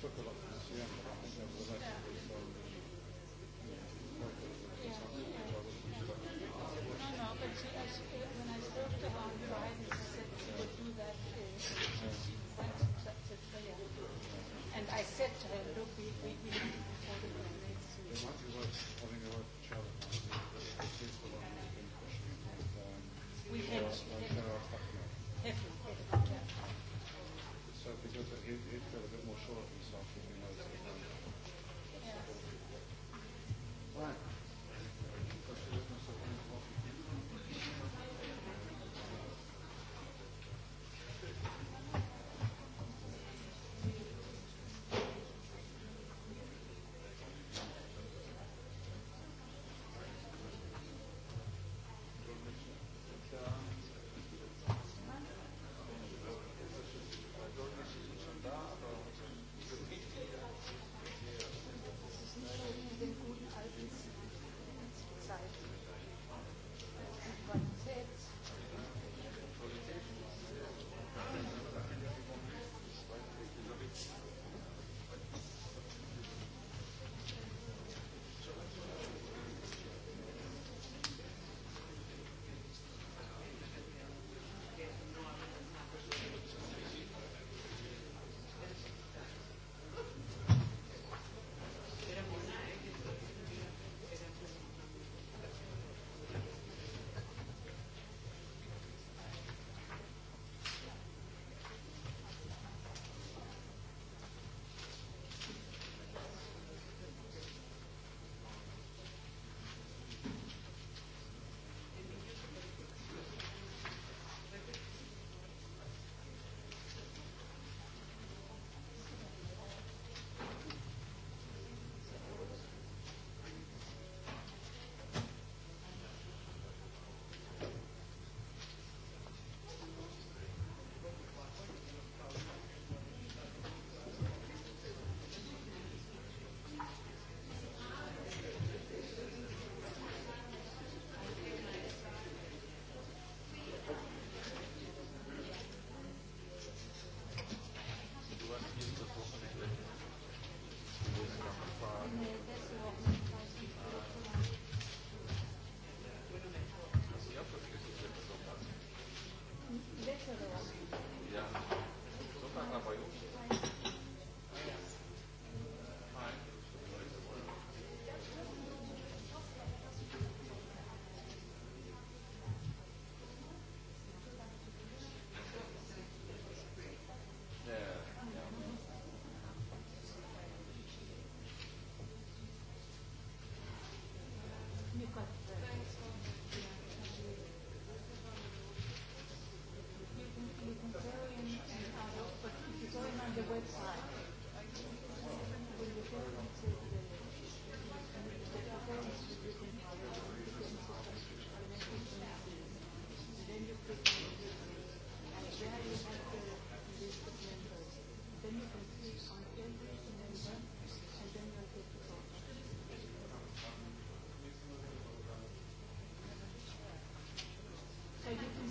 No, no, but she,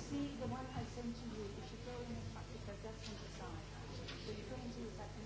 see the one I sent to you. If you go in the, if you press that the side, so you go into the second.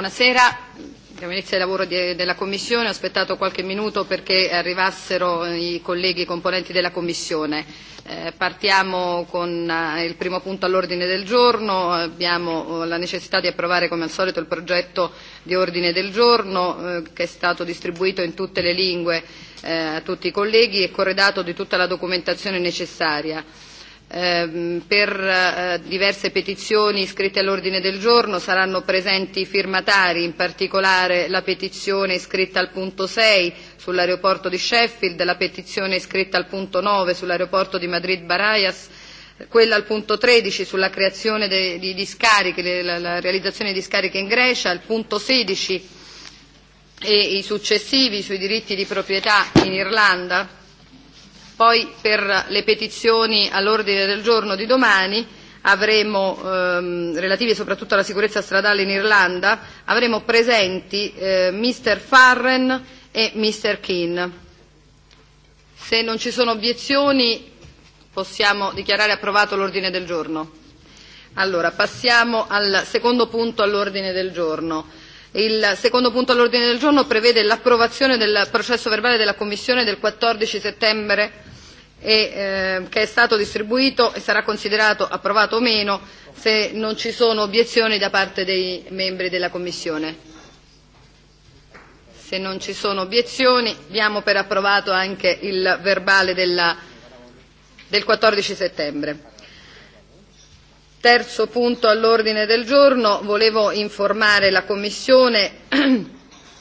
buonasera. Abbiamo iniziato il lavoro di, della Commissione, ho aspettato qualche minuto perché arrivassero i colleghi componenti della Commissione. Eh, partiamo con eh, il primo punto all'ordine del giorno, abbiamo eh, la necessità di approvare come al solito il progetto di ordine del giorno eh, che è stato distribuito in tutte le lingue eh, a tutti i colleghi e corredato di tutta la documentazione necessaria. Ehm, per eh, diverse petizioni iscritte all'ordine del giorno saranno presenti firmatari, in particolare la petizione iscritta al punto 6 sull'aeroporto di Sheffield, la petizione iscritta al punto 9 sull'aeroporto di Madrid Barajas, quella al punto 13 sulla creazione de, di discariche, la, la realizzazione di discariche in Grecia, al punto 16 e i successivi sui diritti di proprietà in Irlanda, Poi per le petizioni all'ordine del giorno di domani avremo, ehm, relativi soprattutto alla sicurezza stradale in Irlanda, avremo presenti eh, Mr. Farren e Mr. Keane. Se non ci sono obiezioni possiamo dichiarare approvato l'ordine del giorno. Allora, passiamo al secondo punto all'ordine del giorno Il secondo punto all'ordine del giorno prevede l'approvazione del processo verbale della Commissione del 14 settembre e, eh, che è stato distribuito e sarà considerato approvato o meno se non ci sono obiezioni da parte dei membri della Commissione. Se non ci sono obiezioni diamo per approvato anche il verbale della, del 14 settembre terzo punto all'ordine del giorno volevo informare la Commissione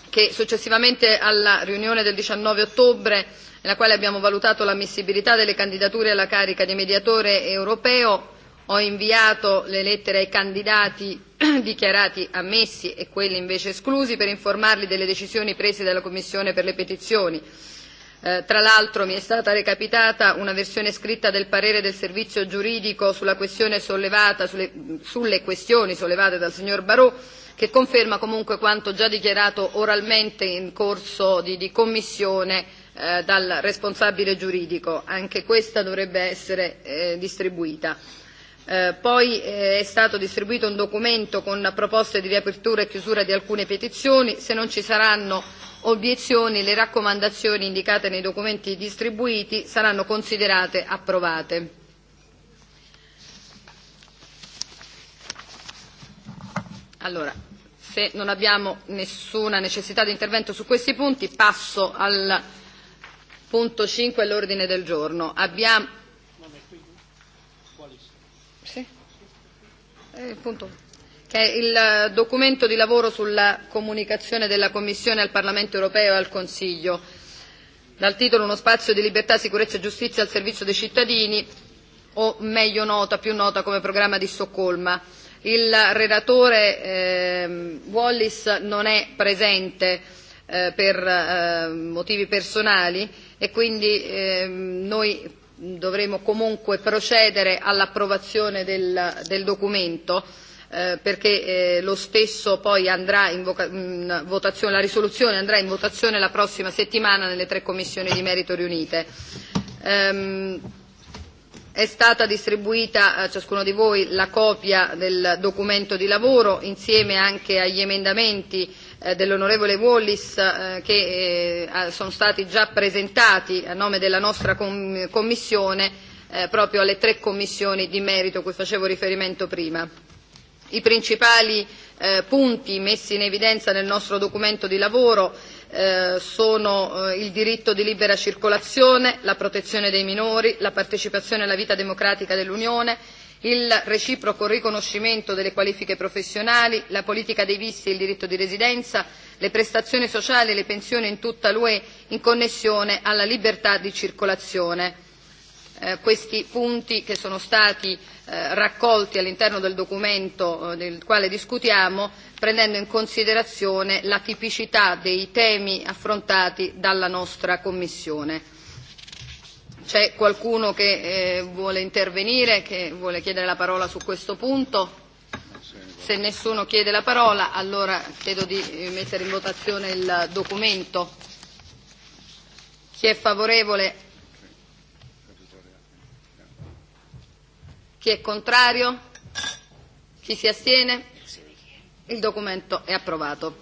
che successivamente alla riunione del 19 ottobre nella quale abbiamo valutato l'ammissibilità delle candidature alla carica di mediatore europeo ho inviato le lettere ai candidati dichiarati ammessi e quelli invece esclusi per informarli delle decisioni prese dalla Commissione per le petizioni. Eh, tra l'altro mi è stata recapitata una versione scritta del parere del servizio giuridico sulla questione sollevata, sulle, sulle questioni sollevate dal signor Barot, che conferma comunque quanto già dichiarato oralmente in corso di, di commissione eh, dal responsabile giuridico. Anche questa dovrebbe essere eh, distribuita. Eh, poi eh, è stato distribuito un documento con proposte di riapertura e chiusura di alcune petizioni. Se non ci saranno obiezioni, le raccomandazioni indicate nei documenti distribuiti saranno considerate approvate. Allora, se non abbiamo nessuna necessità di intervento su questi punti, passo al punto 5 all'ordine del giorno. Abbiamo... Sì? Eh, punto che è il eh, documento di lavoro sulla comunicazione della Commissione al Parlamento europeo e al Consiglio, dal titolo Uno spazio di libertà, sicurezza e giustizia al servizio dei cittadini, o meglio nota, più nota come programma di Stoccolma. Il relatore eh, Wallis non è presente eh, per eh, motivi personali e quindi eh, noi dovremo comunque procedere all'approvazione del, del documento Eh, perché eh, lo stesso poi andrà in, in votazione, la risoluzione andrà in votazione la prossima settimana nelle tre commissioni di merito riunite. Ehm, è stata distribuita a ciascuno di voi la copia del documento di lavoro insieme anche agli emendamenti eh, dell'onorevole Wallis eh, che eh, sono stati già presentati a nome della nostra com- commissione eh, proprio alle tre commissioni di merito cui facevo riferimento prima i principali eh, punti messi in evidenza nel nostro documento di lavoro eh, sono eh, il diritto di libera circolazione, la protezione dei minori, la partecipazione alla vita democratica dell'Unione, il reciproco riconoscimento delle qualifiche professionali, la politica dei visti e il diritto di residenza, le prestazioni sociali e le pensioni in tutta l'UE in connessione alla libertà di circolazione eh, questi punti che sono stati eh, raccolti all'interno del documento eh, del quale discutiamo, prendendo in considerazione la tipicità dei temi affrontati dalla nostra Commissione. C'è qualcuno che eh, vuole intervenire, che vuole chiedere la parola su questo punto? Se nessuno chiede la parola, allora chiedo di eh, mettere in votazione il documento. Chi è favorevole Chi è contrario? Chi si astiene? Il documento è approvato.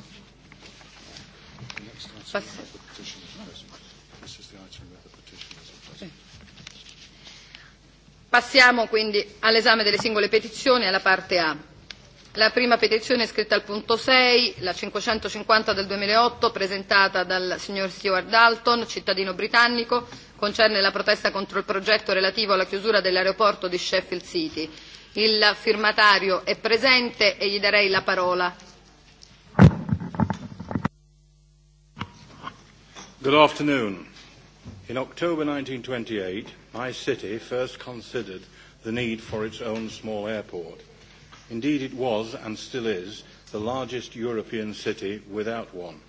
Passiamo. quindi all'esame delle singole petizioni alla parte A. La prima petizione è scritta al punto 6, la 550 del 2008, presentata dal signor Stewart Dalton, cittadino britannico, concerne la protesta contro il progetto relativo alla chiusura dell'aeroporto di Sheffield City. Il firmatario è presente e gli darei la parola. Good afternoon. In October 1928, my city first considered the need for its own small airport – Indeed, it was, and still is, the largest European city without one.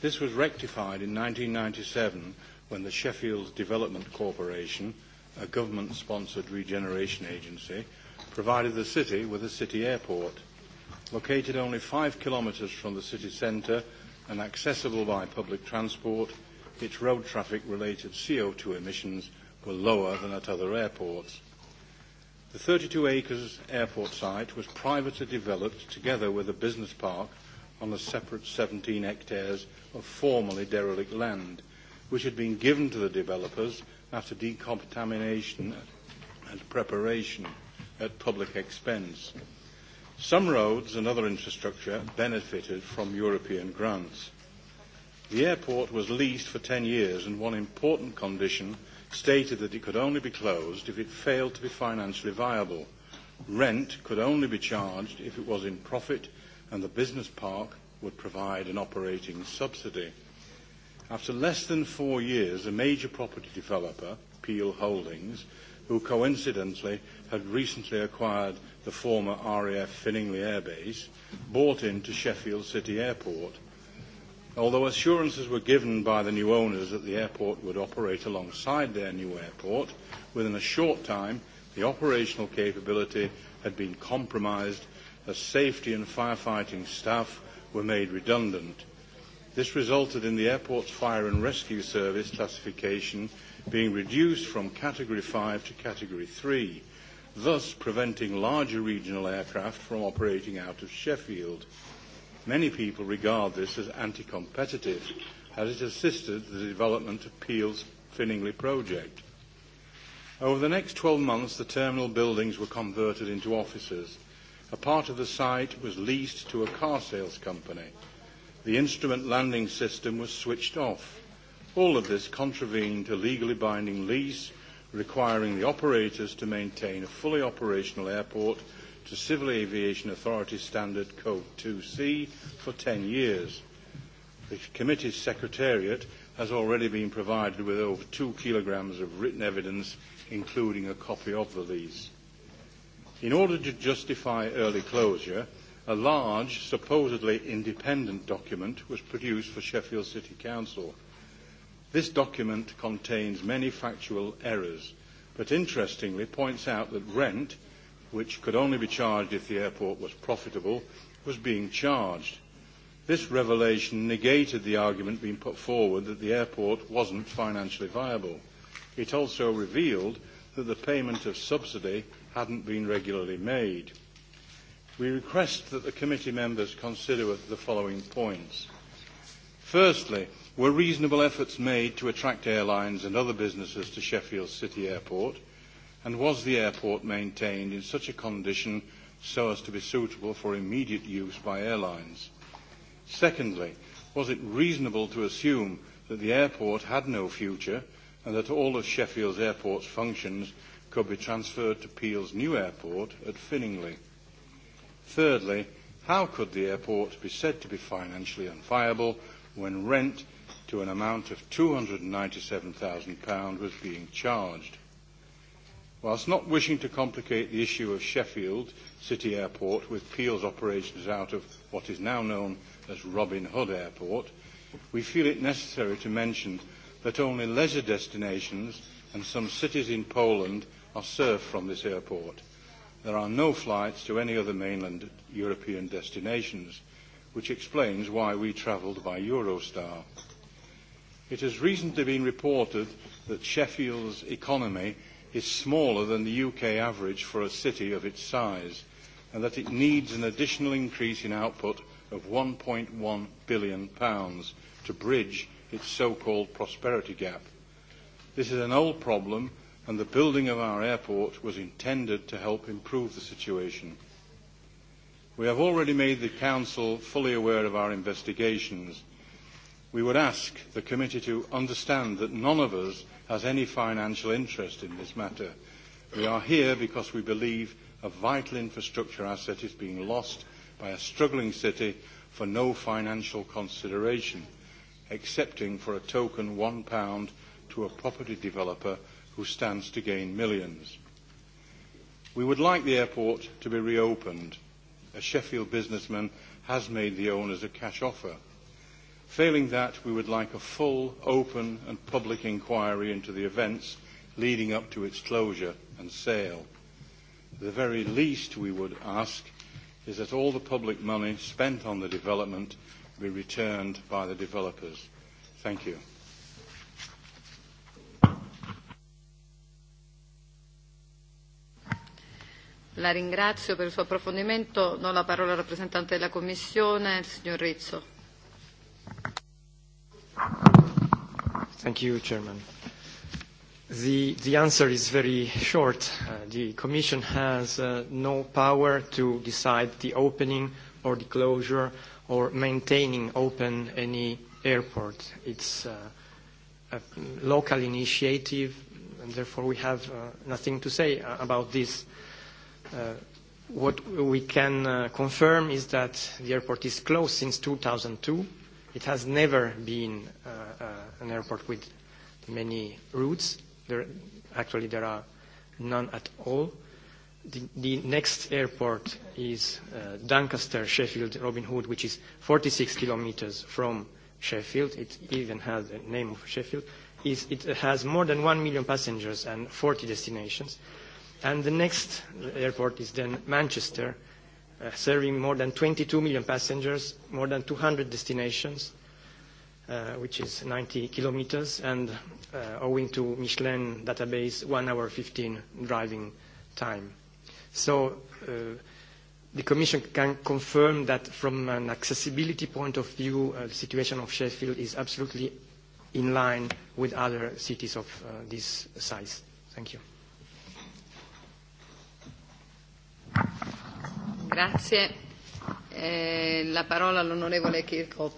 This was rectified in 1997 when the Sheffield Development Corporation, a government-sponsored regeneration agency, provided the city with a city airport. Located only five kilometres from the city centre and accessible by public transport, its road traffic-related CO2 emissions were lower than at other airports. The 32 acres airport site was privately developed together with a business park on a separate 17 hectares of formerly derelict land, which had been given to the developers after decontamination and preparation at public expense. Some roads and other infrastructure benefited from European grants. The airport was leased for 10 years and one important condition stated that it could only be closed if it failed to be financially viable. Rent could only be charged if it was in profit and the business park would provide an operating subsidy. After less than four years, a major property developer, Peel Holdings, who coincidentally had recently acquired the former RAF Finningley Air Base, bought into Sheffield City Airport Although assurances were given by the new owners that the airport would operate alongside their new airport, within a short time the operational capability had been compromised as safety and firefighting staff were made redundant. This resulted in the airport's fire and rescue service classification being reduced from Category 5 to Category 3, thus preventing larger regional aircraft from operating out of Sheffield many people regard this as anti-competitive, as it assisted the development of Peel's Finningley project. Over the next 12 months, the terminal buildings were converted into offices. A part of the site was leased to a car sales company. The instrument landing system was switched off. All of this contravened a legally binding lease requiring the operators to maintain a fully operational airport – to Civil Aviation Authority Standard Code 2C for 10 years. The committee's secretariat has already been provided with over two kilograms of written evidence, including a copy of the lease. In order to justify early closure, a large, supposedly independent document was produced for Sheffield City Council. This document contains many factual errors, but interestingly points out that rent which could only be charged if the airport was profitable, was being charged. This revelation negated the argument being put forward that the airport wasn't financially viable. It also revealed that the payment of subsidy hadn't been regularly made. We request that the committee members consider the following points. Firstly, were reasonable efforts made to attract airlines and other businesses to Sheffield City Airport – and was the airport maintained in such a condition so as to be suitable for immediate use by airlines? Secondly, was it reasonable to assume that the airport had no future and that all of Sheffield's airport's functions could be transferred to Peel's new airport at Finningley? Thirdly, how could the airport be said to be financially unviable when rent to an amount of £297,000 was being charged? Whilst not wishing to complicate the issue of Sheffield City Airport with Peel's operations out of what is now known as Robin Hood Airport, we feel it necessary to mention that only leisure destinations and some cities in Poland are served from this airport. There are no flights to any other mainland European destinations, which explains why we travelled by Eurostar. It has recently been reported that Sheffield's economy is smaller than the UK average for a city of its size and that it needs an additional increase in output of £1.1 billion pounds to bridge its so-called prosperity gap. This is an old problem and the building of our airport was intended to help improve the situation. We have already made the Council fully aware of our investigations. We would ask the committee to understand that none of us has any financial interest in this matter. We are here because we believe a vital infrastructure asset is being lost by a struggling city for no financial consideration, excepting for a token one pound to a property developer who stands to gain millions. We would like the airport to be reopened. A Sheffield businessman has made the owners a cash offer – Failing that, we would like a full, open and public inquiry into the events leading up to its closure and sale. The very least we would ask is that all the public money spent on the development be returned by the developers. Thank you. La ringrazio per il suo approfondimento. Do la parola al rappresentante della Commissione, il signor Rizzo. Thank you, Chairman. The, the answer is very short. Uh, the Commission has uh, no power to decide the opening or the closure or maintaining open any airport. It's uh, a local initiative, and therefore we have uh, nothing to say uh, about this. Uh, what we can uh, confirm is that the airport is closed since 2002 It has never been uh, uh, an airport with many routes. There, actually, there are none at all. The, the next airport is uh, Doncaster, Sheffield, Robin Hood, which is 46 kilometers from Sheffield. It even has the name of Sheffield. It's, it has more than 1 million passengers and 40 destinations. And the next airport is then Manchester, uh, serving more than 22 million passengers, more than 200 destinations, uh, which is 90 kilometers, and uh, owing to Michelin database, 1 hour 15 driving time. So uh, the Commission can confirm that from an accessibility point of view, uh, the situation of Sheffield is absolutely in line with other cities of uh, this size. Thank you. Grazie. Eh, la parola all'onorevole Kirchhoff.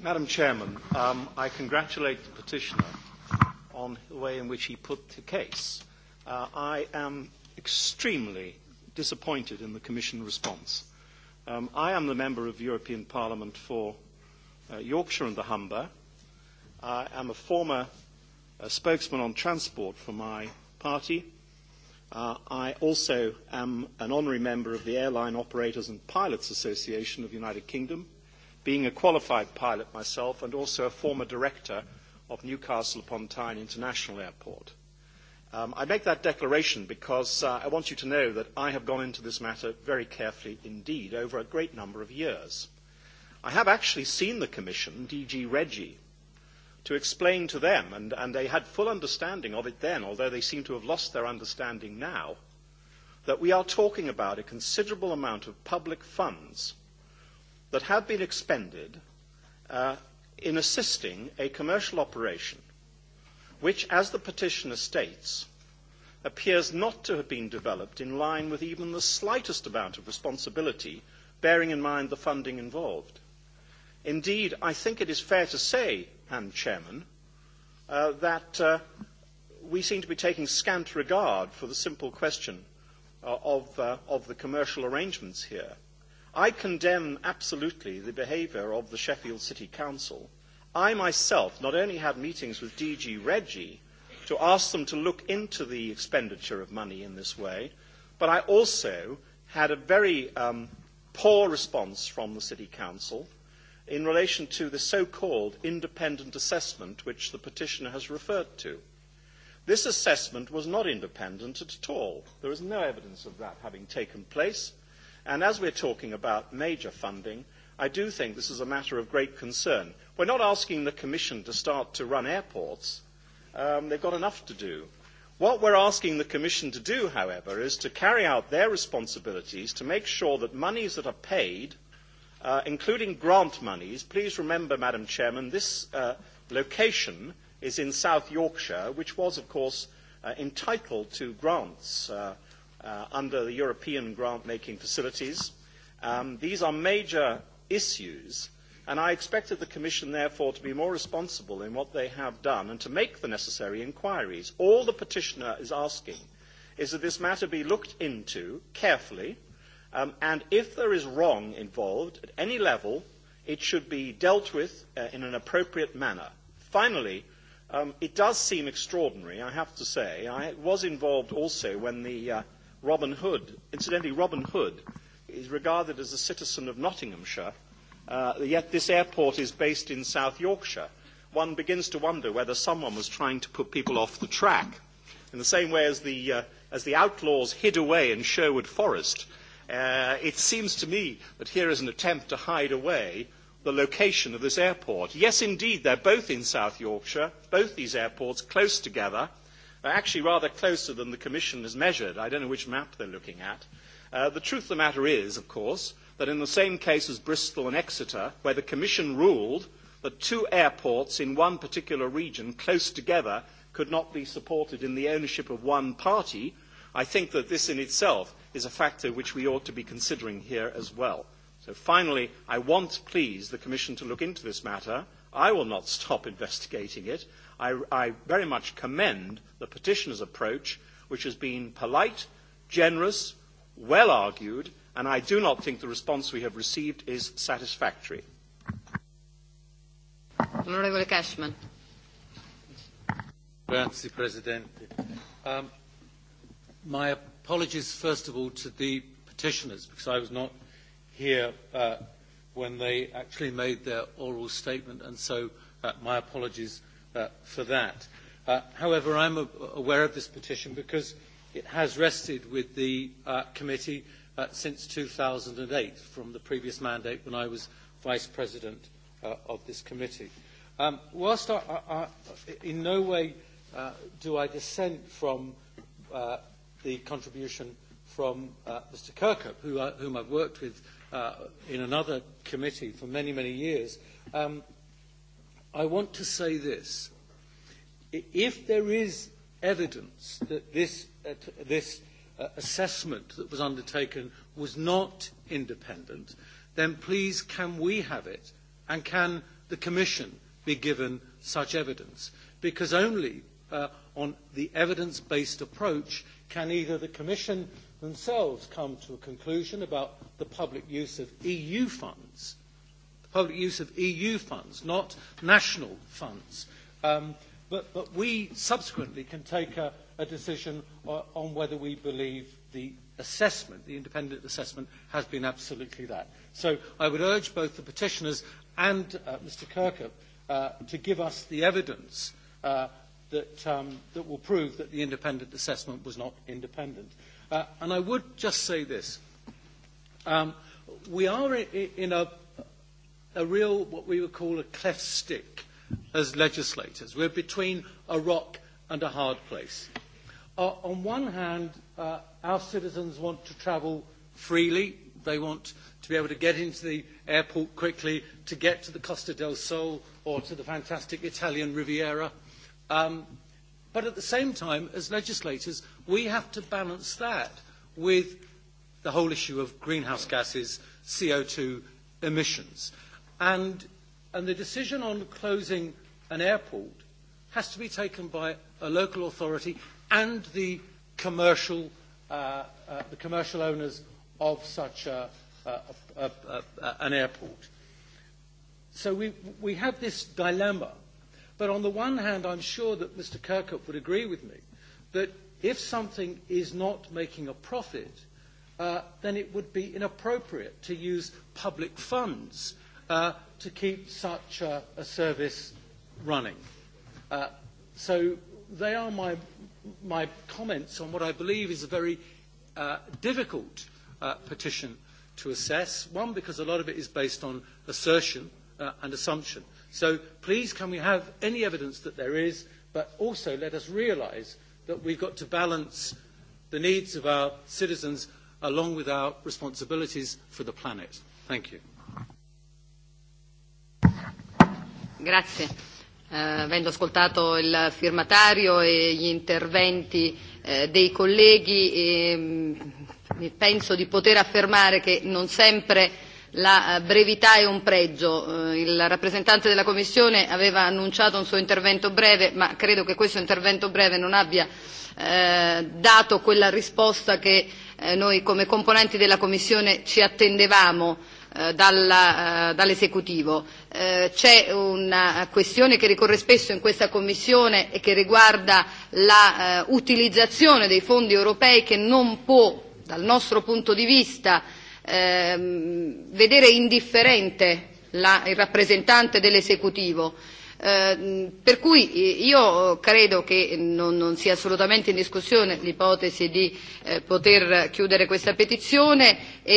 Madam Chairman, um, I congratulate the petitioner on the way in which he put the case. Uh, I am extremely disappointed in the Commission response. Um, I am the member of European Parliament for uh, Yorkshire and the Humber. I am a former uh, spokesman on transport for my party Uh, I also am an honorary member of the Airline Operators and Pilots Association of the United Kingdom, being a qualified pilot myself and also a former director of Newcastle upon Tyne International Airport. Um, I make that declaration because uh, I want you to know that I have gone into this matter very carefully indeed over a great number of years. I have actually seen the Commission, DG Reggie, to explain to them, and, and they had full understanding of it then, although they seem to have lost their understanding now, that we are talking about a considerable amount of public funds that have been expended uh, in assisting a commercial operation which, as the petitioner states, appears not to have been developed in line with even the slightest amount of responsibility, bearing in mind the funding involved. Indeed, I think it is fair to say and chairman, uh, that uh, we seem to be taking scant regard for the simple question uh, of, uh, of the commercial arrangements here. I condemn absolutely the behaviour of the Sheffield City Council. I myself not only had meetings with DG Reggie to ask them to look into the expenditure of money in this way, but I also had a very um, poor response from the City Council in relation to the so-called independent assessment which the petitioner has referred to. This assessment was not independent at all. There is no evidence of that having taken place. And as we're talking about major funding, I do think this is a matter of great concern. We're not asking the Commission to start to run airports. Um, they've got enough to do. What we're asking the Commission to do, however, is to carry out their responsibilities to make sure that monies that are paid uh, including grant monies. Please remember, Madam Chairman, this uh, location is in South Yorkshire, which was, of course, uh, entitled to grants uh, uh, under the European grant-making facilities. Um, these are major issues, and I expected the Commission, therefore, to be more responsible in what they have done and to make the necessary inquiries. All the petitioner is asking is that this matter be looked into carefully, Um, and if there is wrong involved at any level, it should be dealt with uh, in an appropriate manner. Finally, um, it does seem extraordinary, I have to say. I was involved also when the uh, Robin Hood, incidentally, Robin Hood is regarded as a citizen of Nottinghamshire, uh, yet this airport is based in South Yorkshire. One begins to wonder whether someone was trying to put people off the track. In the same way as the, uh, as the outlaws hid away in Sherwood Forest, Uh, it seems to me that here is an attempt to hide away the location of this airport. Yes, indeed, they're both in South Yorkshire, both these airports close together, uh, actually rather closer than the Commission has measured. I don't know which map they're looking at. Uh, the truth of the matter is, of course, that in the same case as Bristol and Exeter, where the Commission ruled that two airports in one particular region close together could not be supported in the ownership of one party, I think that this in itself is a factor which we ought to be considering here as well. So finally, I want, please, the Commission to look into this matter. I will not stop investigating it. I, I very much commend the petitioner's approach, which has been polite, generous, well argued, and I do not think the response we have received is satisfactory. Onorevole Cashman. Grazie, Presidente. Um, my apologies, first of all, to the petitioners, because I was not here uh, when they actually made their oral statement, and so uh, my apologies uh, for that. Uh, however, I'm a- aware of this petition because it has rested with the uh, committee uh, since 2008, from the previous mandate when I was vice president uh, of this committee. Um, whilst I, I, I, in no way uh, do I dissent from uh, the contribution from uh, Mr. Kirkup, who, uh, whom I've worked with uh, in another committee for many, many years. Um, I want to say this. If there is evidence that this, uh, this uh, assessment that was undertaken was not independent, then please can we have it and can the Commission be given such evidence? Because only uh, on the evidence-based approach can either the Commission themselves come to a conclusion about the public use of EU funds, the public use of EU funds, not national funds. Um, but, but we subsequently can take a, a decision uh, on, whether we believe the assessment, the independent assessment, has been absolutely that. So I would urge both the petitioners and uh, Mr. Kirkup uh, to give us the evidence uh, that, um, that will prove that the independent assessment was not independent. Uh, and I would just say this. Um, we are in a, a real, what we would call a cleft stick as legislators. We're between a rock and a hard place. Uh, on one hand, uh, our citizens want to travel freely. They want to be able to get into the airport quickly, to get to the Costa del Sol or to the fantastic Italian Riviera Um, but at the same time, as legislators, we have to balance that with the whole issue of greenhouse gases, CO2 emissions. And, and the decision on closing an airport has to be taken by a local authority and the commercial, uh, uh, the commercial owners of such a, a, a, an airport. So we, we have this dilemma uh, But on the one hand, I'm sure that Mr. Kirkup would agree with me that if something is not making a profit, uh, then it would be inappropriate to use public funds uh, to keep such a, a service running. Uh, so they are my, my comments on what I believe is a very uh, difficult uh, petition to assess. One, because a lot of it is based on assertion uh, an assumption. So please, can we have any evidence that there is, but also let us realise that we've got to balance the needs of our citizens along with our responsibilities for the planet. Thank you. Grazie. Eh, avendo ascoltato il firmatario e gli interventi eh, dei colleghi, eh, penso di poter affermare che non sempre la eh, brevità è un pregio. Eh, il rappresentante della Commissione aveva annunciato un suo intervento breve, ma credo che questo intervento breve non abbia eh, dato quella risposta che eh, noi come componenti della Commissione ci attendevamo eh, dall'esecutivo. C'è una questione che ricorre spesso in questa Commissione e che riguarda l'utilizzazione dei fondi europei che non può, dal nostro punto di vista, eh, vedere indifferente la, il rappresentante dell'esecutivo. Eh, per cui eh, io credo che non, non sia assolutamente in discussione l'ipotesi di eh, poter chiudere questa petizione e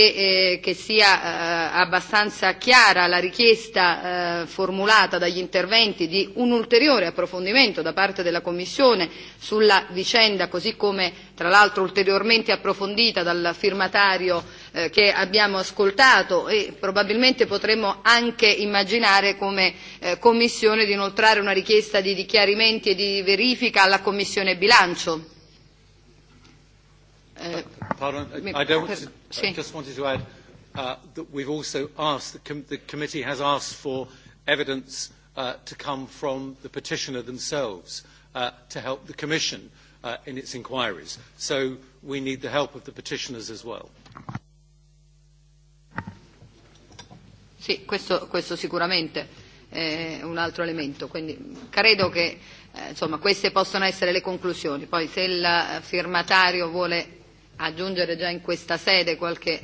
eh, che sia eh, abbastanza chiara la richiesta eh, formulata dagli interventi di un ulteriore approfondimento da parte della Commissione sulla vicenda, così come tra l'altro ulteriormente approfondita dal firmatario eh, che abbiamo ascoltato e probabilmente potremmo anche immaginare come eh, Commissione di inoltrare una richiesta di dichiarimenti e di verifica alla Commissione bilancio. Uh, Pardon, I, don't want to, I just wanted to add uh, that we've also asked, the, com the committee has asked for evidence uh, to come from the petitioner themselves uh, to help the Commission uh, in its inquiries. So we need the help of the petitioners as well. Sì, questo, questo sicuramente è un altro elemento, quindi credo che eh, insomma, queste possano essere le conclusioni. Poi se il firmatario vuole aggiungere già in questa sede qualche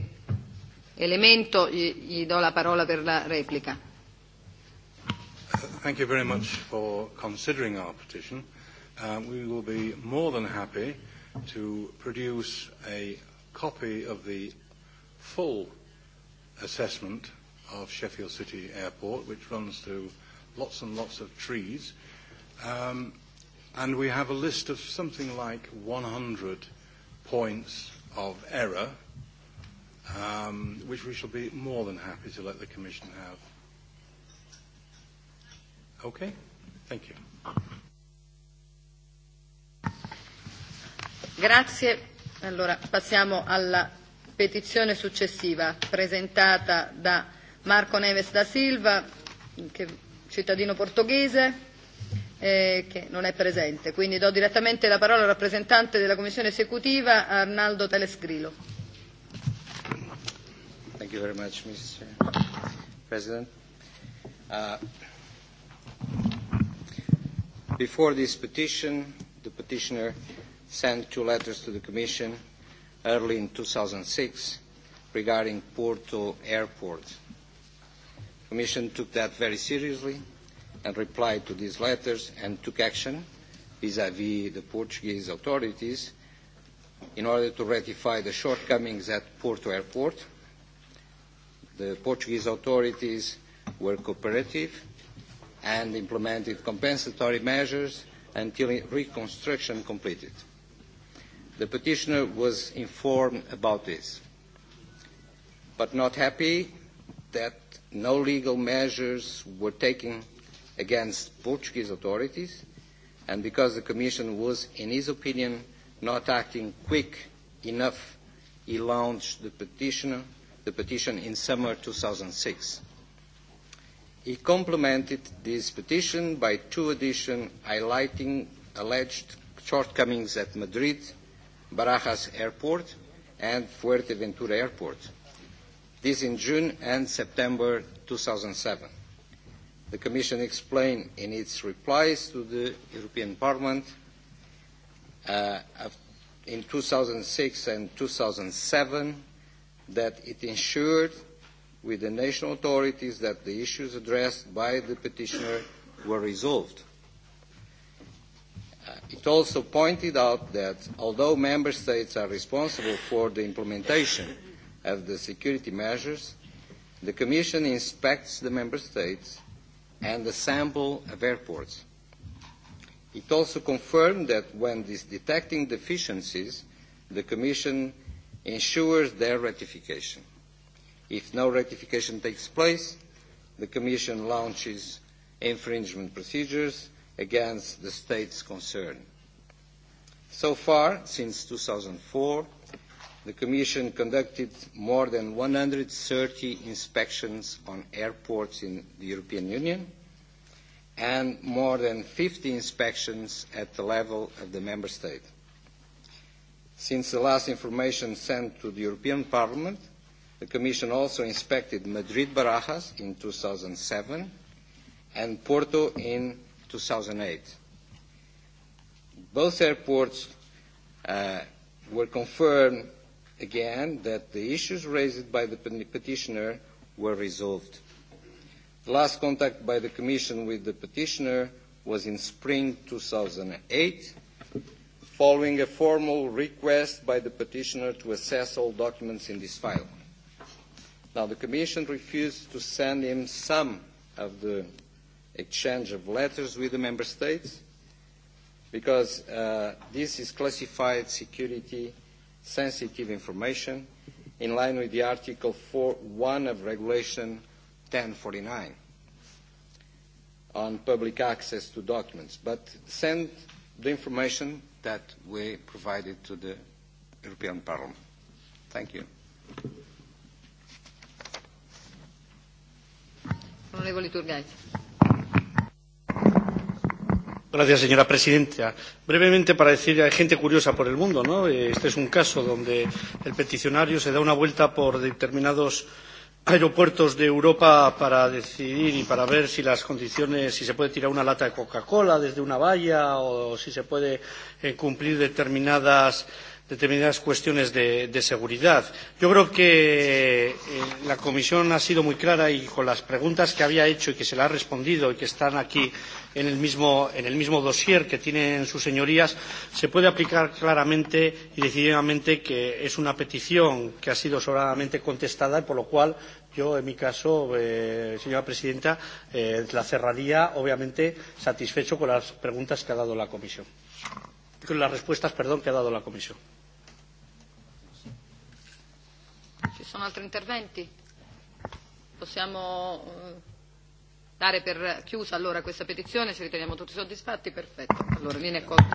elemento, gli, gli do la parola per la replica. Thank you very much for considering our petition. Uh, we will be more than happy to produce a copy of the full assessment of Sheffield City Airport, which runs through lots and lots of trees. Um, and we have a list of something like 100 points of error, um, which we shall be more than happy to let the Commission have. Okay? Thank you. Grazie. Allora passiamo alla petizione successiva presentata da Marco Neves da Silva, che, cittadino portoghese, eh, che non è presente. Quindi do direttamente la parola al rappresentante della Commissione esecutiva, Arnaldo Telesgrillo. Thank you very much, Mr. President. Uh, before this petition, the petitioner sent two letters to the Commission early in 2006 regarding Porto Airport Commission took that very seriously and replied to these letters and took action vis-à-vis -vis the Portuguese authorities in order to ratify the shortcomings at Porto Airport. The Portuguese authorities were cooperative and implemented compensatory measures until reconstruction completed. The petitioner was informed about this, but not happy that no legal measures were taken against Portuguese authorities, and because the Commission was, in his opinion, not acting quick enough, he launched the, petition, the petition in summer 2006. He complemented this petition by two additions highlighting alleged shortcomings at Madrid, Barajas Airport, and Fuerteventura Airport this in June and September 2007. The Commission explained in its replies to the European Parliament uh, in 2006 and 2007 that it ensured with the national authorities that the issues addressed by the petitioner were resolved. Uh, it also pointed out that although member states are responsible for the implementation of the security measures, the Commission inspects the Member States and a sample of airports. It also confirmed that when detecting deficiencies, the Commission ensures their ratification. If no ratification takes place, the Commission launches infringement procedures against the states concerned. So far, since 2004, the Commission conducted more than 130 inspections on airports in the European Union and more than 50 inspections at the level of the Member State. Since the last information sent to the European Parliament, the Commission also inspected Madrid Barajas in 2007 and Porto in 2008. Both airports uh, were confirmed again that the issues raised by the petitioner were resolved. The last contact by the Commission with the petitioner was in spring 2008, following a formal request by the petitioner to assess all documents in this file. Now, the Commission refused to send him some of the exchange of letters with the Member States because uh, this is classified security sensitive information in line with the Article 4.1 of Regulation 1049 on public access to documents, but send the information that we provided to the European Parliament. Thank you. Onorevole señora presidenta. Brevemente, para decir, que hay gente curiosa por el mundo, ¿no? Este es un caso donde el peticionario se da una vuelta por determinados aeropuertos de Europa para decidir y para ver si las condiciones, si se puede tirar una lata de Coca-Cola desde una valla o si se puede eh, cumplir determinadas eh, determinadas cuestiones de, de seguridad. Yo creo que eh, la Comisión ha sido muy clara y con las preguntas que había hecho y que se le ha respondido y que están aquí en el mismo, en el mismo dossier que tienen sus señorías, se puede aplicar claramente y decididamente que es una petición que ha sido sobradamente contestada y por lo cual yo, en mi caso, eh, señora presidenta, eh, la cerraría, obviamente, satisfecho con las preguntas que ha dado la Comisión, con las respuestas, perdón, que ha dado la Comisión. Ci sono altri interventi? Possiamo eh, dare per chiusa allora questa petizione? Ci riteniamo tutti soddisfatti? Perfetto. Allora viene accolta.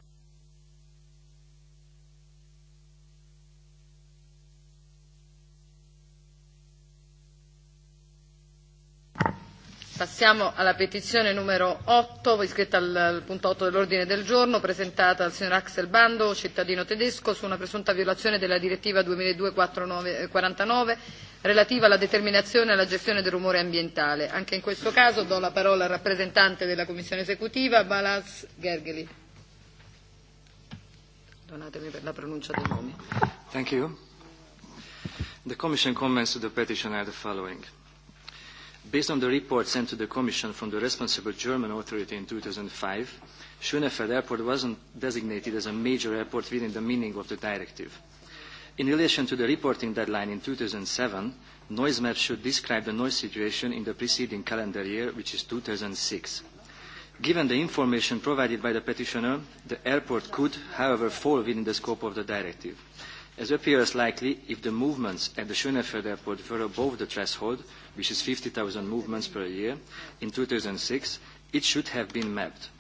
Passiamo alla petizione numero 8, iscritta al, al punto 8 dell'ordine del giorno, presentata dal signor Axel Bando, cittadino tedesco, su una presunta violazione della direttiva 2002-49 relativa alla determinazione e alla gestione del rumore ambientale. Anche in questo caso do la parola al rappresentante della Commissione esecutiva, Balas Gergely. Donatemi per la pronuncia del nome. Thank you. The Commission comments to the petition are the following. Based on the report sent to the Commission from the responsible German authority in 2005, Schönefeld Airport wasn't designated as a major airport within the meaning of the directive. In relation to the reporting deadline in 2007, noise maps should describe the noise situation in the preceding calendar year, which is 2006. Given the information provided by the petitioner, the airport could, however, fall within the scope of the directive as appears likely if the movements at the Schönefeld Airport were above the threshold, which is 50,000 movements per year, in 2006, it should have been mapped.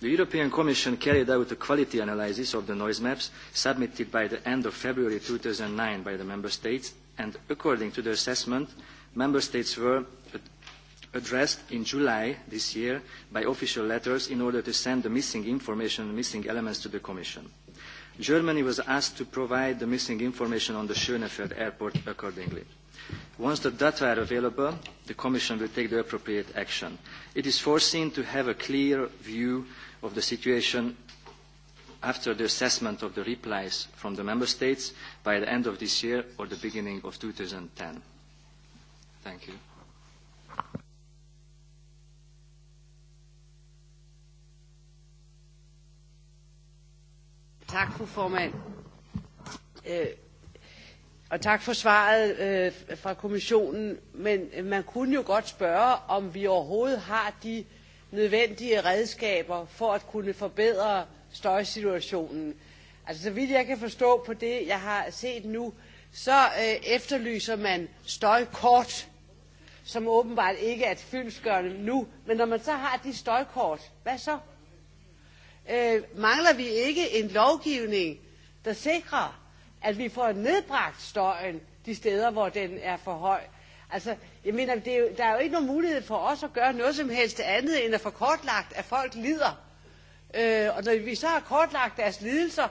The European Commission carried out a quality analysis of the noise maps submitted by the end of February 2009 by the Member States, and according to the assessment, Member States were addressed in July this year by official letters in order to send the missing information, missing elements to the Commission. Germany was asked to provide the missing information on the Schönefeld airport accordingly. Once the data are available, the Commission will take the appropriate action. It is foreseen to have a clear view of the situation after the assessment of the replies from the Member States by the end of this year or the beginning of 2010. Thank you. Tak, fru formand. Øh, og tak for svaret øh, fra kommissionen. Men øh, man kunne jo godt spørge, om vi overhovedet har de nødvendige redskaber for at kunne forbedre støjsituationen. Altså, så vidt jeg kan forstå på det, jeg har set nu, så øh, efterlyser man støjkort, som åbenbart ikke er et fyldskørende nu. Men når man så har de støjkort, hvad så? øh, mangler vi ikke en lovgivning, der sikrer, at vi får nedbragt støjen de steder, hvor den er for høj. Altså, jeg mener, det er jo, der er jo ikke nogen mulighed for os at gøre noget som helst andet, end at få kortlagt, at folk lider. Øh, og når vi så har kortlagt deres lidelser,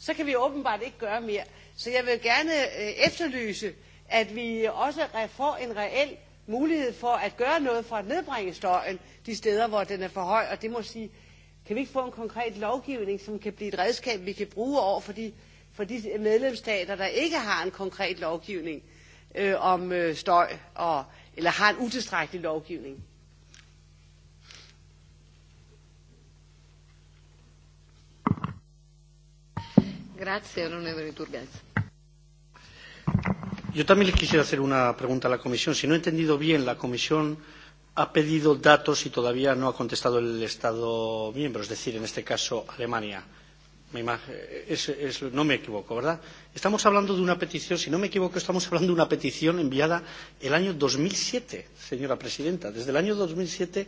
så kan vi åbenbart ikke gøre mere. Så jeg vil gerne øh, efterlyse, at vi også får en reel mulighed for at gøre noget for at nedbringe støjen de steder, hvor den er for høj, og det må sige, Kan vi ikke få en konkret lovgivning, som kan blive et redskab, vi kan bruge over for de, for de medlemsstater, der ikke har en konkret lovgivning øh, om øh, støj, og, eller har en utilstrækkelig lovgivning? Grazie, onorevole Turgaz. Yo también le quisiera hacer una pregunta a la Comisión. Si no he entendido bien, la Comisión ha pedido datos y todavía no ha contestado el Estado miembro, es decir, en este caso Alemania. Me es, es, no me equivoco, ¿verdad? Estamos hablando de una petición, si no me equivoco, estamos hablando de una petición enviada el año 2007, señora presidenta. Desde el año 2007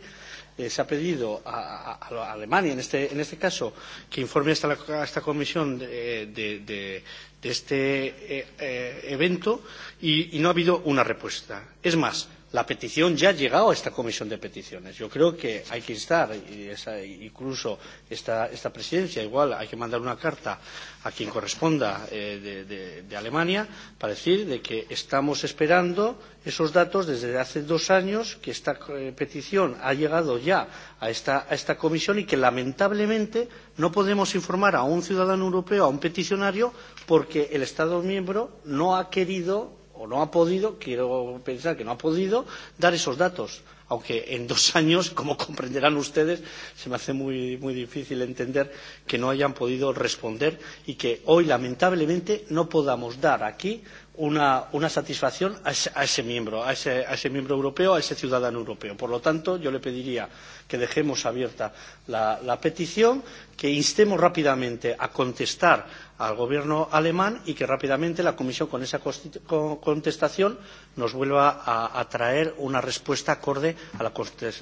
eh, se ha pedido a, a, a Alemania, en este, en este caso, que informe a esta, a esta comisión de, de, de, de este eh, eh, evento y, y no ha habido una respuesta. Es más, la petición ya ha llegado a esta comisión de peticiones. Yo creo que hay que instar, y esa, incluso esta, esta presidencia, igual hay que mandar una carta a quien corresponda eh, de, de, de Alemania para decir de que estamos esperando esos datos desde hace dos años, que esta eh, petición ha llegado ya a esta, a esta comisión y que lamentablemente no podemos informar a un ciudadano europeo, a un peticionario, porque el Estado miembro no ha querido o no ha podido, quiero pensar que no ha podido, dar esos datos. Aunque en dos años, como comprenderán ustedes, se me hace muy, muy difícil entender que no hayan podido responder y que hoy, lamentablemente, no podamos dar aquí una, una satisfacción a ese, a ese miembro, a ese, a ese miembro europeo, a ese ciudadano europeo. Por lo tanto, yo le pediría que dejemos abierta la, la petición, que instemos rápidamente a contestar al gobierno alemán y que rápidamente la Comisión con esa contestación nos vuelva a, a traer una respuesta acorde a la,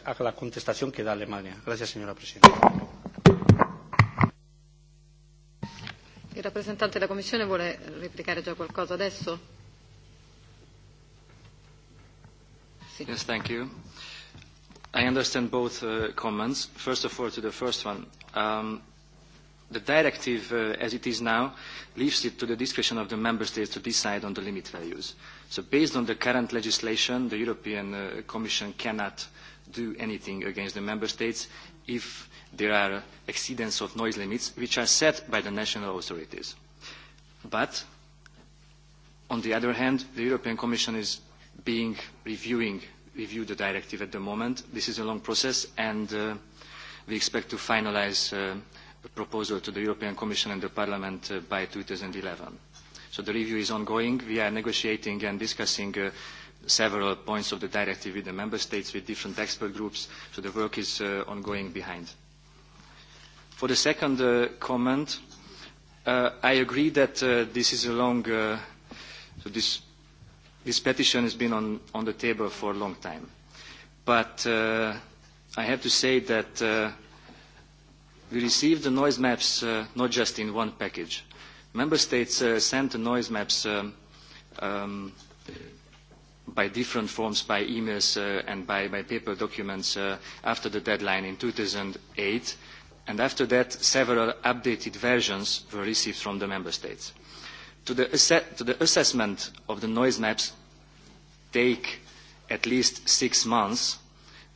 a la contestación que da Alemania. Gracias, señora presidenta. Il rappresentante della Commissione vuole replicare già qualcosa adesso? Sì. Yes, thank you. I understand both uh, comments. First of all, to the first one. Um, the directive, uh, as it is now, leaves it to the discretion of the member states to decide on the limit values. So based on the current legislation, the European uh, Commission cannot do anything against the member states if there are exceedance of noise limits which are set by the national authorities. But on the other hand, the European Commission is being reviewing review the directive at the moment. This is a long process and uh, we expect to finalize uh, a proposal to the European Commission and the Parliament uh, by 2011. So the review is ongoing. We are negotiating and discussing uh, several points of the directive with the member states, with different expert groups. So the work is uh, ongoing behind. For the second uh, comment, uh, I agree that uh, this is a long, uh, so this, this petition has been on, on the table for a long time. But uh, I have to say that uh, we received the noise maps not just in one package. Member States sent the noise maps um, um, by different forms, by emails uh, and by, by paper documents uh, after the deadline in 2008, and after that several updated versions were received from the member states. To the, to the assessment of the noise maps take at least six months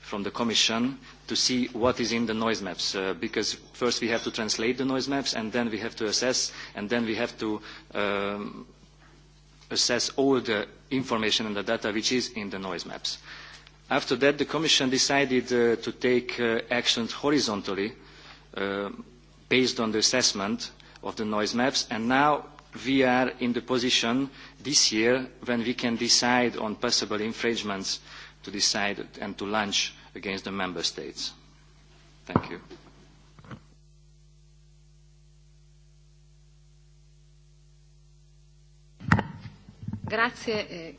from the Commission to see what is in the noise maps, uh, because first we have to translate the noise maps, and then we have to assess, and then we have to um, assess all the information and the data which is in the noise maps. After that, the Commission decided uh, to take uh, actions horizontally Uh, based on the assessment of the noise maps. And now we are in the position this year when we can decide on possible infringements to decide and to launch against the member states. Thank you. Grazie. Eh,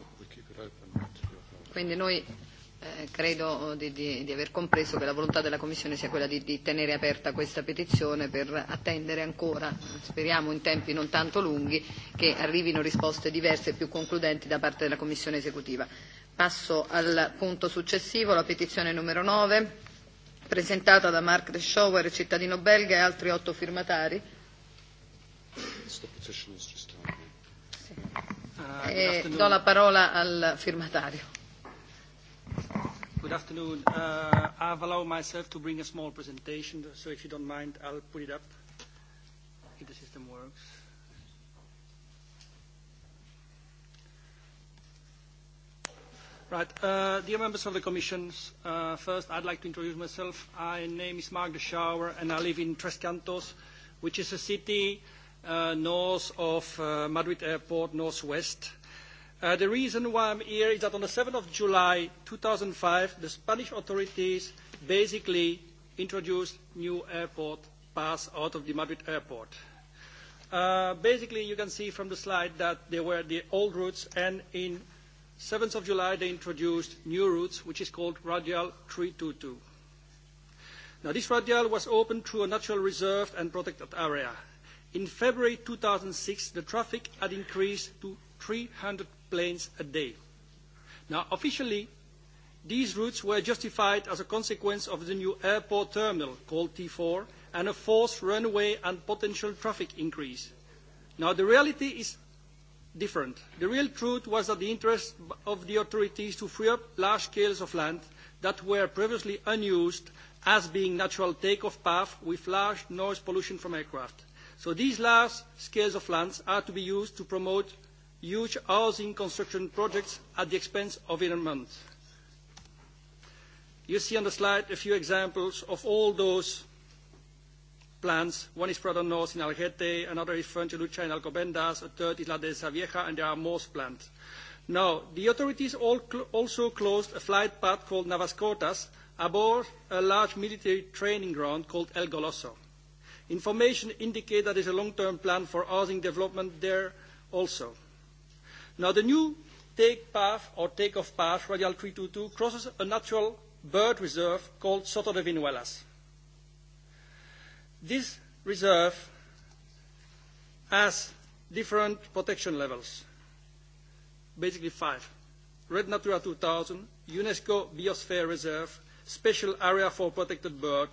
quindi noi Eh, credo di, di, di aver compreso che la volontà della Commissione sia quella di, di tenere aperta questa petizione per attendere ancora, speriamo in tempi non tanto lunghi, che arrivino risposte diverse e più concludenti da parte della Commissione esecutiva. Passo al punto successivo, la petizione numero 9, presentata da Mark De Schauer, cittadino belga e altri otto firmatari. Sì. Eh, do la parola al firmatario. Good afternoon. Uh, I've allowed myself to bring a small presentation, so if you don't mind, I'll put it up if the system works. Right. Uh, dear members of the Commission, uh, first I'd like to introduce myself. My name is Mark de Schouwer, and I live in Tres Cantos, which is a city uh, north of uh, Madrid Airport, northwest. Uh, the reason why I'm here is that on the 7th of July 2005, the Spanish authorities basically introduced new airport pass out of the Madrid airport. Uh, basically, you can see from the slide that there were the old routes, and in 7th of July, they introduced new routes, which is called Radial 322. Now, this radial was opened through a natural reserve and protected area. In February 2006, the traffic had increased to 300 planes a day. Now, officially, these routes were justified as a consequence of the new airport terminal, called T4, and a forced runway and potential traffic increase. Now, the reality is different. The real truth was that the interest of the authorities to free up large scales of land that were previously unused as being natural takeoff path with large noise pollution from aircraft. So these large scales of lands are to be used to promote huge housing construction projects at the expense of environment. You see on the slide a few examples of all those plans. One is Prado North in Algete, another is Lucha in Alcobendas, a third is La Dehesa Vieja, and there are more planned. Now, the authorities also closed a flight path called Navascotas aboard a large military training ground called El Goloso. Information indicates that there is a long-term plan for housing development there also. Now, the new take path or take-off path, Radial 322, crosses a natural bird reserve called Soto de Vinuelas. This reserve has different protection levels, basically five. Red Natura 2000, UNESCO Biosphere Reserve, Special Area for Protected Bird,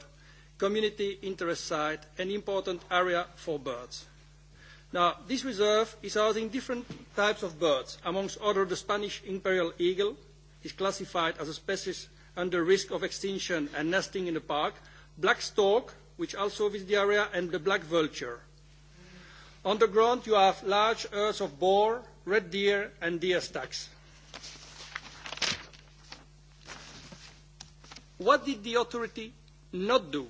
Community Interest Site, and Important Area for Birds. Now, this reserve is housing different types of birds. Amongst other, the Spanish imperial eagle is classified as a species under risk of extinction and nesting in the park, black stork, which also visits the area, and the black vulture. On the ground, you have large herds of boar, red deer, and deer stacks. What did the authority not do?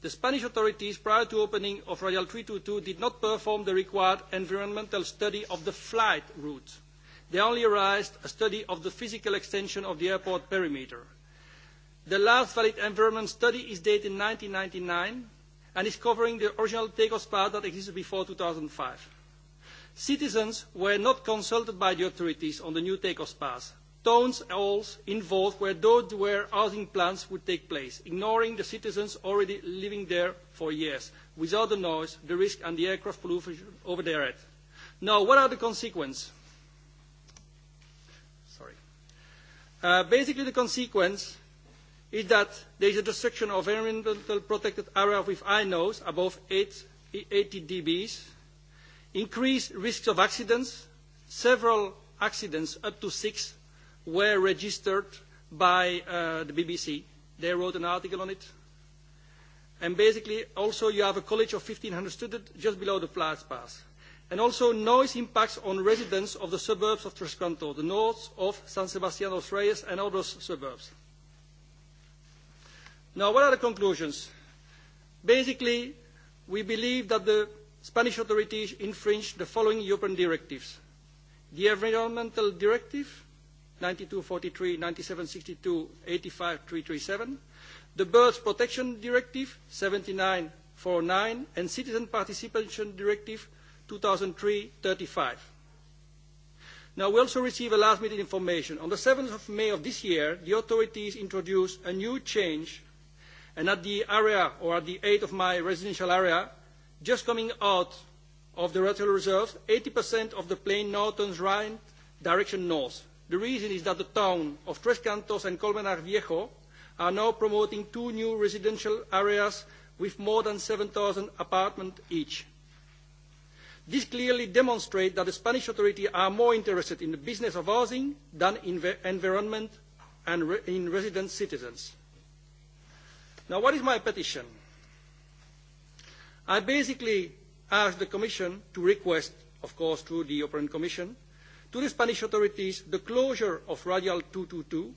the Spanish authorities, prior to opening of Royal 322, did not perform the required environmental study of the flight route. They only raised a study of the physical extension of the airport perimeter. The last valid environment study is dated 1999 and is covering the original takeoff path that existed before 2005. Citizens were not consulted by the authorities on the new takeoff path, stones walls involved where those where housing plans would take place, ignoring the citizens already living there for years, without the noise, the risk and the aircraft pollution over their head. Now, what are the consequences? Sorry. Uh, basically, the consequence is that there is a destruction of environmental protected area with high noise above 8, 80 dBs, increased risks of accidents, several accidents up to six were registered by uh, the BBC. They wrote an article on it. And basically, also you have a college of 1,500 students just below the Plaats Pass. And also noise impacts on residents of the suburbs of Trescanto, the north of San Sebastián los Reyes and other suburbs. Now, what are the conclusions? Basically, we believe that the Spanish authorities infringed the following European directives. The Environmental Directive, 9243, 9762, 85337, the Birds Protection Directive 7949, and Citizen Participation Directive 2003-35. Now, we also receive a last-minute information. On the 7th of May of this year, the authorities introduced a new change, and at the area, or at the 8th of my residential area, just coming out of the natural reserve, 80% of the plain northern Rhine direction north. The reason is that the town of Tres Cantos and Colmenar Viejo are now promoting two new residential areas with more than 7,000 apartments each. This clearly demonstrates that the Spanish authorities are more interested in the business of housing than in the environment and re in resident citizens. Now, what is my petition? I basically ask the Commission to request, of course, through the European Commission, to the Spanish authorities the closure of Radial 222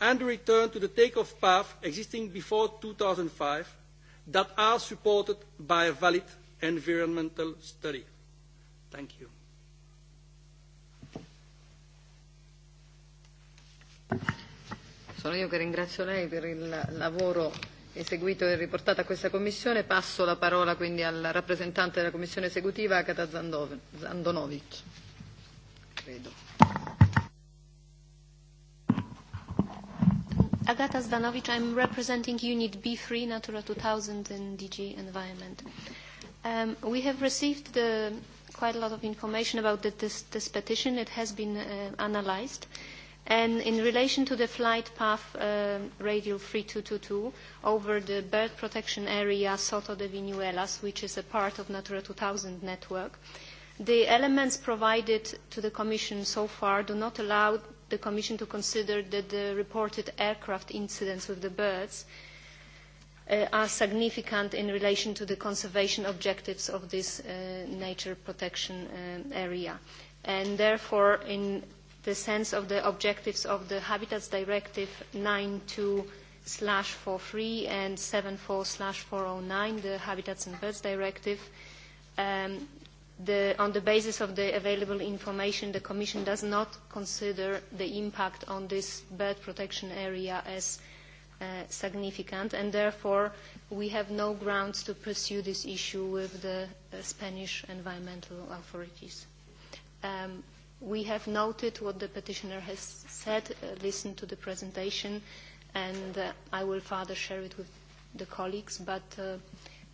and the return to the takeoff path existing before 2005 that are supported by a valid environmental study. Thank you. Sono io che ringrazio lei per il lavoro eseguito e riportato a questa Commissione. Passo la parola quindi al rappresentante della Commissione esecutiva, Kata Zandonovic credo. Agata Zdanovic, I'm representing Unit B3, Natura 2000 in DG Environment. Um, we have received the, quite a lot of information about the, this, this petition. It has been uh, analyzed. And in relation to the flight path uh, radial 3222 over the bird protection area Soto de Vinuelas, which is a part of Natura 2000 network, uh, The elements provided to the Commission so far do not allow the Commission to consider that the reported aircraft incidents with the birds uh, are significant in relation to the conservation objectives of this uh, nature protection uh, area. And therefore, in the sense of the objectives of the Habitats Directive 92 slash 43 and 74 slash 409, the Habitats and Birds Directive, um, the, on the basis of the available information, the Commission does not consider the impact on this bird protection area as uh, significant, and therefore we have no grounds to pursue this issue with the uh, Spanish environmental authorities. Um, we have noted what the petitioner has said, uh, listened to the presentation, and uh, I will further share it with the colleagues, but uh,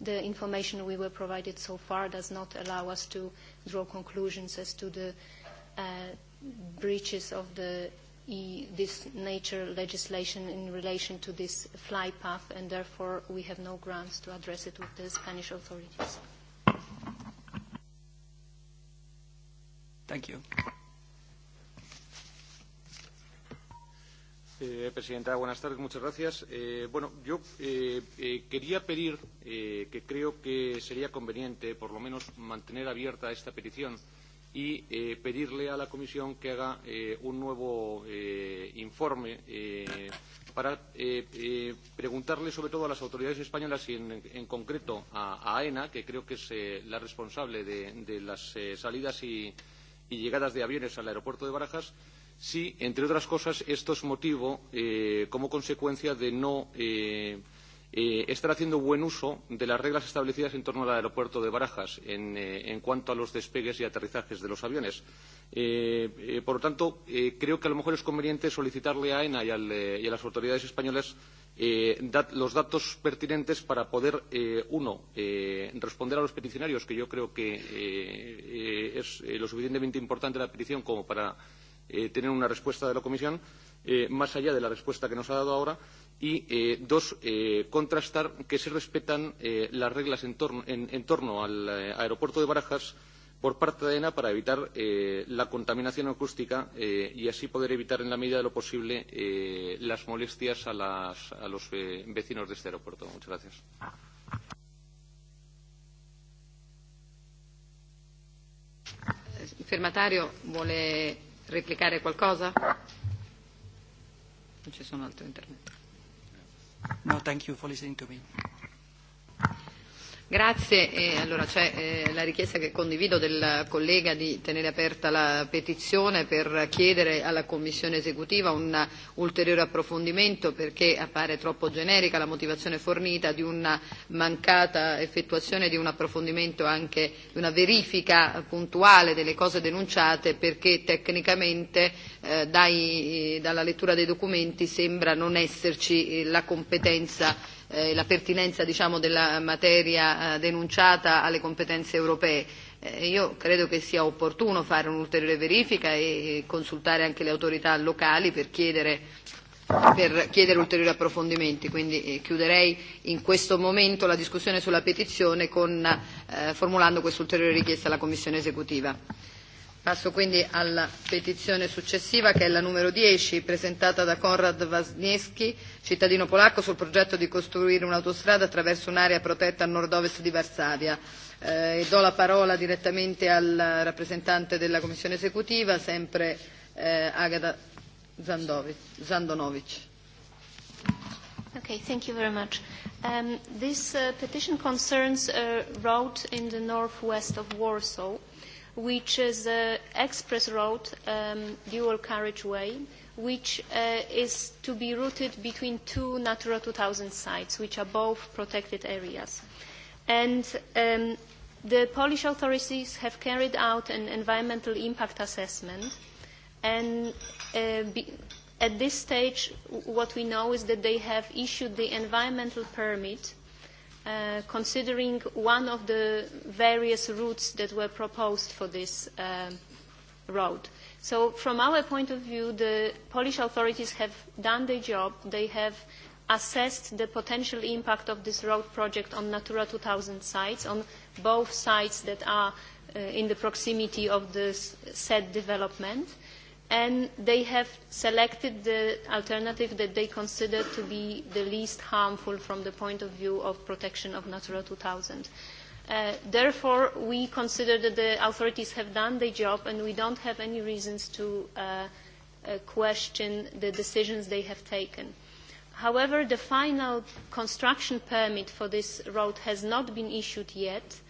the information we were provided so far does not allow us to draw conclusions as to the uh, breaches of the e, this nature legislation in relation to this fly path, and therefore we have no grounds to address it with the Spanish authorities. Thank you. Eh, presidenta, buenas tardes, muchas gracias. Eh, bueno, yo eh, eh, quería pedir eh, que creo que sería conveniente, por lo menos, mantener abierta esta petición y eh, pedirle a la Comisión que haga eh, un nuevo eh, informe eh, para eh, eh, preguntarle sobre todo a las autoridades españolas y en, en concreto a, a AENA, que creo que es eh, la responsable de, de las eh, salidas y, y llegadas de aviones al aeropuerto de Barajas, si, entre otras cosas, esto es motivo eh, como consecuencia de no eh, eh, estar haciendo buen uso de las reglas establecidas en torno al aeropuerto de Barajas en, eh, en cuanto a los despegues y aterrizajes de los aviones. Eh, eh, por lo tanto, eh, creo que a lo mejor es conveniente solicitarle a ENA y, al, eh, y a las autoridades españolas eh, dat, los datos pertinentes para poder, eh, uno, eh, responder a los peticionarios, que yo creo que eh, eh, es eh, lo suficientemente importante la petición como para eh, tener una respuesta de la Comisión eh, más allá de la respuesta que nos ha dado ahora y, eh, dos, eh, contrastar que se respetan eh, las reglas en, torno, en, en torno al eh, aeropuerto de Barajas por parte de ENA para evitar eh, la contaminación acústica eh, y así poder evitar en la medida de lo posible eh, las molestias a, las, a los eh, vecinos de este aeropuerto. Muchas gracias. Eh, firmatario vuole replicare qualcosa? Non ci sono altri interventi. No, thank you for listening to me. Grazie, e allora c'è eh, la richiesta che condivido del collega di tenere aperta la petizione per chiedere alla Commissione esecutiva un ulteriore approfondimento perché appare troppo generica la motivazione fornita di una mancata effettuazione di un approfondimento anche di una verifica puntuale delle cose denunciate perché tecnicamente eh, dai, dalla lettura dei documenti sembra non esserci eh, la competenza eh, la pertinenza diciamo, della materia eh, denunciata alle competenze europee. Eh, io credo che sia opportuno fare un'ulteriore verifica e, e consultare anche le autorità locali per chiedere per chiedere ulteriori approfondimenti, quindi eh, chiuderei in questo momento la discussione sulla petizione con, eh, formulando questa ulteriore richiesta alla Commissione esecutiva. Passo quindi alla petizione successiva, che è la numero 10, presentata da Konrad Wasniewski, cittadino polacco, sul progetto di costruire un'autostrada attraverso un'area protetta a nord-ovest di Varsavia. Eh, do la parola direttamente al rappresentante della Commissione esecutiva, sempre eh, Agata Zandonovic. Okay, thank you very much. Um, this uh, petition concerns a road in the northwest of Warsaw which is an express road um, dual carriageway which uh, is to be routed between two Natura 2000 sites, which are both protected areas. And um, the Polish authorities have carried out an environmental impact assessment, and uh, be, at this stage, what we know is that they have issued the environmental permit Uh, considering one of the various routes that were proposed for this uh, road. So from our point of view, the Polish authorities have done their job. They have assessed the potential impact of this road project on Natura 2000 sites, on both sites that are uh, in the proximity of the said development. Uh, and they have selected the alternative that they consider to be the least harmful from the point of view of protection of Natura 2000. Uh, therefore, we consider that the authorities have done their job and we don't have any reasons to uh, uh, question the decisions they have taken. However, the final construction permit for this road has not been issued yet.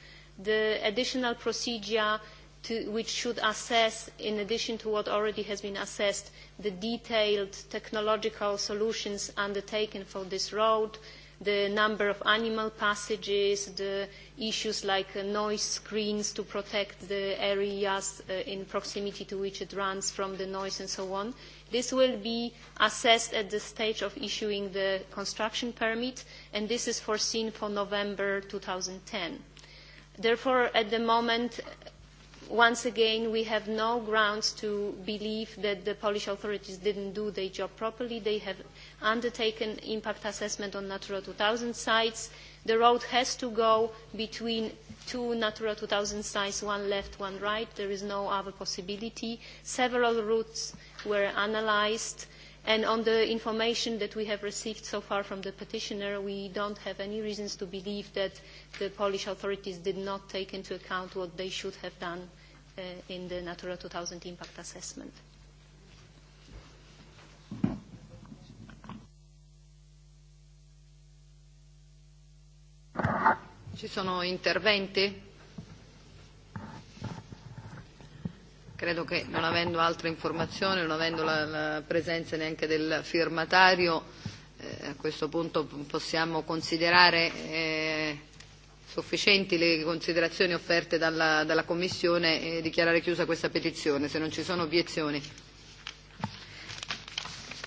The additional procedure to, which should assess, in addition to what already has been assessed, the detailed technological solutions undertaken for this road, the number of animal passages, the issues like uh, noise screens to protect the areas uh, in proximity to which it runs from the noise and so on. This will be assessed at the stage of issuing the construction permit, and this is foreseen for November 2010. Therefore, at the moment, once again, we have no grounds to believe that the Polish authorities didn't do their job properly. They have undertaken impact assessment on Natura 2000 sites. The road has to go between two Natura 2000 sites, one left, one right. There is no other possibility. Several routes were analyzed. And on the information that we have received so far from the petitioner, we don't have any reasons to believe that the Polish authorities did not take into account what they should have done uh, in the Natura 2000 impact assessment. Ci sono interventi? Credo che non avendo altre informazioni, non avendo la, la presenza neanche del firmatario, eh, a questo punto possiamo considerare eh, sufficienti le considerazioni offerte dalla, dalla Commissione e dichiarare chiusa questa petizione, se non ci sono obiezioni.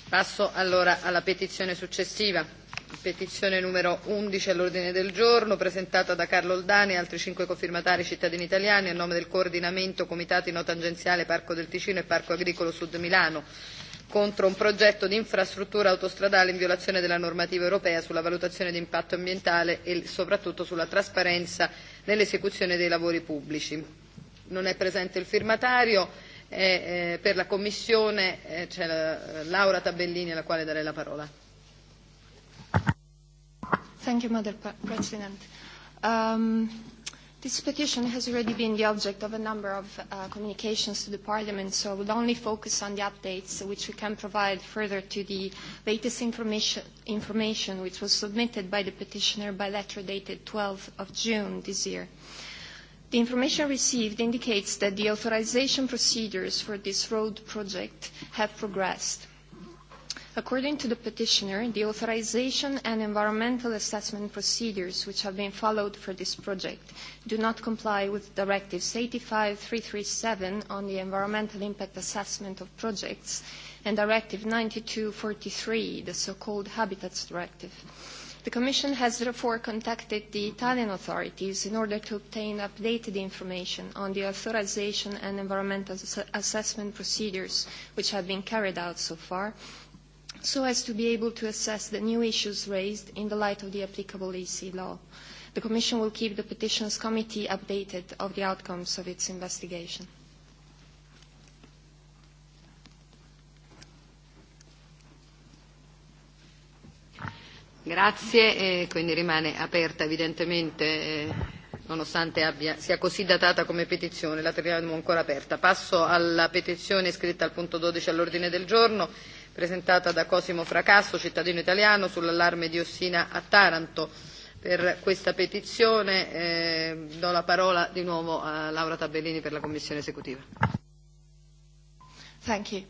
Passo allora alla petizione successiva, petizione numero 11 all'ordine del giorno, presentata da Carlo Oldani e altri cinque cofirmatari cittadini italiani a nome del coordinamento Comitati Nota Agenziale Parco del Ticino e Parco Agricolo Sud Milano contro un progetto di infrastruttura autostradale in violazione della normativa europea sulla valutazione di impatto ambientale e soprattutto sulla trasparenza nell'esecuzione dei lavori pubblici. Non è presente il firmatario, eh, per la Commissione eh, c'è la, eh, Laura Tabellini alla quale darei la parola. Thank you, Madam President. Um, This petition has already been the object of a number of uh, communications to the Parliament, so I would only focus on the updates which we can provide further to the latest information, information which was submitted by the petitioner by letter dated 12th of June this year. The information received indicates that the authorization procedures for this road project have progressed. According to the petitioner, the authorization and environmental assessment procedures which have been followed for this project do not comply with Directive 85337 on the environmental impact assessment of projects and Directive 9243, the so-called Habitats Directive. The Commission has therefore contacted the Italian authorities in order to obtain updated information on the authorization and environmental assessment procedures which have been carried out so far, so as to be able to assess the new issues raised in the light of the applicable EC law. The Commission will keep the Petitions Committee updated of the outcomes of its investigation. Grazie, eh, quindi rimane aperta evidentemente, eh, nonostante abbia, sia così datata come petizione, la teniamo ancora aperta. Passo alla petizione scritta al punto 12 all'ordine del giorno presentata da Cosimo Fracasso, cittadino italiano, sull'allarme di Ossina a Taranto. Per questa petizione eh, do la parola di nuovo a Laura Tabellini per la Commissione esecutiva. Thank you.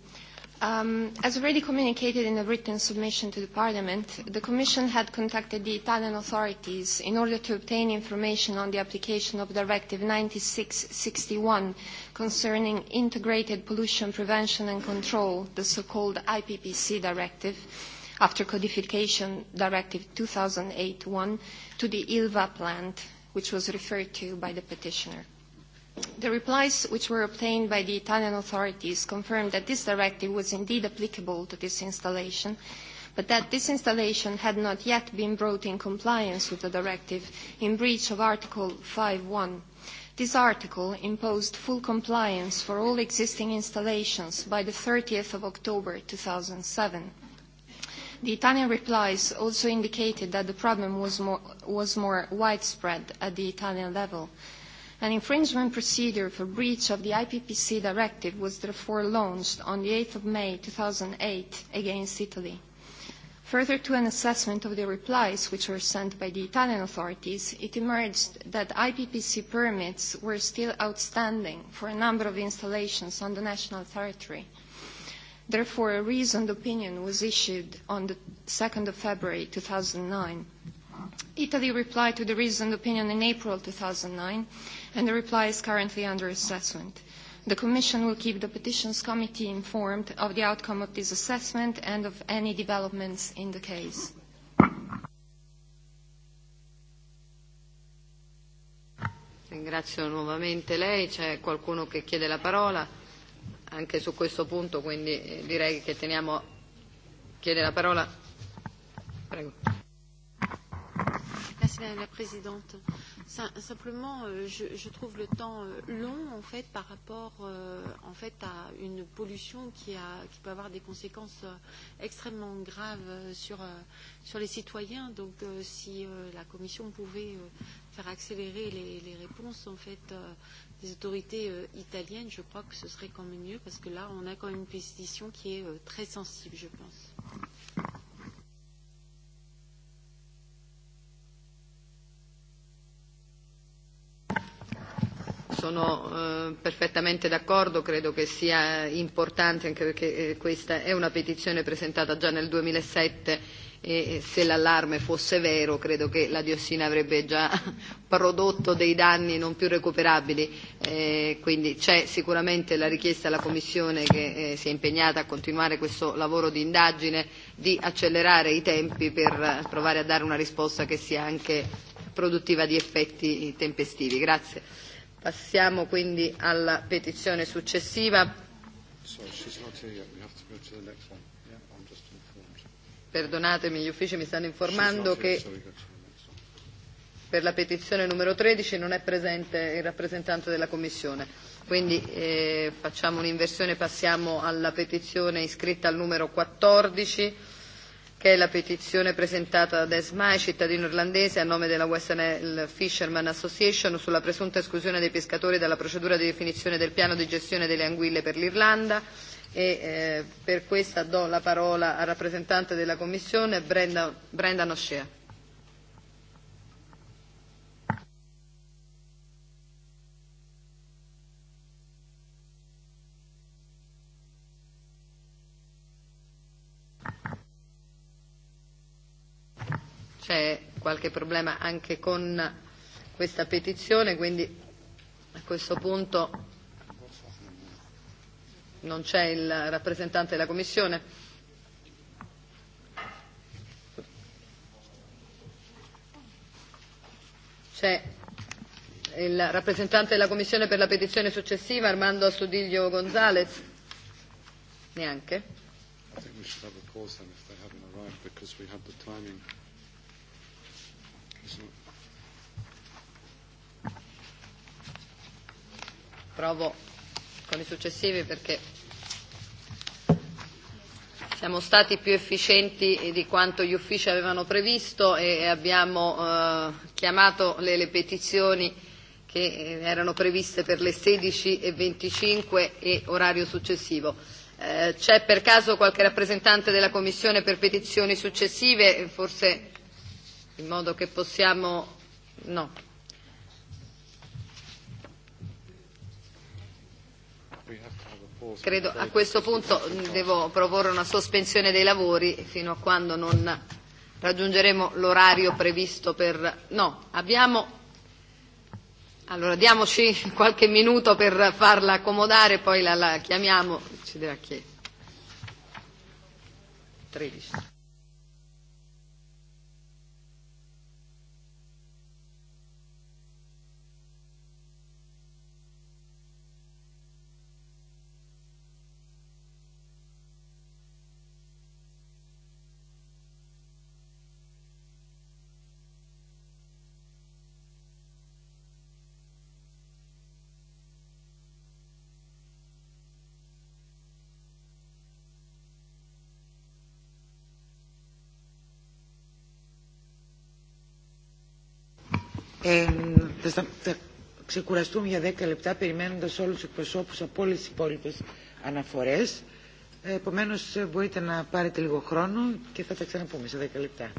Um, as already communicated in a written submission to the Parliament, the Commission had contacted the Italian authorities in order to obtain information on the application of Directive 9661 concerning integrated pollution prevention and control, the so-called IPPC Directive, after codification Directive 2008-1, to the ILVA plant, which was referred to by the petitioner. The replies which were obtained by the Italian authorities confirmed that this directive was indeed applicable to this installation, but that this installation had not yet been brought in compliance with the directive in breach of Article 5.1. This article imposed full compliance for all existing installations by the 30th of October 2007. The Italian replies also indicated that the problem was more, was more widespread at the Italian level. An infringement procedure for breach of the IPPC directive was therefore launched on the 8th of May 2008 against Italy. Further to an assessment of the replies which were sent by the Italian authorities, it emerged that IPPC permits were still outstanding for a number of installations on the national territory. Therefore, a reasoned opinion was issued on the 2nd of February 2009. Italy replied to the reasoned opinion in April 2009 and the reply is currently under assessment. The Commission will keep the Petitions Committee informed of the outcome of this assessment and of any developments in the case. Ringrazio nuovamente lei. C'è qualcuno che chiede la parola anche su questo punto, quindi eh, direi che teniamo. Chiede la parola. Prego. Merci Madame la Présidente. Simplement, euh, je, je trouve le temps euh, long en fait par rapport euh, en fait à une pollution qui, a, qui peut avoir des conséquences euh, extrêmement graves euh, sur, euh, sur les citoyens. Donc, euh, si euh, la Commission pouvait euh, faire accélérer les, les réponses en fait euh, des autorités euh, italiennes, je crois que ce serait quand même mieux parce que là, on a quand même une pétition qui est euh, très sensible, je pense. sono eh, perfettamente d'accordo, credo che sia importante anche perché eh, questa è una petizione presentata già nel 2007 e se l'allarme fosse vero credo che la diossina avrebbe già prodotto dei danni non più recuperabili, eh, quindi c'è sicuramente la richiesta alla Commissione che eh, si è impegnata a continuare questo lavoro di indagine di accelerare i tempi per eh, provare a dare una risposta che sia anche produttiva di effetti tempestivi. Grazie. Passiamo quindi alla petizione successiva. Perdonatemi, gli uffici mi stanno informando che per la petizione numero 13 non è presente il rappresentante della Commissione. Quindi eh, facciamo un'inversione, passiamo alla petizione iscritta al numero 14 che è la petizione presentata da Esmai, cittadino irlandese, a nome della Western Fisherman Association sulla presunta esclusione dei pescatori dalla procedura di definizione del piano di gestione delle anguille per l'Irlanda e eh, per questa do la parola al rappresentante della Commissione, Brenda, Brendan O'Shea. c'è qualche problema anche con questa petizione, quindi a questo punto non c'è il rappresentante della Commissione. C'è il rappresentante della Commissione per la petizione successiva, Armando Astudiglio Gonzalez? Neanche. I think we should have a pause then if they haven't arrived because we had the timing. Provo con i successivi perché siamo stati più efficienti di quanto gli uffici avevano previsto e abbiamo eh, chiamato le, le petizioni che eh, erano previste per le 16.25 e, e orario successivo. Eh, c'è per caso qualche rappresentante della Commissione per petizioni successive? Forse in modo che possiamo... No. Credo a questo punto devo proporre una sospensione dei lavori fino a quando non raggiungeremo l'orario previsto per... No, abbiamo... Allora diamoci qualche minuto per farla accomodare, poi la, la chiamiamo, ci dirà chi è. 13. Ε, θα, θα ξεκουραστούμε για 10 λεπτά περιμένοντας όλους τους εκπροσώπους από όλες τις υπόλοιπες αναφορές. Επομένως μπορείτε να πάρετε λίγο χρόνο και θα τα ξαναπούμε σε 10 λεπτά.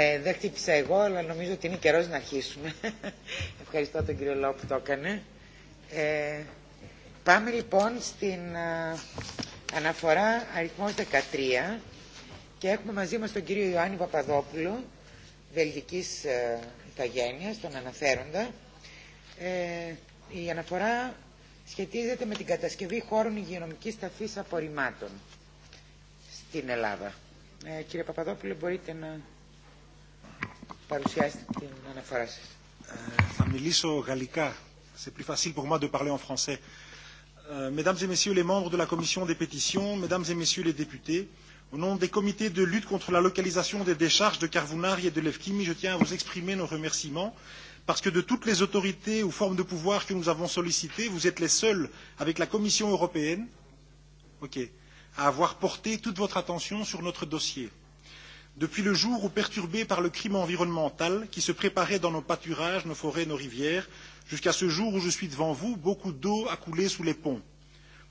Ε, δεν χτύπησα εγώ, αλλά νομίζω ότι είναι καιρός να αρχίσουμε. Ευχαριστώ τον κύριο Λό που το έκανε. Ε, πάμε λοιπόν στην α, αναφορά αριθμός 13 και έχουμε μαζί μας τον κύριο Ιωάννη Παπαδόπουλο, βελγικής ε, τον αναφέροντα. Ε, η αναφορά σχετίζεται με την κατασκευή χώρων υγειονομικής ταφής απορριμμάτων στην Ελλάδα. Ε, κύριε Παπαδόπουλο, μπορείτε να παρουσιάσετε την αναφορά Θα μιλήσω γαλλικά. C'est plus facile pour moi de parler en français. Euh, mesdames et messieurs les membres de la commission des pétitions, mesdames et messieurs les députés, au nom des comités de lutte contre la localisation des décharges de Carvounari et de Levkimi, je tiens à vous exprimer nos remerciements parce que de toutes les autorités ou formes de pouvoir que nous avons sollicitées, vous êtes les seuls, avec la Commission européenne, okay, à avoir porté toute votre attention sur notre dossier depuis le jour où, perturbé par le crime environnemental qui se préparait dans nos pâturages, nos forêts, nos rivières, jusqu'à ce jour où je suis devant vous, beaucoup d'eau a coulé sous les ponts.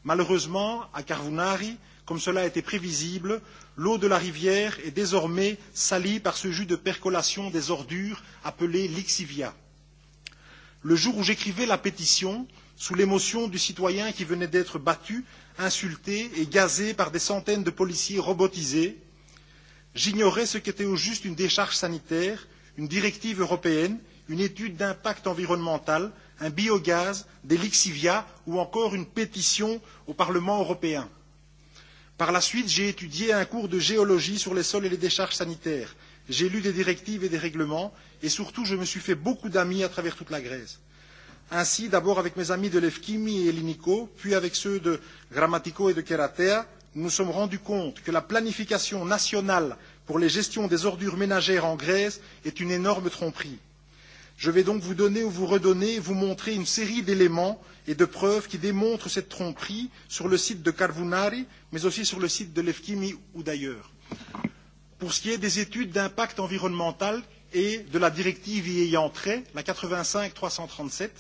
Malheureusement, à Carvunari, comme cela était prévisible, l'eau de la rivière est désormais salie par ce jus de percolation des ordures appelé lixivia. Le jour où j'écrivais la pétition, sous l'émotion du citoyen qui venait d'être battu, insulté et gazé par des centaines de policiers robotisés, J'ignorais ce qu'était au juste une décharge sanitaire, une directive européenne, une étude d'impact environnemental, un biogaz, des lixivia ou encore une pétition au Parlement européen. Par la suite, j'ai étudié un cours de géologie sur les sols et les décharges sanitaires. J'ai lu des directives et des règlements et surtout, je me suis fait beaucoup d'amis à travers toute la Grèce. Ainsi, d'abord avec mes amis de Lefkimi et Elinico, puis avec ceux de Grammatico et de Keratea, nous nous sommes rendus compte que la planification nationale pour les gestions des ordures ménagères en Grèce est une énorme tromperie. Je vais donc vous donner ou vous redonner vous montrer une série d'éléments et de preuves qui démontrent cette tromperie sur le site de Carbonari, mais aussi sur le site de Lefkimi ou d'ailleurs. Pour ce qui est des études d'impact environnemental et de la directive y ayant trait, la 85-337,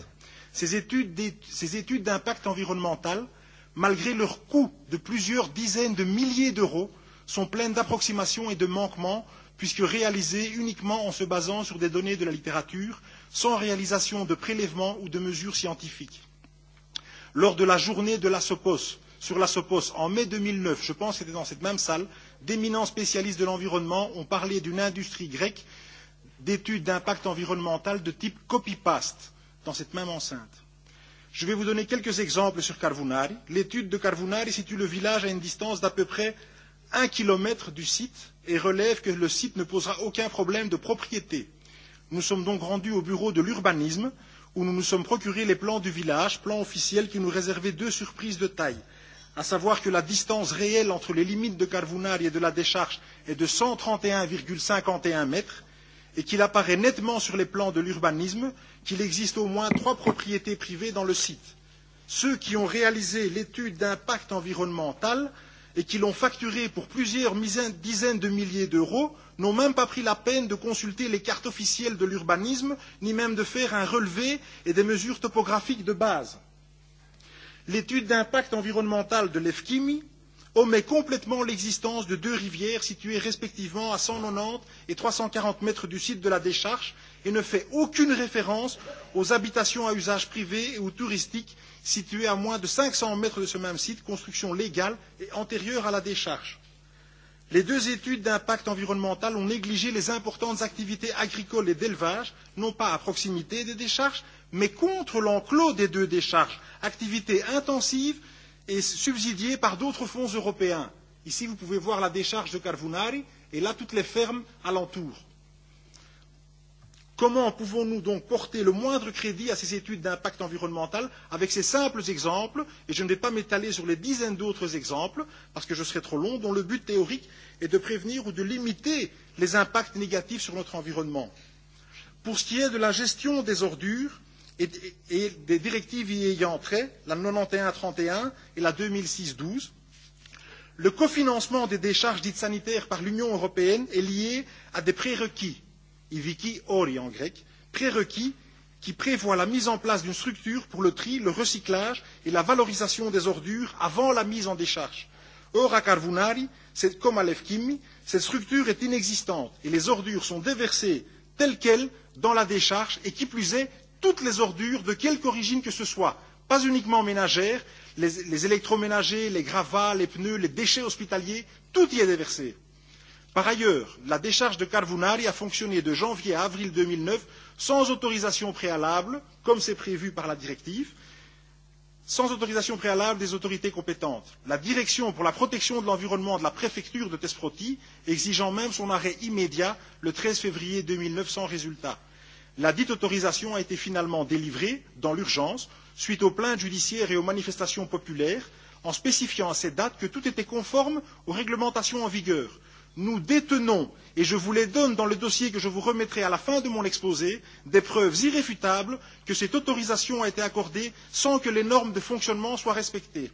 ces études d'impact environnemental malgré leur coût de plusieurs dizaines de milliers d'euros, sont pleines d'approximations et de manquements, puisque réalisées uniquement en se basant sur des données de la littérature, sans réalisation de prélèvements ou de mesures scientifiques. Lors de la journée de la Sopos, sur la Sopos en mai 2009, je pense que c'était dans cette même salle, d'éminents spécialistes de l'environnement ont parlé d'une industrie grecque d'études d'impact environnemental de type copy-paste dans cette même enceinte. Je vais vous donner quelques exemples sur Carvunari. L'étude de Carvunari situe le village à une distance d'à peu près un kilomètre du site et relève que le site ne posera aucun problème de propriété. Nous sommes donc rendus au bureau de l'urbanisme où nous nous sommes procurés les plans du village, plans officiels qui nous réservaient deux surprises de taille, à savoir que la distance réelle entre les limites de Carvunari et de la décharge est de 131,51 mètres et qu'il apparaît nettement sur les plans de l'urbanisme qu'il existe au moins trois propriétés privées dans le site. Ceux qui ont réalisé l'étude d'impact environnemental et qui l'ont facturée pour plusieurs dizaines de milliers d'euros n'ont même pas pris la peine de consulter les cartes officielles de l'urbanisme, ni même de faire un relevé et des mesures topographiques de base. L'étude d'impact environnemental de l'EFKIMI omet complètement l'existence de deux rivières situées respectivement à 190 et 340 mètres du site de la décharge et ne fait aucune référence aux habitations à usage privé ou touristique situées à moins de 500 mètres de ce même site, construction légale et antérieure à la décharge. Les deux études d'impact environnemental ont négligé les importantes activités agricoles et d'élevage, non pas à proximité des décharges, mais contre l'enclos des deux décharges, activités intensives est subsidié par d'autres fonds européens. Ici, vous pouvez voir la décharge de Carvunari et là, toutes les fermes alentour. Comment pouvons-nous donc porter le moindre crédit à ces études d'impact environnemental avec ces simples exemples, et je ne vais pas m'étaler sur les dizaines d'autres exemples, parce que je serai trop long, dont le but théorique est de prévenir ou de limiter les impacts négatifs sur notre environnement Pour ce qui est de la gestion des ordures, et, et, des directives y ayant trait, la 91-31 et la 2006-12. Le cofinancement des décharges dites sanitaires par l'Union européenne est lié à des prérequis, iviki ori en grec, prérequis qui prévoient la mise en place d'une structure pour le tri, le recyclage et la valorisation des ordures avant la mise en décharge. Or, à Carvunari, comme à Lefkimi, cette structure est inexistante et les ordures sont déversées telles quelles dans la décharge et qui plus est toutes les ordures de quelque origine que ce soit, pas uniquement ménagères, les, les électroménagers, les gravats, les pneus, les déchets hospitaliers, tout y est déversé. Par ailleurs, la décharge de Carvunari a fonctionné de janvier à avril 2009 sans autorisation préalable, comme c'est prévu par la directive, sans autorisation préalable des autorités compétentes. La direction pour la protection de l'environnement de la préfecture de Tesproti exigeant même son arrêt immédiat le 13 février 2009 sans résultat. La dite autorisation a été finalement délivrée dans l'urgence suite aux plaintes judiciaires et aux manifestations populaires en spécifiant à cette date que tout était conforme aux réglementations en vigueur. Nous détenons, et je vous les donne dans le dossier que je vous remettrai à la fin de mon exposé, des preuves irréfutables que cette autorisation a été accordée sans que les normes de fonctionnement soient respectées.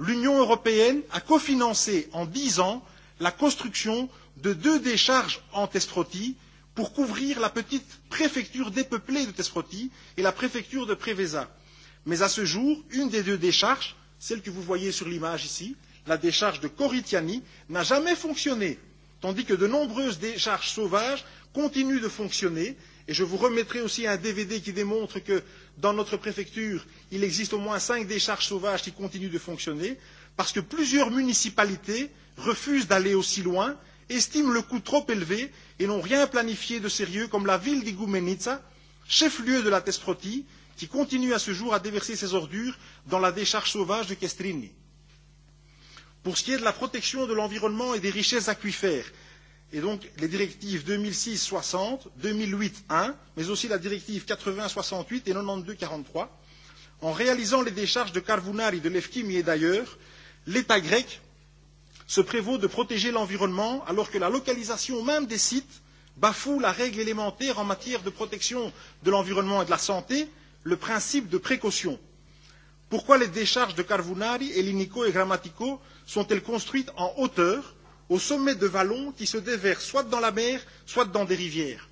L'Union européenne a cofinancé en dix ans la construction de deux décharges en Tesproti pour couvrir la petite préfecture dépeuplée de Tesfroti et la préfecture de Prévézin. Mais à ce jour, une des deux décharges, celle que vous voyez sur l'image ici, la décharge de Coritiani, n'a jamais fonctionné, tandis que de nombreuses décharges sauvages continuent de fonctionner. Et je vous remettrai aussi un DVD qui démontre que dans notre préfecture, il existe au moins cinq décharges sauvages qui continuent de fonctionner, parce que plusieurs municipalités refusent d'aller aussi loin, estiment le coût trop élevé et n'ont rien planifié de sérieux comme la ville d'Igoumenitsa, chef-lieu de la Tesproti, qui continue à ce jour à déverser ses ordures dans la décharge sauvage de Kestrini. Pour ce qui est de la protection de l'environnement et des richesses aquifères, et donc les directives 2006-60, 2008-1, mais aussi la directive 80-68 et 92-43, en réalisant les décharges de Karvounari, de Lefkimi et d'ailleurs, l'État grec se prévaut de protéger l'environnement alors que la localisation même des sites bafoue la règle élémentaire en matière de protection de l'environnement et de la santé, le principe de précaution. Pourquoi les décharges de Carvunari, Elinico et Grammatico sont-elles construites en hauteur, au sommet de vallons qui se déversent soit dans la mer, soit dans des rivières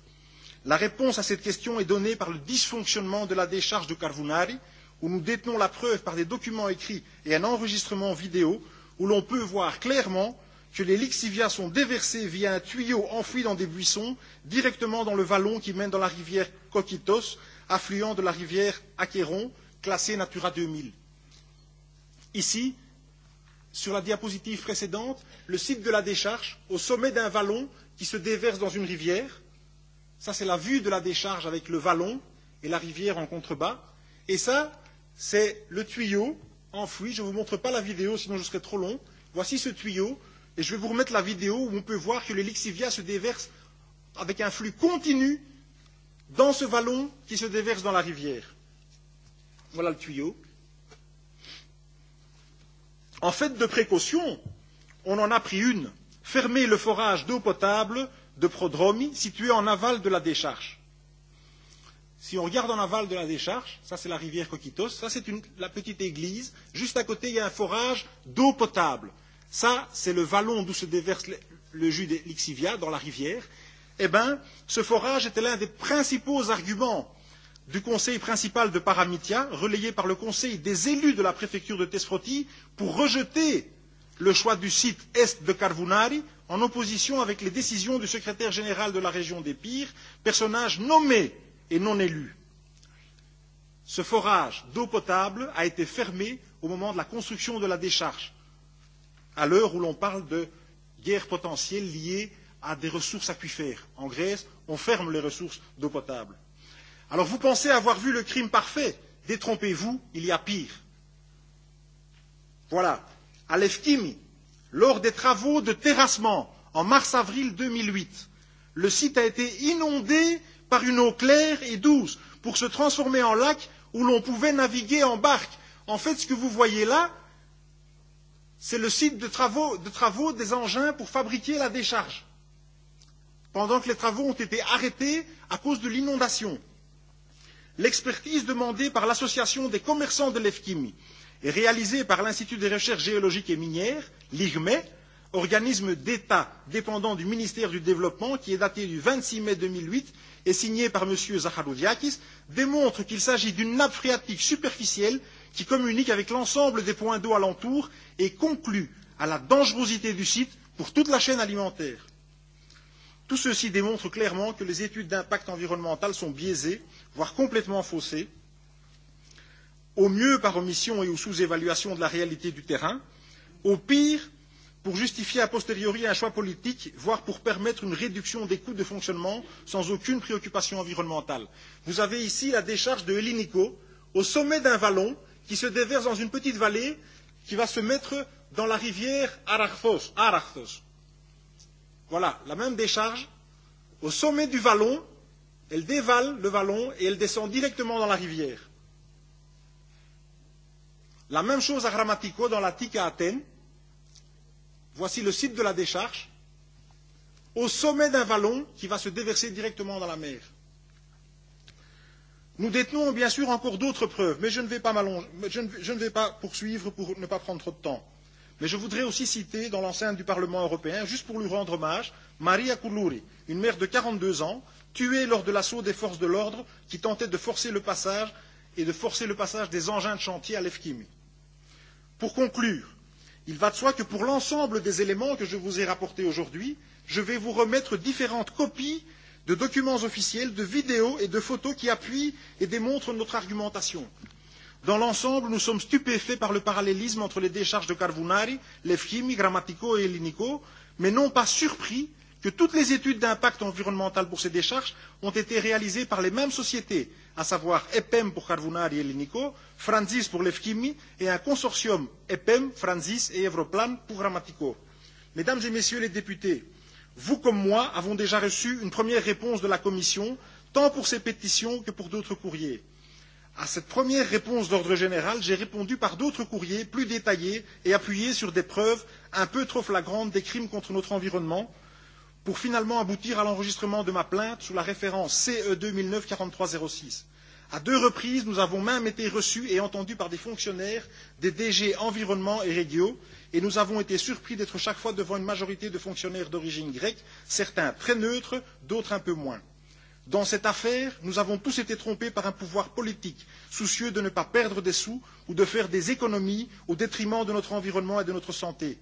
La réponse à cette question est donnée par le dysfonctionnement de la décharge de Carvunari, où nous détenons la preuve par des documents écrits et un enregistrement vidéo où l'on peut voir clairement que les lixivias sont déversés via un tuyau enfoui dans des buissons directement dans le vallon qui mène dans la rivière Coquitos, affluent de la rivière Acquéron, classée Natura 2000. Ici, sur la diapositive précédente, le site de la décharge, au sommet d'un vallon qui se déverse dans une rivière. Ça, c'est la vue de la décharge avec le vallon et la rivière en contrebas. Et ça, c'est le tuyau enfoui. Je ne vous montre pas la vidéo, sinon je serai trop long. Voici ce tuyau, et je vais vous remettre la vidéo où on peut voir que l'élixivia se déverse avec un flux continu dans ce vallon qui se déverse dans la rivière. Voilà le tuyau. En fait, de précaution, on en a pris une. Fermer le forage d'eau potable de Prodromi situé en aval de la décharge. Si on regarde en aval de la décharge, ça c'est la rivière Coquitos, ça c'est la petite église, juste à côté il y a un forage d'eau potable. Ça c'est le vallon d'où se déverse le, le jus de l'Ixivia dans la rivière. Eh bien, ce forage était l'un des principaux arguments du conseil principal de Paramitia, relayé par le conseil des élus de la préfecture de Tesfroti, pour rejeter le choix du site est de Carvunari, en opposition avec les décisions du secrétaire général de la région des Pires, personnage nommé et non élus. Ce forage d'eau potable a été fermé au moment de la construction de la décharge, à l'heure où l'on parle de guerre potentielle liée à des ressources aquifères. En Grèce, on ferme les ressources d'eau potable. Alors vous pensez avoir vu le crime parfait Détrompez-vous, il y a pire. Voilà. À Lefkimi, lors des travaux de terrassement en mars-avril 2008, le site a été inondé par une eau claire et douce pour se transformer en lac où l'on pouvait naviguer en barque. En fait, ce que vous voyez là, c'est le site de travaux, de travaux des engins pour fabriquer la décharge, pendant que les travaux ont été arrêtés à cause de l'inondation. L'expertise demandée par l'Association des commerçants de l'EFKIM et réalisée par l'Institut des recherches géologiques et minières, l'IRMET, organisme d'État dépendant du ministère du Développement, qui est daté du 26 mai 2008 et signé par M. Zaharoudiakis, démontre qu'il s'agit d'une nappe phréatique superficielle qui communique avec l'ensemble des points d'eau alentour et conclut à la dangerosité du site pour toute la chaîne alimentaire. Tout ceci démontre clairement que les études d'impact environnemental sont biaisées, voire complètement faussées, au mieux par omission et ou sous-évaluation de la réalité du terrain, au pire pour justifier a posteriori un choix politique, voire pour permettre une réduction des coûts de fonctionnement sans aucune préoccupation environnementale. Vous avez ici la décharge de Helinico, au sommet d'un vallon qui se déverse dans une petite vallée qui va se mettre dans la rivière Arachthos. Arachthos. Voilà, la même décharge, au sommet du vallon, elle dévale le vallon et elle descend directement dans la rivière. La même chose à Grammatico, dans l'Attique à Athènes, Voici le site de la décharge, au sommet d'un vallon qui va se déverser directement dans la mer. Nous détenons bien sûr encore d'autres preuves, mais je ne, vais pas je, ne, je ne vais pas poursuivre pour ne pas prendre trop de temps. Mais je voudrais aussi citer dans l'enceinte du Parlement européen, juste pour lui rendre hommage, Maria Kouluri, une mère de 42 ans, tuée lors de l'assaut des forces de l'ordre qui tentaient de forcer le passage et de forcer le passage des engins de chantier à l'EFKIMI. Pour conclure, Il va de soi que pour l'ensemble des éléments que je vous ai rapportés aujourd'hui, je vais vous remettre différentes copies de documents officiels, de vidéos et de photos qui appuient et démontrent notre argumentation. Dans l'ensemble, nous sommes stupéfaits par le parallélisme entre les décharges de Carvunari, Lefkimi, Grammatico et Elinico, mais non pas surpris que toutes les études d'impact environnemental pour ces décharges ont été réalisées par les mêmes sociétés, à savoir EPEM pour Carvunari et Linico, Franzis pour Lefkimi et un consortium EPEM, Franzis et Evroplan pour Grammatico. Mesdames et messieurs les députés, vous comme moi avons déjà reçu une première réponse de la Commission, tant pour ces pétitions que pour d'autres courriers. À cette première réponse d'ordre général, j'ai répondu par d'autres courriers plus détaillés et appuyés sur des preuves un peu trop flagrantes des crimes contre notre environnement, pour finalement aboutir à l'enregistrement de ma plainte sous la référence CE 2009-4306. À deux reprises, nous avons même été reçus et entendus par des fonctionnaires des DG Environnement et Régio, et nous avons été surpris d'être chaque fois devant une majorité de fonctionnaires d'origine grecque, certains très neutres, d'autres un peu moins. Dans cette affaire, nous avons tous été trompés par un pouvoir politique, soucieux de ne pas perdre des sous ou de faire des économies au détriment de notre environnement et de notre santé.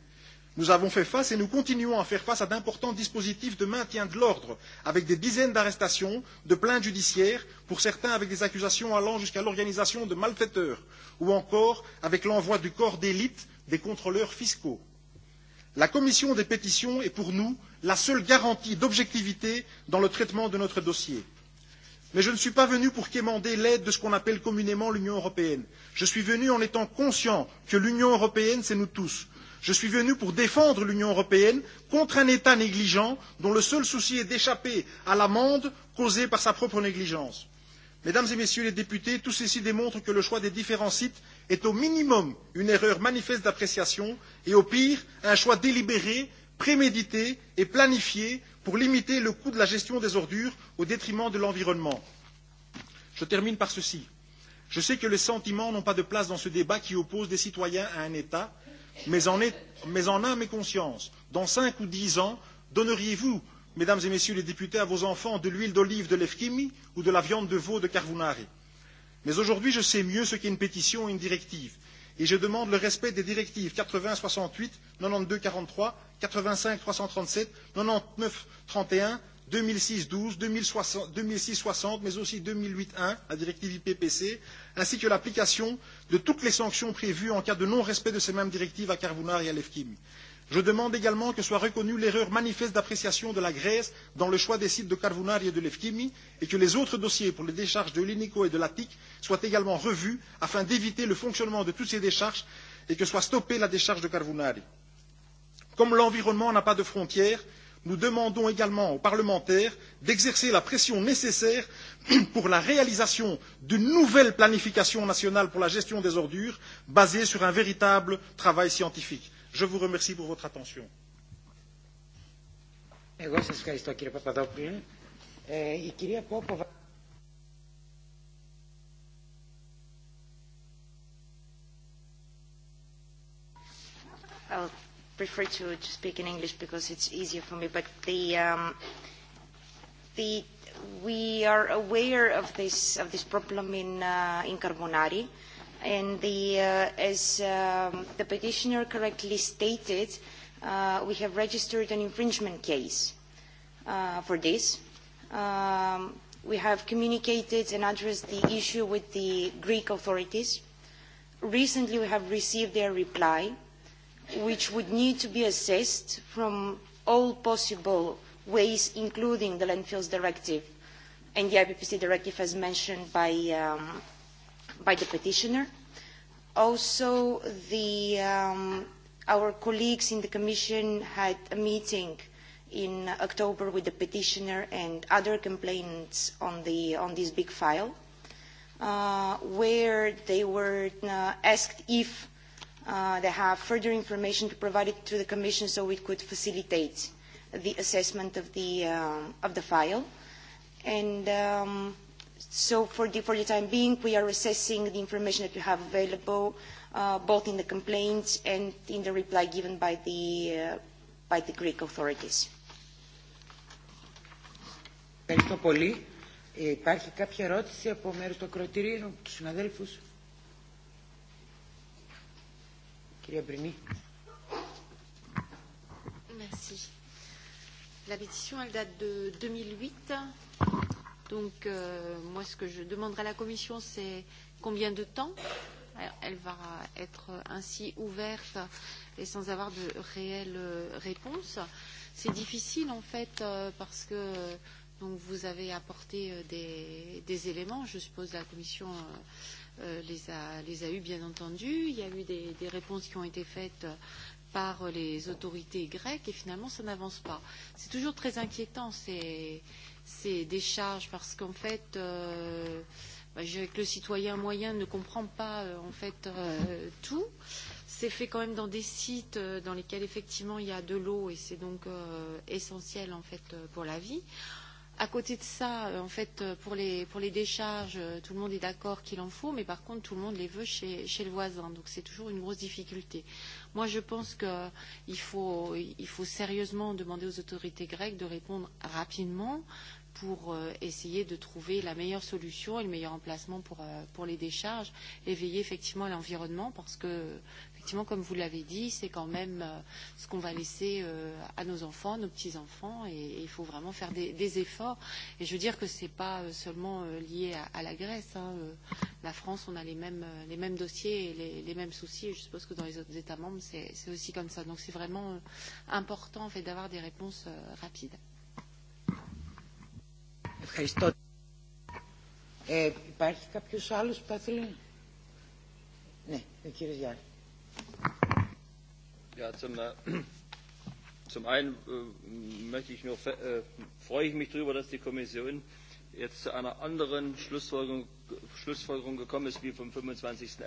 Nous avons fait face et nous continuons à faire face à d'importants dispositifs de maintien de l'ordre, avec des dizaines d'arrestations, de plaintes judiciaires, pour certains avec des accusations allant jusqu'à l'organisation de malfaiteurs, ou encore avec l'envoi du corps d'élite des contrôleurs fiscaux. La commission des pétitions est pour nous la seule garantie d'objectivité dans le traitement de notre dossier. Mais je ne suis pas venu pour quémander l'aide de ce qu'on appelle communément l'Union européenne. Je suis venu en étant conscient que l'Union européenne, c'est nous tous je suis venu pour défendre l'union européenne contre un état négligent dont le seul souci est d'échapper à l'amende causée par sa propre négligence. mesdames et messieurs les députés tout ceci démontre que le choix des différents sites est au minimum une erreur manifeste d'appréciation et au pire un choix délibéré prémédité et planifié pour limiter le coût de la gestion des ordures au détriment de l'environnement. je termine par ceci je sais que les sentiments n'ont pas de place dans ce débat qui oppose des citoyens à un état mais en, est, mais en âme et conscience, dans cinq ou dix ans, donneriez-vous, mesdames et messieurs les députés, à vos enfants de l'huile d'olive de l'Efkimi ou de la viande de veau de Carvunari Mais aujourd'hui, je sais mieux ce qu'est une pétition et une directive. Et je demande le respect des directives 80 68, 92 43, 85 337, 99 31, 2006-12, 2006-60, mais aussi 2008-1, la directive IPPC, ainsi que l'application de toutes les sanctions prévues en cas de non-respect de ces mêmes directives à Carvounar et à Lefkim. Je demande également que soit reconnue l'erreur manifeste d'appréciation de la Grèce dans le choix des sites de Carvounar et de Lefkimi et que les autres dossiers pour les décharges de l'ENICO et de l'ATIC soient également revus afin d'éviter le fonctionnement de toutes ces décharges et que soit stoppée la décharge de Carvounar. Comme l'environnement n'a pas de frontières, nous demandons également aux parlementaires d'exercer la pression nécessaire pour la réalisation d'une nouvelle planification nationale pour la gestion des ordures basée sur un véritable travail scientifique. Je vous remercie pour votre attention. Εγώ σας ευχαριστώ κύριε Παπαδόπουλε. Ε, η κυρία Πόποβα... Oh, prefer to, to speak in English because it's easier for me, but the, um, the, we are aware of this, of this problem in, uh, in Carbonari, and the, uh, as um, the petitioner correctly stated, uh, we have registered an infringement case uh, for this. Um, we have communicated and addressed the issue with the Greek authorities. Recently, we have received their reply which would need to be assessed from all possible ways, including the landfills directive and the IPPC directive as mentioned by, um, by the petitioner. Also, the, um, our colleagues in the Commission had a meeting in October with the petitioner and other complainants on, the, on this big file, uh, where they were uh, asked if Uh, they have further information to provide it to the Commission so we could facilitate the assessment of the, uh, of the file. And um, so for the, for the time being, we are assessing the information that we have available, uh, both in the complaints and in the reply given by the, uh, by the Greek authorities. Ευχαριστώ πολύ. Υπάρχει κάποια ερώτηση από μέρους του ακροτηρίου, από συναδέλφους. Kyria Bruni. Merci. La pétition, elle date de 2008. Donc, euh, moi, ce que je demanderai à la Commission, c'est combien de temps elle va être ainsi ouverte et sans avoir de réelles euh, réponses. C'est difficile, en fait, euh, parce que donc, vous avez apporté euh, des, des éléments. Je suppose la Commission. Euh, Euh, les, a, les a eues, bien entendu. Il y a eu des, des réponses qui ont été faites euh, par les autorités grecques et finalement, ça n'avance pas. C'est toujours très inquiétant ces, ces décharges parce qu'en fait, euh, bah, je dirais que le citoyen moyen ne comprend pas euh, en fait euh, tout. C'est fait quand même dans des sites euh, dans lesquels effectivement il y a de l'eau et c'est donc euh, essentiel en fait euh, pour la vie. Euh, À côté de ça, euh, en fait, euh, pour les, pour les décharges, euh, tout le monde est d'accord qu'il en faut, mais par contre, tout le monde les veut chez, chez le voisin. Donc, c'est toujours une grosse difficulté. Moi, je pense qu'il faut, il faut sérieusement demander aux autorités grecques de répondre rapidement pour essayer de trouver la meilleure solution et le meilleur emplacement pour, pour les décharges et veiller effectivement à l'environnement parce que effectivement, comme vous l'avez dit, c'est quand même euh, ce qu'on va laisser euh, à nos enfants, nos petits-enfants, et il faut vraiment faire des, des efforts. Et je veux dire que ce n'est pas euh, seulement lié à, à la Grèce. Hein. La France, on a les mêmes, les mêmes dossiers et les, les mêmes soucis. Et je suppose que dans les autres États membres, c'est aussi comme ça. Donc c'est vraiment important en fait, d'avoir des réponses rapides. Ευχαριστώ. Ε, υπάρχει κάποιος άλλος που θα θέλει. Ναι, ο κύριος Γιάννη. Ja, zum, äh, zum einen äh, möchte ich nur, äh, freue ich mich darüber, dass die Kommission jetzt zu einer anderen Schlussfolgerung, Schlussfolgerung gekommen ist wie vom 25.11.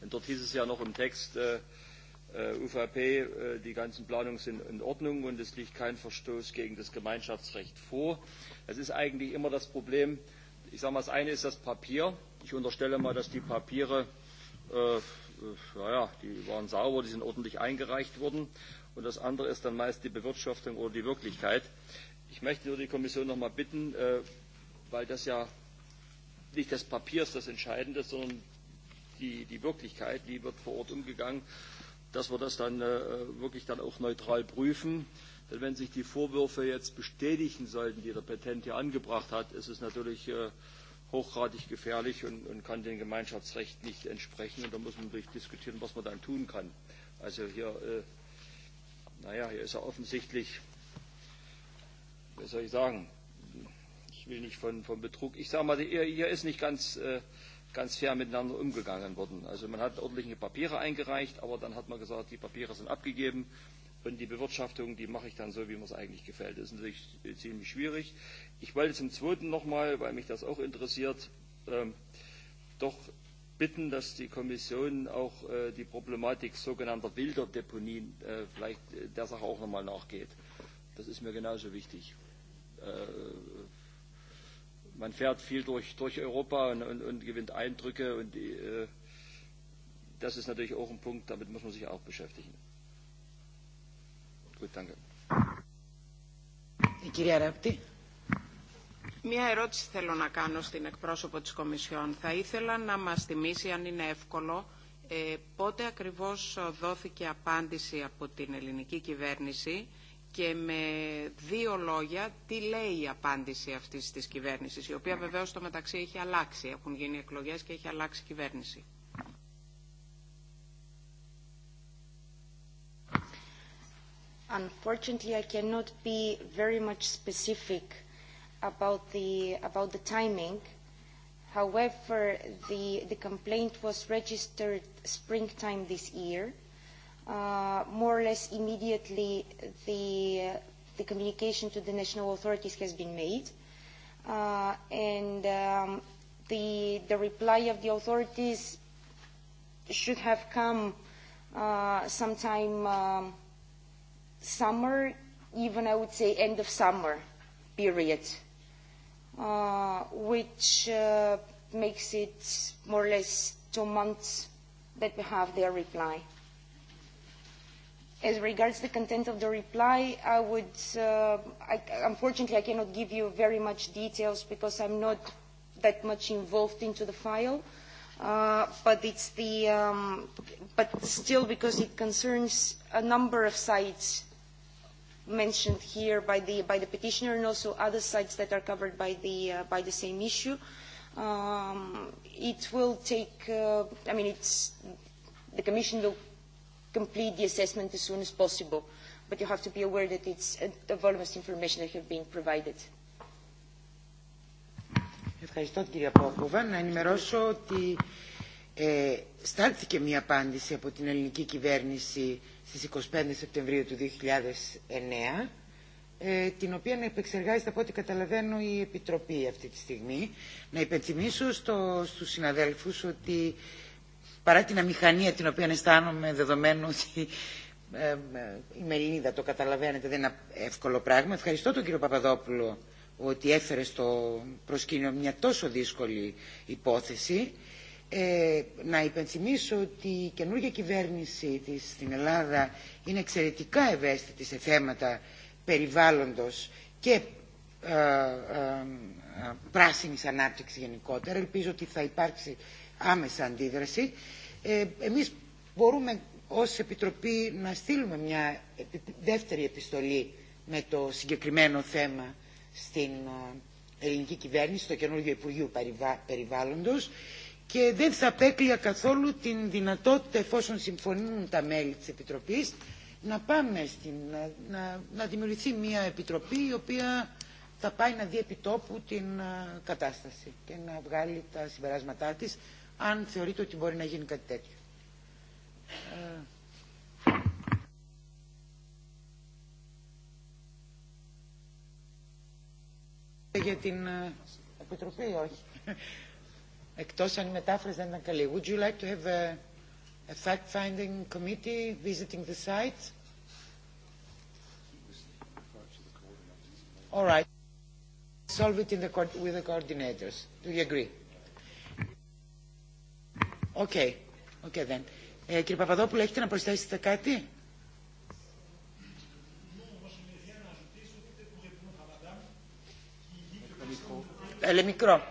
Denn dort hieß es ja noch im Text, äh, UVP, uh, die ganzen Planungen sind in Ordnung und es liegt kein Verstoß gegen das Gemeinschaftsrecht vor. Das ist eigentlich immer das Problem. Ich sage mal, das eine ist das Papier. Ich unterstelle mal, dass die Papiere uh, naja, äh, die waren sauber, die sind ordentlich eingereicht worden. Und das andere ist dann meist die Bewirtschaftung oder die Wirklichkeit. Ich möchte nur die Kommission noch mal bitten, äh, weil das ja nicht das Papier ist das Entscheidende, sondern die, die Wirklichkeit, wie wird vor Ort umgegangen, dass wir das dann äh, wirklich dann auch neutral prüfen. Denn wenn sich die Vorwürfe jetzt bestätigen sollten, die der Petent hier angebracht hat, ist es natürlich äh, hochgradig gefährlich und, und kann dem Gemeinschaftsrecht nicht entsprechen. Und da muss man natürlich diskutieren, was man dann tun kann. Also hier, äh, naja, hier ist ja er offensichtlich, wie soll ich sagen, ich will nicht von, von Betrug, ich sage mal, hier, hier ist nicht ganz, äh, ganz fair miteinander umgegangen worden. Also man hat ordentliche Papiere eingereicht, aber dann hat man gesagt, die Papiere sind abgegeben Und die Bewirtschaftung, die mache ich dann so, wie mir es eigentlich gefällt. Das ist natürlich ziemlich schwierig. Ich wollte zum Zweiten nochmal, weil mich das auch interessiert, ähm, doch bitten, dass die Kommission auch äh, die Problematik sogenannter wilder Deponien äh, vielleicht äh, der Sache auch nochmal nachgeht. Das ist mir genauso wichtig. Äh, man fährt viel durch, durch Europa und, und, und gewinnt Eindrücke und die, äh, das ist natürlich auch ein Punkt, damit muss man sich auch beschäftigen. Gut, κυρία Ράπτη. Μία ερώτηση θέλω να κάνω στην εκπρόσωπο της Κομισιόν. Θα ήθελα να μας θυμίσει, αν είναι εύκολο, ε, πότε ακριβώς δόθηκε απάντηση από την ελληνική κυβέρνηση και με δύο λόγια τι λέει η απάντηση αυτής της κυβέρνησης, η οποία βεβαίως στο μεταξύ έχει αλλάξει, έχουν γίνει εκλογές και έχει αλλάξει κυβέρνηση. Unfortunately, I cannot be very much specific about the, about the timing. However, the, the complaint was registered springtime this year. Uh, more or less immediately, the, the communication to the national authorities has been made. Uh, and um, the, the reply of the authorities should have come uh, sometime um, summer, even I would say end of summer period, uh, which uh, makes it more or less two months that we have their reply. As regards the content of the reply, I would, uh, I, unfortunately, I cannot give you very much details because I'm not that much involved into the file. Uh, but it's the, um, but still because it concerns a number of sites mentioned here by the, by the petitioner and also other sites that are covered by the, uh, by the same issue. Um, it will take, uh, I mean, it's, the Commission will complete the assessment as soon as possible, but you have to be aware that it's a, voluminous information that has been provided. Ευχαριστώ κυρία Πόκοβα. Να ενημερώσω ότι ε, στάλθηκε μια απάντηση από την ελληνική κυβέρνηση στις 25 Σεπτεμβρίου του 2009, ε, την οποία να επεξεργάζεται από ό,τι καταλαβαίνω η Επιτροπή αυτή τη στιγμή. Να υπενθυμίσω στο, στους συναδέλφους ότι παρά την αμηχανία την οποία αισθάνομαι δεδομένου ότι ε, ε, είμαι Ελληνίδα, το καταλαβαίνετε, δεν είναι εύκολο πράγμα. Ευχαριστώ τον κύριο Παπαδόπουλο ότι έφερε στο προσκήνιο μια τόσο δύσκολη υπόθεση. Ε, να υπενθυμίσω ότι η καινούργια κυβέρνηση της στην Ελλάδα είναι εξαιρετικά ευαίσθητη σε θέματα περιβάλλοντος και ε, ε, ε, πράσινης ανάπτυξης γενικότερα. Ελπίζω ότι θα υπάρξει άμεσα αντίδραση. Ε, εμείς μπορούμε ως Επιτροπή να στείλουμε μια δεύτερη επιστολή με το συγκεκριμένο θέμα στην ελληνική κυβέρνηση, στο καινούργιο Υπουργείο Περιβάλλοντος και δεν θα απέκλεια καθόλου την δυνατότητα, εφόσον συμφωνούν τα μέλη της Επιτροπής, να πάμε στην, να, να, να δημιουργηθεί μια επιτροπή η οποία θα πάει να δει επί τόπου την α, κατάσταση και να βγάλει τα συμπεράσματά της, αν θεωρείται ότι μπορεί να γίνει κάτι τέτοιο. Ε, για την α, επιτροπή, όχι εκτός αν η μετάφραση δεν ήταν καλή. Would you like to have a, a fact-finding committee visiting the site? All right. Solve it in the with the coordinators. Do you agree? Okay. Okay then. Ε, κύριε Παπαδόπουλο, έχετε να προσθέσετε κάτι? Ε, μικρό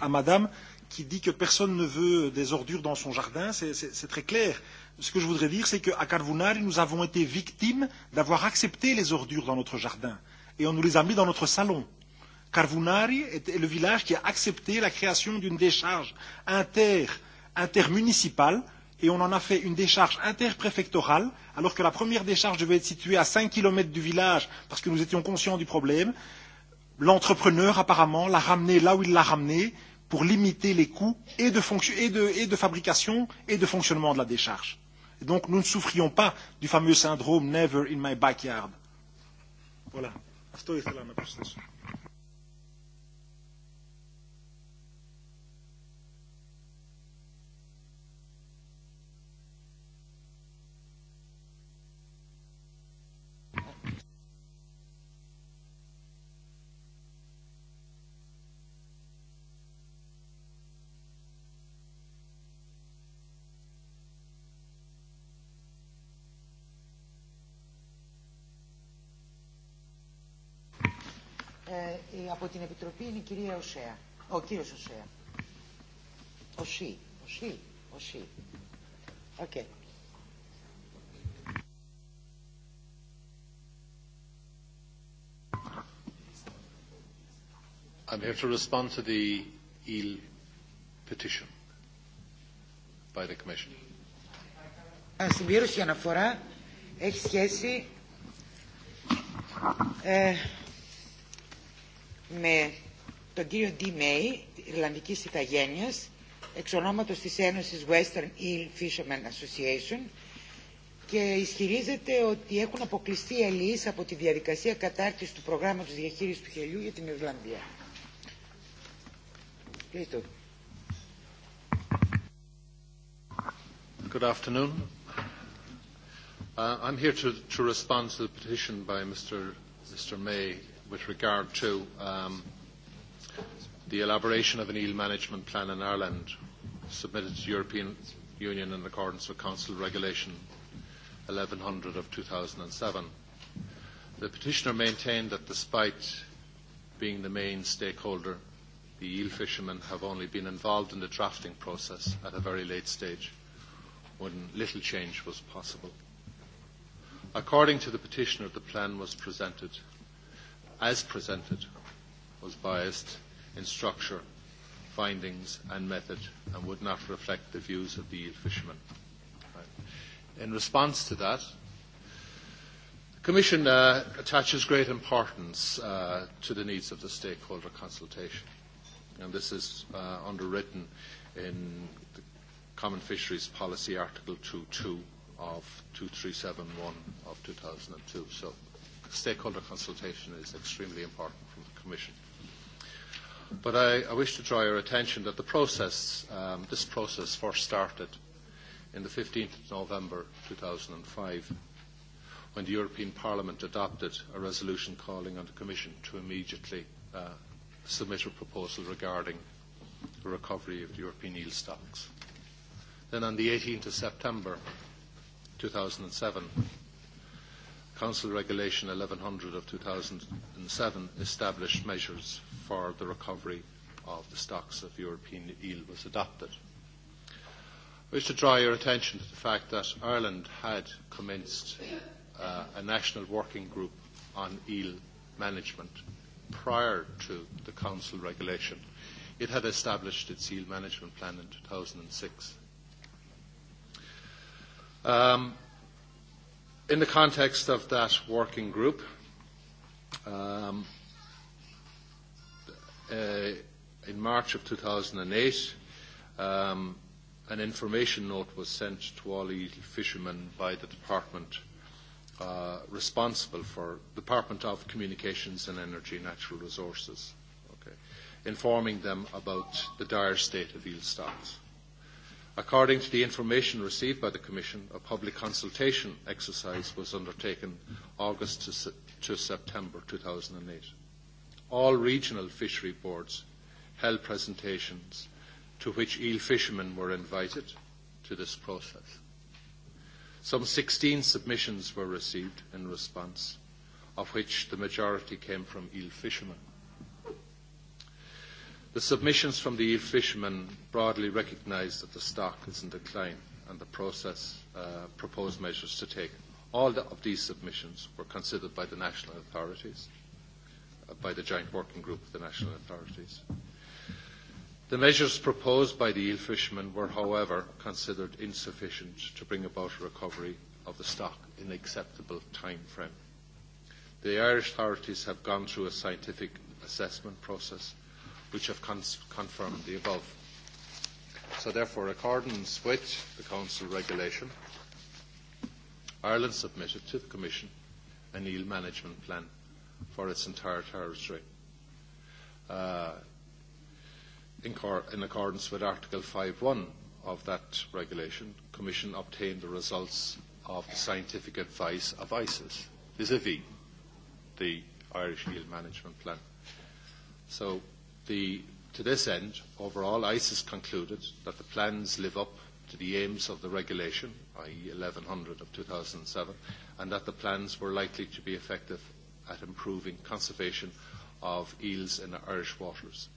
à Madame qui dit que personne ne veut des ordures dans son jardin, c'est très clair. Ce que je voudrais dire, c'est qu'à Carvunari, nous avons été victimes d'avoir accepté les ordures dans notre jardin et on nous les a mis dans notre salon. Carvunari est le village qui a accepté la création d'une décharge inter, intermunicipale et on en a fait une décharge interpréfectorale, alors que la première décharge devait être située à 5 km du village parce que nous étions conscients du problème l'entrepreneur apparemment l'a ramené là où il l'a ramené pour limiter les coûts et de, et, de, et de fabrication et de fonctionnement de la décharge. Et donc nous ne souffrions pas du fameux syndrome Never in my backyard. Voilà. Αυτό ήθελα να προσθέσω. ε, από την Επιτροπή είναι η κυρία Οσέα. Ο κύριος Οσέα. Οσί. Οσί. Οσί. Οκ. Okay. I'm here to respond to the EEL petition by the Commission. Συμπλήρωση αναφορά έχει σχέση ε, με τον κύριο Ντι Μέι, Ιρλανδικής Ιθαγένειας, εξ ονόματος της Ένωσης Western Eel Fishermen Association και ισχυρίζεται ότι έχουν αποκλειστεί αλληλείς από τη διαδικασία κατάρτισης του προγράμματος διαχείρισης του χελιού για την Ιρλανδία. Ευχαριστώ. Good afternoon. Uh, I'm here to, to respond to the petition by Mr. Mr. May with regard to um, the elaboration of an eel management plan in Ireland submitted to the European Union in accordance with Council Regulation 1100 of 2007. The petitioner maintained that despite being the main stakeholder, the eel fishermen have only been involved in the drafting process at a very late stage when little change was possible. According to the petitioner, the plan was presented as presented, was biased in structure, findings and method and would not reflect the views of the eel fishermen. In response to that, the Commission uh, attaches great importance uh, to the needs of the stakeholder consultation. And this is uh, underwritten in the Common Fisheries Policy Article 2.2 of 2371 of 2002. So stakeholder consultation is extremely important from the Commission. But I, I wish to draw your attention that the process, um, this process first started in the 15th of November 2005 when the European Parliament adopted a resolution calling on the Commission to immediately uh, submit a proposal regarding the recovery of the European eel stocks. Then on the 18th of September 2007, Council Regulation 1100 of 2007 established measures for the recovery of the stocks of European eel was adopted. I wish to draw your attention to the fact that Ireland had commenced uh, a national working group on eel management prior to the Council regulation. It had established its eel management plan in 2006. Um, in the context of that working group, um, uh, in March of 2008, um, an information note was sent to all eel fishermen by the department uh, responsible for Department of Communications and Energy and Natural Resources, okay, informing them about the dire state of eel stocks. According to the information received by the Commission, a public consultation exercise was undertaken August to, to September 2008. All regional fishery boards held presentations to which eel fishermen were invited to this process. Some 16 submissions were received in response, of which the majority came from eel fishermen. The submissions from the eel fishermen broadly recognise that the stock is in decline and the process uh, proposed measures to take. All the, of these submissions were considered by the national authorities, uh, by the joint working group of the national authorities. The measures proposed by the eel fishermen were, however, considered insufficient to bring about a recovery of the stock in an acceptable time frame. The Irish authorities have gone through a scientific assessment process which have confirmed the above. So therefore, accordance with the Council regulation, Ireland submitted to the Commission an eel management plan for its entire territory uh, in, in accordance with Article 5.1 of that regulation, Commission obtained the results of the scientific advice of ISIS vis-à-vis -vis the Irish Eel Management Plan. So the, to this end, overall, ICE has concluded that the plans live up to the aims of the regulation, i.e. 1100 of 2007, and that the plans were likely to be effective at improving conservation of eels in Irish waters.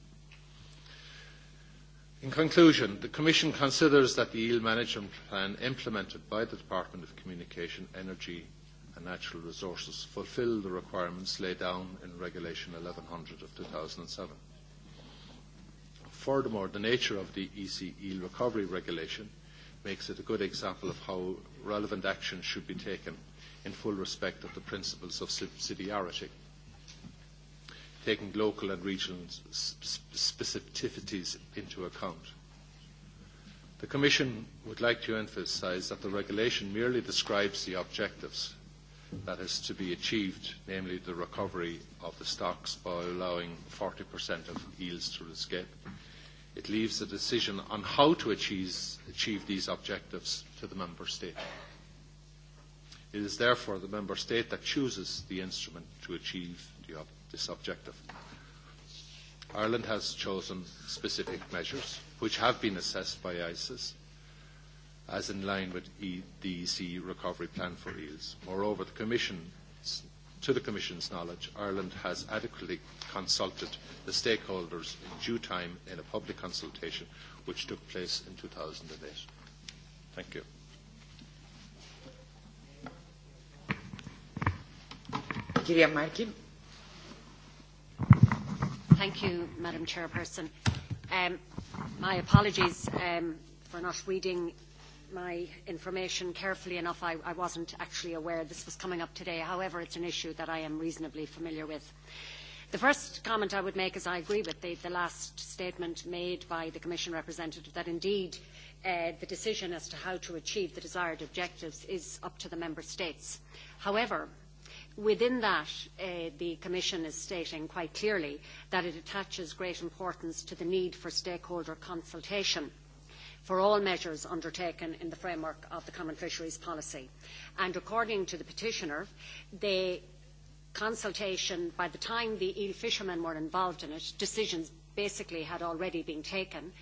In conclusion, the Commission considers that the eel management plan implemented by the Department of Communication, Energy and Natural Resources fulfil the requirements laid down in Regulation 1100 of 2007. Furthermore, the nature of the EC eel recovery regulation makes it a good example of how relevant action should be taken in full respect of the principles of subsidiarity, taking local and regional specificities into account. The Commission would like to emphasise that the regulation merely describes the objectives that is to be achieved, namely the recovery of the stocks by allowing 40% of yields to escape it leaves a decision on how to achieve, achieve these objectives to the member state. It is therefore the member state that chooses the instrument to achieve the, this objective. Ireland has chosen specific measures which have been assessed by ISIS as in line with e, the EC recovery plan for eels. Moreover, the Commission To the Commission's knowledge, Ireland has adequately consulted the stakeholders in due time in a public consultation which took place in 2008. Thank you. Thank you, Madam Chairperson. Um, my apologies um, for not reading my information carefully enough. I, I wasn't actually aware this was coming up today. However, it's an issue that I am reasonably familiar with. The first comment I would make is I agree with the, the last statement made by the Commission representative that indeed uh, the decision as to how to achieve the desired objectives is up to the Member States. However, within that, uh, the Commission is stating quite clearly that it attaches great importance to the need for stakeholder consultation for all measures undertaken in the framework of the Common Fisheries Policy. And according to the petitioner, the consultation, by the time the eel fishermen were involved in it, decisions basically had already been taken.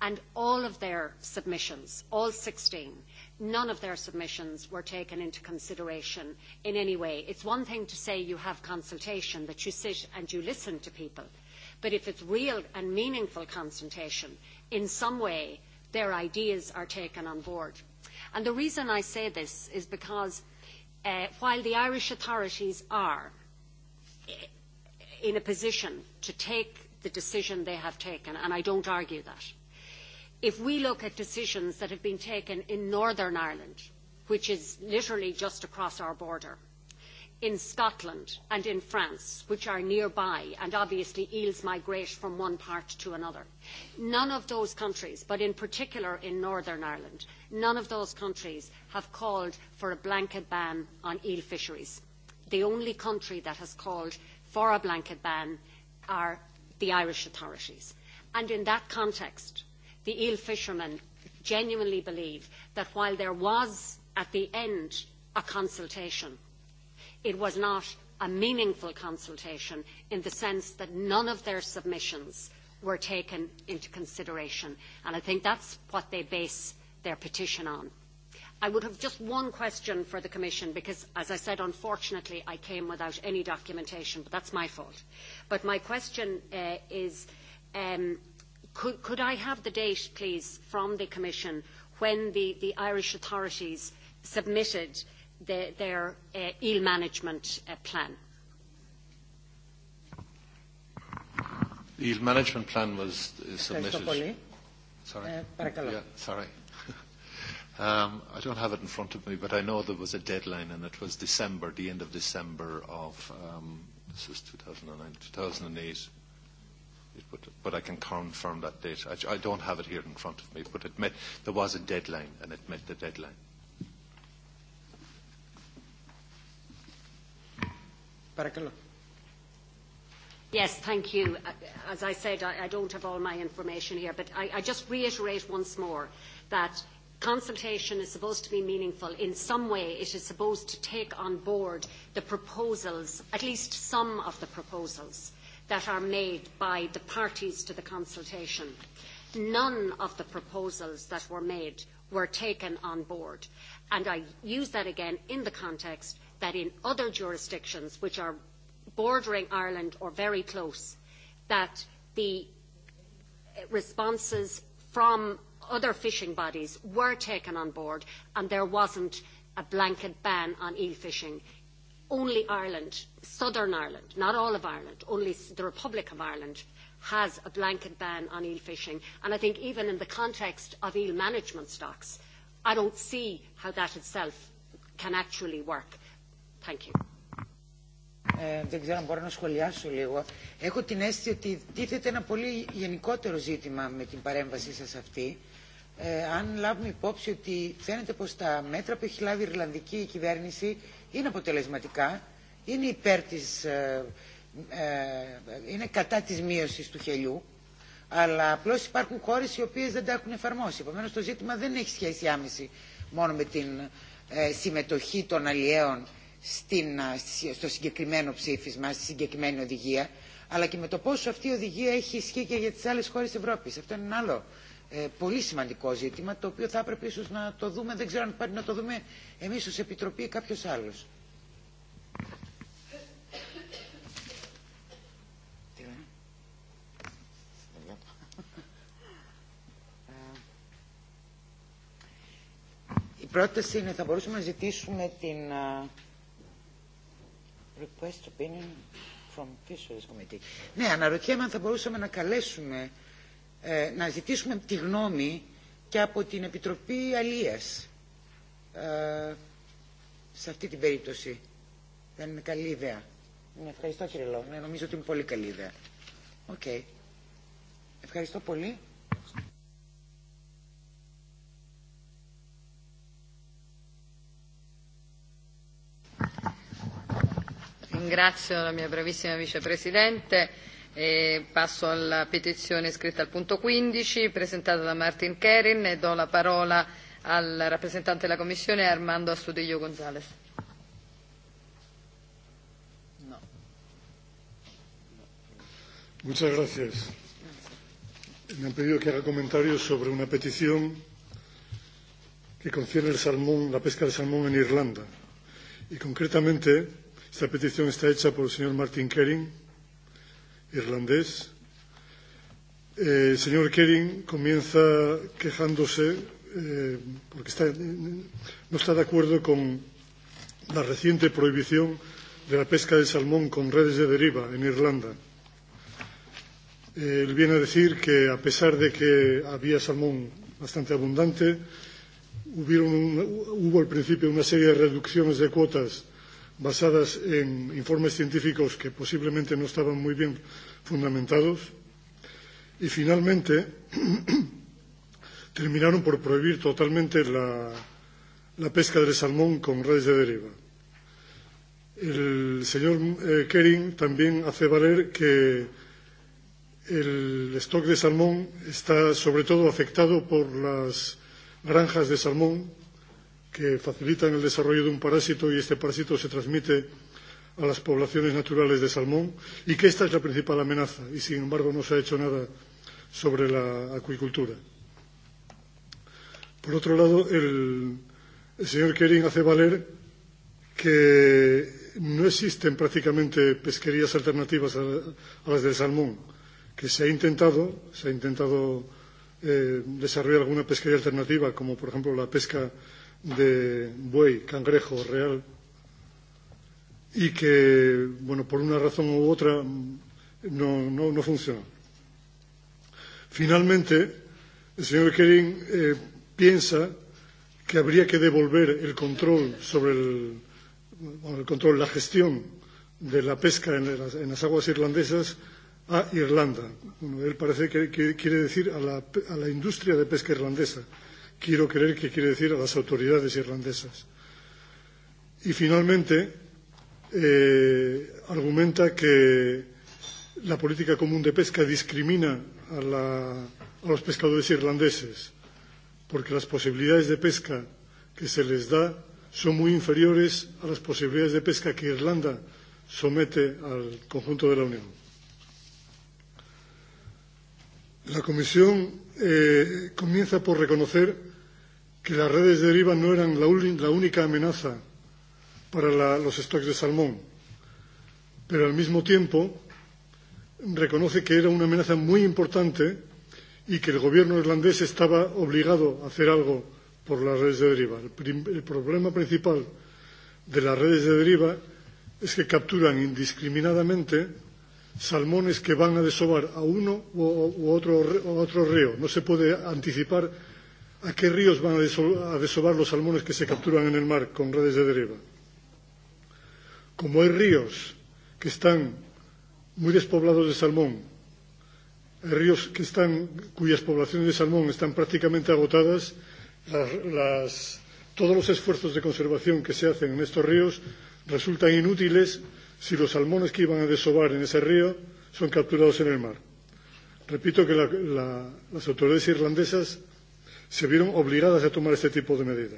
And all of their submissions, all 16, none of their submissions were taken into consideration in any way. It's one thing to say you have consultation, that you sit and you listen to people. But if it's real and meaningful consultation, in some way, their ideas are taken on board. And the reason I say this is because uh, while the Irish authorities are uh, in a position to take the decision they have taken, and I don't argue that, if we look at decisions that have been taken in Northern Ireland, which is literally just across our border, in Scotland and in France, which are nearby and obviously eels migrate from one part to another. None of those countries, but in particular in Northern Ireland, none of those countries have called for a blanket ban on eel fisheries. The only country that has called for a blanket ban are the Irish authorities. And in that context, the eel fishermen genuinely believe that while there was at the end a consultation, it was not a meaningful consultation in the sense that none of their submissions were taken into consideration. And I think that's what they base their petition on. I would have just one question for the Commission because, as I said, unfortunately, I came without any documentation, but that's my fault. But my question uh, is, um, could, could I have the date, please, from the Commission when the, the Irish authorities submitted uh, the, their uh, eel management uh, plan? The eel management plan was uh, submitted. Sorry. Uh, yeah, sorry. um, I don't have it in front of me, but I know there was a deadline, and it was December, the end of December of um, this is 2009, 2008. but I can confirm that date. I, I don't have it here in front of me, but it met, there was a deadline, and it met the deadline. Παρακαλώ. Yes, thank you. Uh, as I said, I, I don't have all my information here, but I, I just reiterate once more that consultation is supposed to be meaningful. In some way, it is supposed to take on board the proposals, at least some of the proposals, that are made by the parties to the consultation. None of the proposals that were made were taken on board. And I use that again in the context that in other jurisdictions which are bordering Ireland or very close, that the responses from other fishing bodies were taken on board and there wasn't a blanket ban on eel-fishing. Only Ireland, Southern Ireland, not all of Ireland, only the Republic of Ireland has a blanket ban on eel fishing. And I think even in the context of eel management stocks, I don't see how that itself can actually work. Thank you. Ε, δεν ξέρω αν μπορώ να σχολιάσω λίγο. Έχω την αίσθηση ότι τίθεται ένα πολύ γενικότερο ζήτημα με την παρέμβασή σας αυτή. Ε, αν λάβουμε υπόψη ότι φαίνεται πως τα μέτρα που έχει λάβει η Ιρλανδική κυβέρνηση είναι αποτελεσματικά, είναι υπέρ της, ε, ε, είναι κατά της μείωσης του χελιού, αλλά απλώς υπάρχουν χώρες οι οποίες δεν τα έχουν εφαρμόσει. Επομένως το ζήτημα δεν έχει σχέση άμεση μόνο με την ε, συμμετοχή των αλλιέων στην, στο συγκεκριμένο ψήφισμα, στη συγκεκριμένη οδηγία, αλλά και με το πόσο αυτή η οδηγία έχει ισχύ και για τις άλλες χώρες Ευρώπης. Αυτό είναι ένα άλλο ε, πολύ σημαντικό ζήτημα, το οποίο θα έπρεπε ίσως να το δούμε, δεν ξέρω αν πάρει να το δούμε εμείς ως Επιτροπή ή κάποιος άλλος. Η πρόταση είναι θα μπορούσαμε να ζητήσουμε την Request opinion from Fisheries Committee. Ναι, αναρωτιέμαι αν θα μπορούσαμε να καλέσουμε, ε, να ζητήσουμε τη γνώμη και από την Επιτροπή Αλίας. Ε, σε αυτή την περίπτωση. Δεν είναι καλή ιδέα. Ναι, ευχαριστώ κύριε Λόγκ. Ναι, νομίζω ότι είναι πολύ καλή ιδέα. Οκ. Okay. Ευχαριστώ πολύ. Ringrazio la mia bravissima vicepresidente. E passo alla petizione scritta al punto 15, presentata da Martin Kerin, e do la parola al rappresentante della Commissione Armando Astudillo Gonzalez. No. Muchas gracias. Me han pedido que haga comentarios sobre una petición que concierne el salmón, la pesca de salmón en Irlanda. Y concretamente Esta petición está hecha por el señor Martin Kering, irlandés. Eh, el señor Kering comienza quejándose eh, porque está, no está de acuerdo con la reciente prohibición de la pesca de salmón con redes de deriva en Irlanda. Él viene a decir que, a pesar de que había salmón bastante abundante, hubieron un, hubo al principio una serie de reducciones de cuotas basadas en informes científicos que posiblemente no estaban muy bien fundamentados y finalmente terminaron por prohibir totalmente la, la pesca del salmón con redes de deriva. El señor eh, Kering también hace valer que el stock de salmón está sobre todo afectado por las granjas de salmón que facilitan el desarrollo de un parásito y este parásito se transmite a las poblaciones naturales de salmón y que esta es la principal amenaza y sin embargo no se ha hecho nada sobre la acuicultura. Por otro lado, el, el señor Kering hace valer que no existen prácticamente pesquerías alternativas a, a las del salmón, que se ha intentado, se ha intentado eh, desarrollar alguna pesquería alternativa, como por ejemplo la pesca de buey, cangrejo, real, y que, bueno, por una razón u otra no, no, no funcionó. Finalmente, el señor Kering eh, piensa que habría que devolver el control sobre el, bueno, el control, la gestión de la pesca en las, en las aguas irlandesas a Irlanda. Bueno, él parece que, que quiere decir a la, a la industria de pesca irlandesa quiero creer que quiere decir a las autoridades irlandesas. Y finalmente, eh, argumenta que la política común de pesca discrimina a, la, a los pescadores irlandeses porque las posibilidades de pesca que se les da son muy inferiores a las posibilidades de pesca que Irlanda somete al conjunto de la Unión. La Comisión eh, comienza por reconocer que las redes de deriva no eran la, la única amenaza para la, los stocks de salmón, pero al mismo tiempo reconoce que era una amenaza muy importante y que el gobierno irlandés estaba obligado a hacer algo por las redes de deriva. El, prim, el problema principal de las redes de deriva es que capturan indiscriminadamente salmones que van a desovar a uno u u, otro, u otro río. No se puede anticipar a qué ríos van a desovar los salmones que se capturan en el mar con redes de deriva. Como hay ríos que están muy despoblados de salmón, hay ríos que están, cuyas poblaciones de salmón están prácticamente agotadas, las, las, todos los esfuerzos de conservación que se hacen en estos ríos resultan inútiles si los salmones que iban a desovar en ese río son capturados en el mar. Repito que la, la, las autoridades irlandesas se vieron obligadas a tomar este tipo de medida.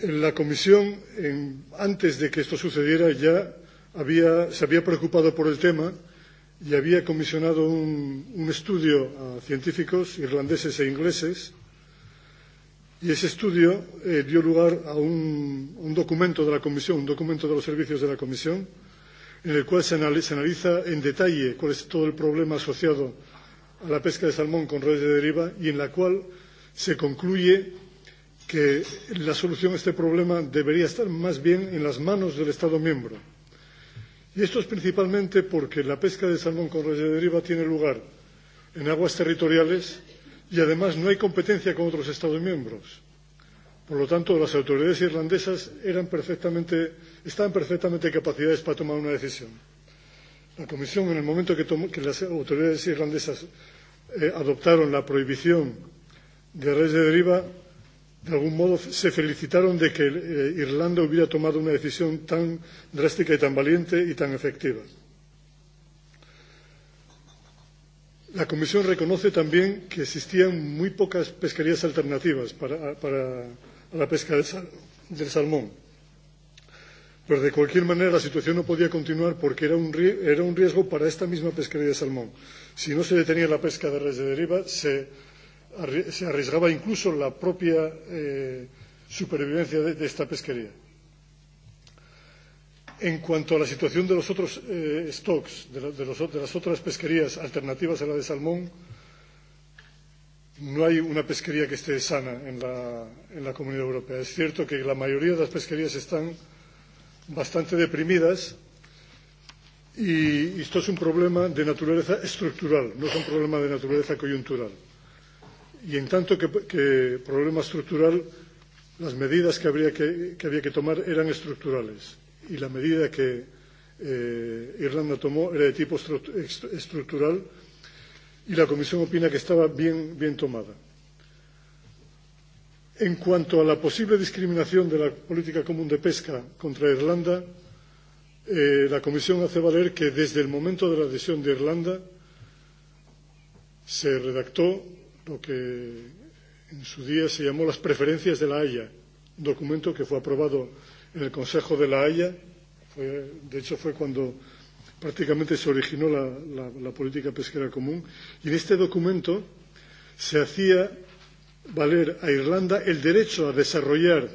En la comisión, en, antes de que esto sucediera, ya había, se había preocupado por el tema y había comisionado un, un estudio a científicos irlandeses e ingleses Y ese estudio eh, dio lugar a un, un documento de la Comisión, un documento de los servicios de la Comisión, en el cual se analiza, se analiza en detalle cuál es todo el problema asociado a la pesca de salmón con redes de deriva y en la cual se concluye que la solución a este problema debería estar más bien en las manos del Estado miembro. Y esto es principalmente porque la pesca de salmón con redes de deriva tiene lugar en aguas territoriales y además no hay competencia con otros Estados miembros. Por lo tanto, las autoridades irlandesas eran perfectamente, estaban perfectamente capacidades para tomar una decisión. La Comisión, en el momento que, tomó, que las autoridades irlandesas eh, adoptaron la prohibición de redes de deriva, de algún modo se felicitaron de que eh, Irlanda hubiera tomado una decisión tan drástica y tan valiente y tan efectiva. La Comisión reconoce también que existían muy pocas pesquerías alternativas para, para la pesca de sal, del salmón. Pero de cualquier manera la situación no podía continuar porque era un, era un riesgo para esta misma pesquería de salmón. Si no se detenía la pesca de res de deriva, se, se arriesgaba incluso la propia eh, supervivencia de, de esta pesquería. En cuanto a la situación de los otros eh, stocks, de, la, de, los, de las otras pesquerías alternativas a la de salmón, no hay una pesquería que esté sana en la, en la Comunidad Europea. Es cierto que la mayoría de las pesquerías están bastante deprimidas y esto es un problema de naturaleza estructural, no es un problema de naturaleza coyuntural. Y en tanto que, que problema estructural, las medidas que, habría que, que había que tomar eran estructurales y la medida que eh, Irlanda tomó era de tipo estructural y la Comisión opina que estaba bien, bien tomada. En cuanto a la posible discriminación de la política común de pesca contra Irlanda, eh, la Comisión hace valer que desde el momento de la adhesión de Irlanda se redactó lo que en su día se llamó las preferencias de la Haya, documento que fue aprobado en el Consejo de la Haya. Fue, de hecho, fue cuando prácticamente se originó la, la, la política pesquera común. Y en este documento se hacía valer a Irlanda el derecho a desarrollar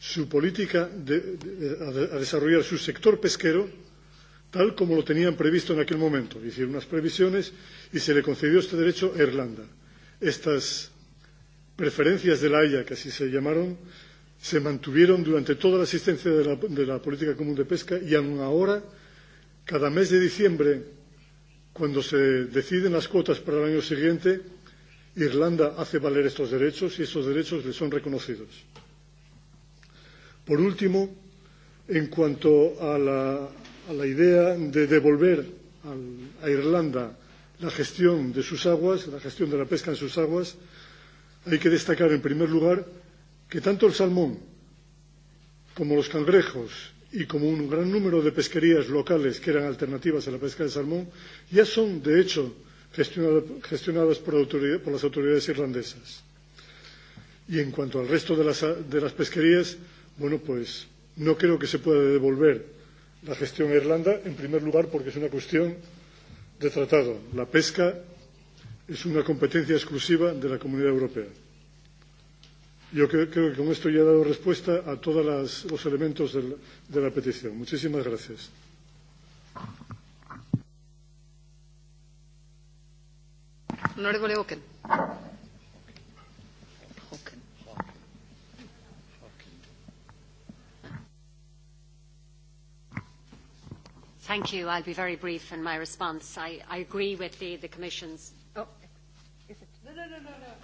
su política, de, de, a, a desarrollar su sector pesquero tal como lo tenían previsto en aquel momento. Hicieron unas previsiones y se le concedió este derecho a Irlanda. Estas preferencias de la Haya, que así se llamaron, se mantuvieron durante toda la existencia de la, de la política común de pesca y aún ahora, cada mes de diciembre, cuando se deciden las cuotas para el año siguiente, Irlanda hace valer estos derechos y esos derechos le son reconocidos. Por último, en cuanto a la, a la idea de devolver al, a Irlanda la gestión de sus aguas, la gestión de la pesca en sus aguas, hay que destacar en primer lugar que tanto el salmón como los cangrejos y como un gran número de pesquerías locales que eran alternativas a la pesca de salmón ya son, de hecho, gestionada, gestionadas por, autoridad, por las autoridades irlandesas. Y en cuanto al resto de las, de las pesquerías, bueno, pues no creo que se pueda devolver la gestión a Irlanda, en primer lugar, porque es una cuestión de tratado. La pesca es una competencia exclusiva de la Comunidad Europea. Yo creo, creo que con esto ya he dado respuesta a todos los elementos de la, de la petición. Muchísimas gracias. Honorable Hawken. Thank you. I'll be very brief in my response. I, I agree with the, the Commission's. Oh, is it? No, no, no, no, no.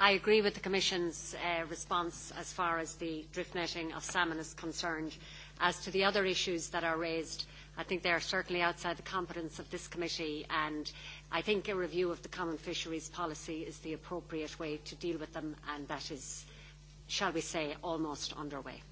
I agree with the Commission's uh, response as far as the drift netting of salmon is concerned. As to the other issues that are raised, I think they are certainly outside the competence of this committee, and I think a review of the common fisheries policy is the appropriate way to deal with them, and that is, shall we say, almost underway.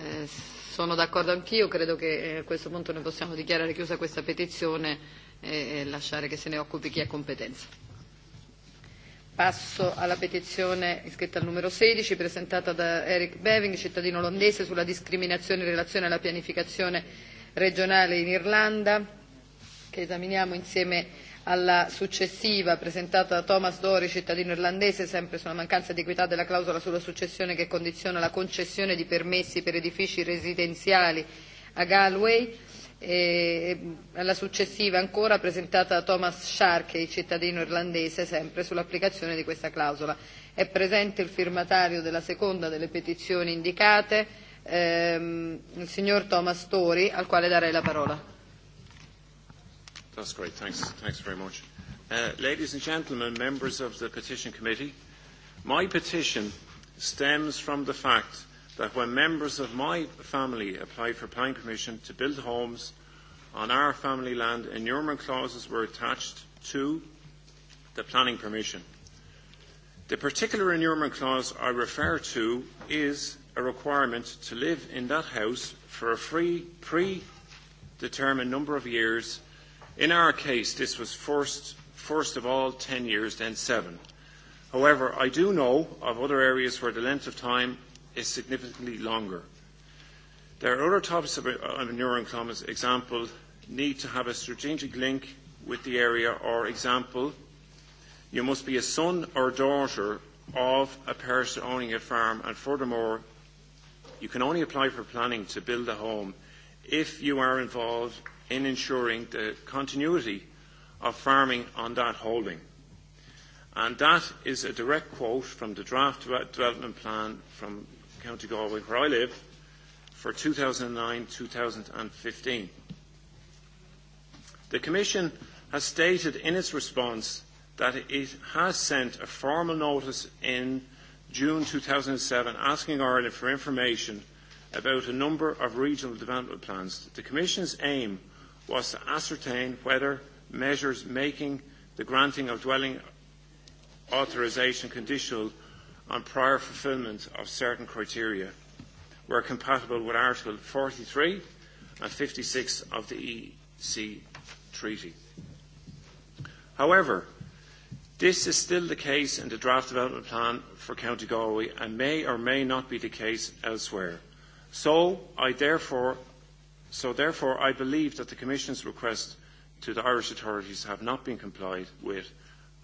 Uh, Sono d'accordo anch'io, credo che eh, a questo punto noi possiamo dichiarare chiusa questa petizione e lasciare che se ne occupi chi ha competenza. Passo alla petizione iscritta al numero 16, presentata da Eric Beving, cittadino londese, sulla discriminazione in relazione alla pianificazione regionale in Irlanda, che esaminiamo insieme alla successiva presentata da Thomas Dory, cittadino irlandese, sempre sulla mancanza di equità della clausola sulla successione che condiziona la concessione di permessi per edifici residenziali a Galway, e alla successiva ancora presentata da Thomas Sharkey, cittadino irlandese, sempre sull'applicazione di questa clausola. È presente il firmatario della seconda delle petizioni indicate, ehm, il signor Thomas Tori, al quale darei la parola. That's great. Thanks. Thanks very much. Uh, ladies and gentlemen, members of the Petition Committee, my petition stems from the fact that when members of my family applied for planning permission to build homes on our family land, inurement clauses were attached to the planning permission. The particular inurement clause I refer to is a requirement to live in that house for a free, pre-determined number of years In our case, this was first, first of all 10 years, then 7. However, I do know of other areas where the length of time is significantly longer. There are other topics of, uh, of neuroencomics, example, need to have a strategic link with the area, or example, you must be a son or daughter of a person owning a farm, and furthermore, you can only apply for planning to build a home if you are involved in ensuring the continuity of farming on that holding. And that is a direct quote from the draft development plan from County Galway, where I live, for 2009-2015. The Commission has stated in its response that it has sent a formal notice in June 2007 asking Ireland for information about a number of regional development plans. The Commission's aim was to ascertain whether measures making the granting of dwelling authorisation conditional on prior fulfilment of certain criteria were compatible with Article 43 and 56 of the EC Treaty. However, this is still the case in the draft development plan for County Galway and may or may not be the case elsewhere. So I therefore So therefore, I believe that the Commission's request to the Irish authorities have not been complied with,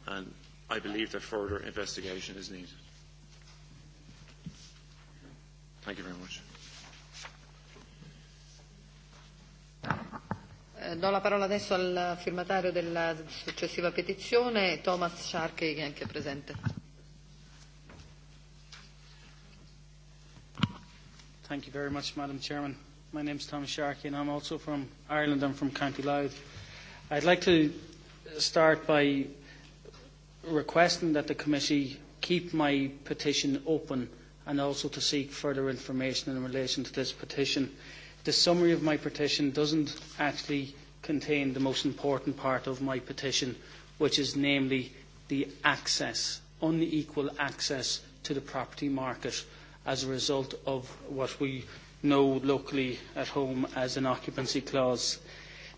and I believe that further investigation is needed. Thank you very much. Eh, do la parola adesso al firmatario della successiva petizione, Thomas Sharkey, che è anche presente. Thank you very much, Madam Chairman. My name's Tom Sharkey, and I'm also from Ireland. I'm from County Louth. I'd like to start by requesting that the committee keep my petition open and also to seek further information in relation to this petition. The summary of my petition doesn't actually contain the most important part of my petition, which is namely the access, unequal access to the property market as a result of what we no locally at home as an occupancy clause.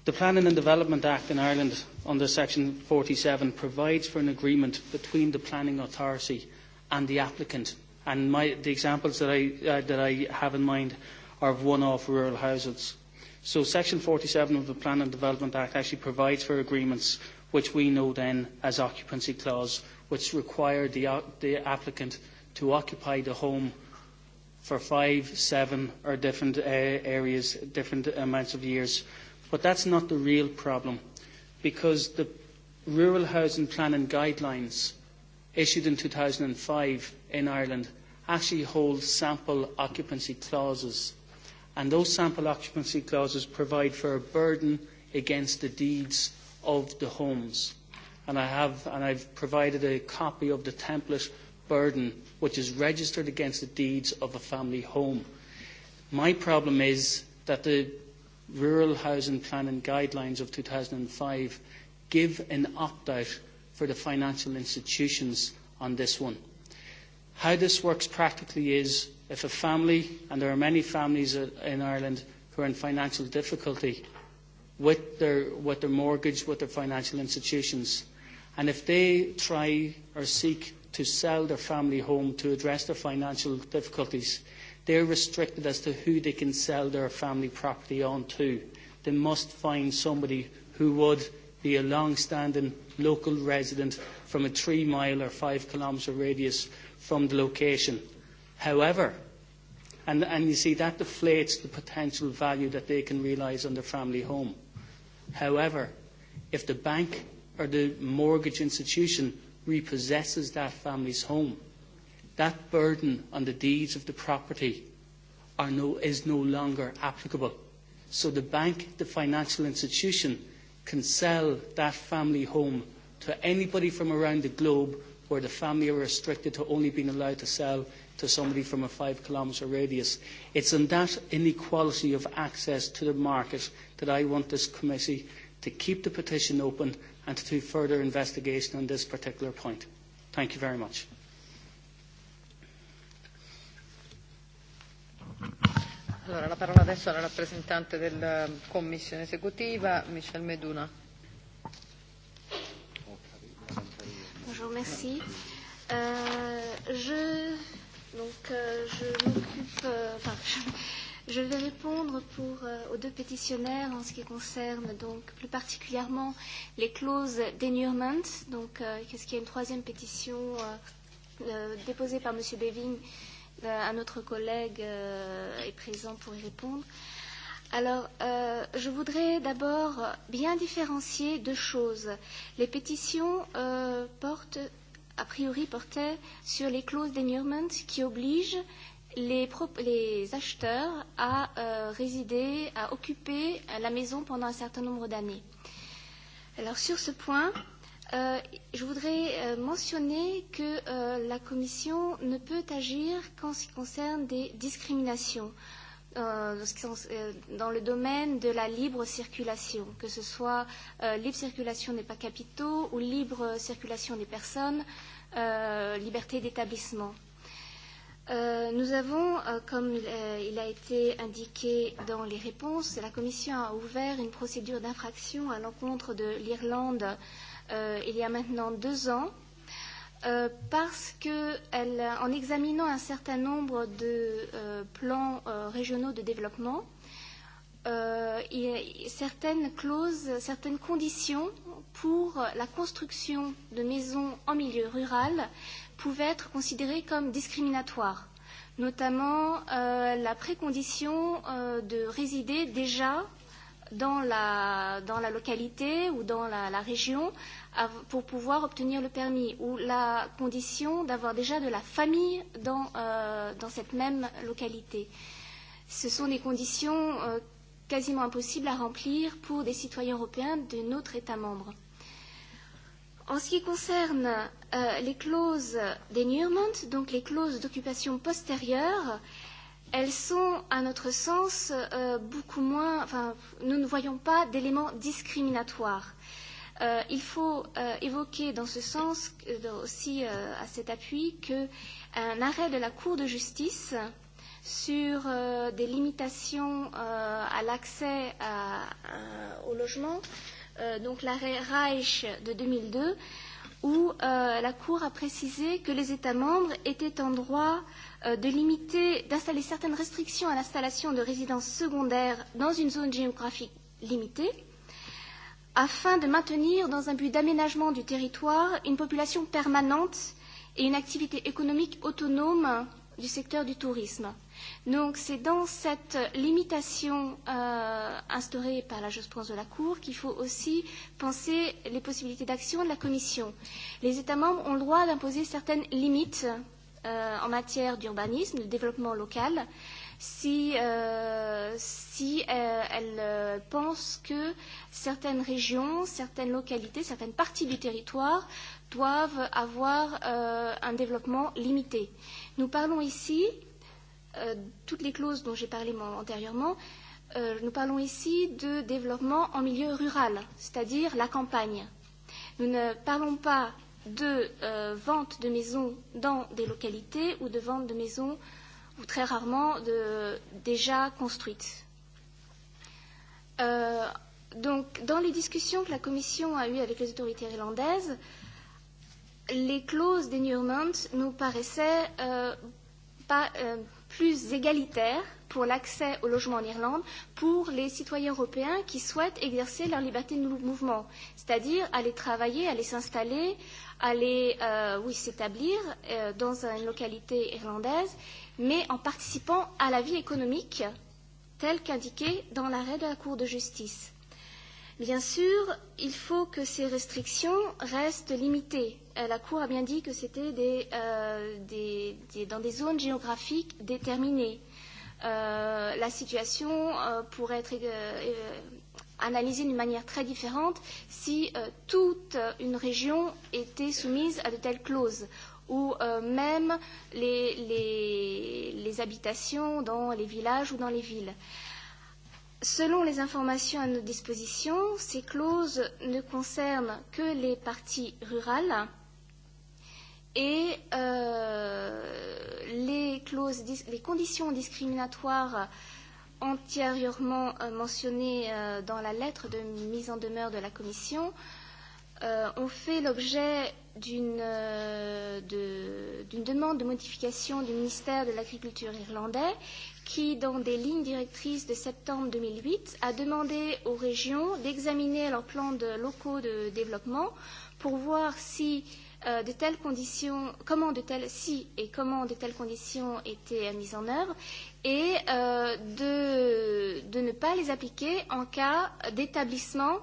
The Planning and Development Act in Ireland under section 47 provides for an agreement between the planning authority and the applicant. And my, the examples that I, uh, that I have in mind are of one-off rural houses. So section 47 of the Planning and Development Act actually provides for agreements which we know then as occupancy clause, which require the, uh, the applicant to occupy the home for five, seven, or different uh, areas, different amounts of years. But that's not the real problem, because the rural housing planning guidelines issued in 2005 in Ireland actually hold sample occupancy clauses. And those sample occupancy clauses provide for a burden against the deeds of the homes. And, I have, and I've provided a copy of the template burden which is registered against the deeds of a family home. My problem is that the Rural Housing Planning Guidelines of 2005 give an opt-out for the financial institutions on this one. How this works practically is if a family, and there are many families in Ireland who are in financial difficulty with their, with their mortgage, with their financial institutions, and if they try or seek to sell their family home to address their financial difficulties, they're restricted as to who they can sell their family property on to. They must find somebody who would be a long-standing local resident from a three-mile or five-kilometre radius from the location. However, and, and you see that deflates the potential value that they can realise on their family home. However, if the bank or the mortgage institution repossesses that family's home, that burden on the deeds of the property are no, is no longer applicable. So the bank, the financial institution, can sell that family home to anybody from around the globe where the family are restricted to only being allowed to sell to somebody from a five kilometre radius. It's in that inequality of access to the market that I want this committee to keep the petition open and to do further investigation on this particular point. Thank you very much. Allora, la parola adesso alla rappresentante della um, Commissione esecutiva, Michel Meduna. Bonjour, merci. Euh, je donc euh, je m'occupe, euh, enfin, Je vais répondre pour, euh, aux deux pétitionnaires en ce qui concerne donc plus particulièrement les clauses d'énurement, donc euh, qu'est-ce qu'il y a une troisième pétition euh, euh, déposée par M. Beving, euh, un autre collègue euh, est présent pour y répondre. Alors, euh, je voudrais d'abord bien différencier deux choses. Les pétitions euh, portent, a priori portaient sur les clauses d'énurement qui obligent les, les acheteurs à euh, résider, à occuper la maison pendant un certain nombre d'années. Alors sur ce point, euh, je voudrais euh, mentionner que euh, la Commission ne peut agir qu'en ce qui concerne des discriminations euh, dans euh, le domaine de la libre circulation, que ce soit euh, libre circulation des pas capitaux ou libre circulation des personnes, euh, liberté d'établissement. Euh, nous avons, euh, comme euh, il a été indiqué dans les réponses, la Commission a ouvert une procédure d'infraction à l'encontre de l'Irlande euh, il y a maintenant deux ans, euh, parce qu'elle, en examinant un certain nombre de euh, plans euh, régionaux de développement, euh, il, y a certaines clauses, certaines conditions pour la construction de maisons en milieu rural pouvaient être considérées comme discriminatoires, notamment euh, la précondition euh, de résider déjà dans la, dans la localité ou dans la, la région pour pouvoir obtenir le permis, ou la condition d'avoir déjà de la famille dans, euh, dans cette même localité. Ce sont des conditions euh, quasiment impossibles à remplir pour des citoyens européens de notre État membre. Euh, En ce qui concerne euh, les clauses d'enurement, donc les clauses d'occupation postérieure, elles sont, à notre sens, euh, beaucoup moins. Enfin, nous ne voyons pas d'éléments discriminatoires. Euh, il faut euh, évoquer dans ce sens euh, aussi euh, à cet appui qu'un arrêt de la Cour de justice sur euh, des limitations euh, à l'accès euh, au logement euh, Euh, donc l'arrêt Reich de 2002, où euh, la Cour a précisé que les États membres étaient en droit euh, de limiter, d'installer certaines restrictions à l'installation de résidences secondaires dans une zone géographique limitée, afin de maintenir, dans un but d'aménagement du territoire, une population permanente et une activité économique autonome du secteur du tourisme. Donc c'est dans cette limitation euh, instaurée par la jurisprudence de la Cour qu'il faut aussi penser les possibilités d'action de la Commission. Les États membres ont le droit d'imposer certaines limites euh, en matière d'urbanisme, de développement local, si, euh, si euh, elles euh, pensent que certaines régions, certaines localités, certaines parties du territoire doivent avoir euh, un développement limité. Nous parlons ici Euh, toutes les clauses dont j'ai parlé antérieurement, euh, nous parlons ici de développement en milieu rural, c'est-à-dire la campagne. Nous ne parlons pas de euh, vente de maisons dans des localités ou de vente de maisons ou très rarement de, déjà construites. Euh, donc, dans les discussions que la Commission a eues avec les autorités irlandaises, les clauses d'énurement nous paraissaient euh, pas, euh, plus égalitaire pour l'accès au logement en Irlande pour les citoyens européens qui souhaitent exercer leur liberté de mouvement, c'est-à-dire aller travailler, aller s'installer, aller euh, oui, s'établir euh, dans une localité irlandaise, mais en participant à la vie économique telle qu'indiquée dans l'arrêt de la Cour de justice. Bien sûr, il faut que ces restrictions restent limitées. Euh, la Cour a bien dit que c'était des, euh, des, des, dans des zones géographiques déterminées. Euh, la situation euh, pourrait être euh, euh analysée d'une manière très différente si euh, toute euh, une région était soumise à de telles clauses ou euh, même les, les, les habitations dans les villages ou dans les villes. Euh, Selon les informations à notre disposition, ces clauses ne concernent que les parties rurales et euh, les, clauses, les conditions discriminatoires antérieurement euh, mentionnées euh, dans la lettre de mise en demeure de la Commission euh, ont fait l'objet d'une euh, de, demande de modification du ministère de l'Agriculture irlandais qui, dans des lignes directrices de septembre 2008, a demandé aux régions d'examiner leurs plans de locaux de développement pour voir si euh, de telles conditions, comment de telles, si et comment de telles conditions étaient euh, mises en œuvre et euh, de, de ne pas les appliquer en cas d'établissement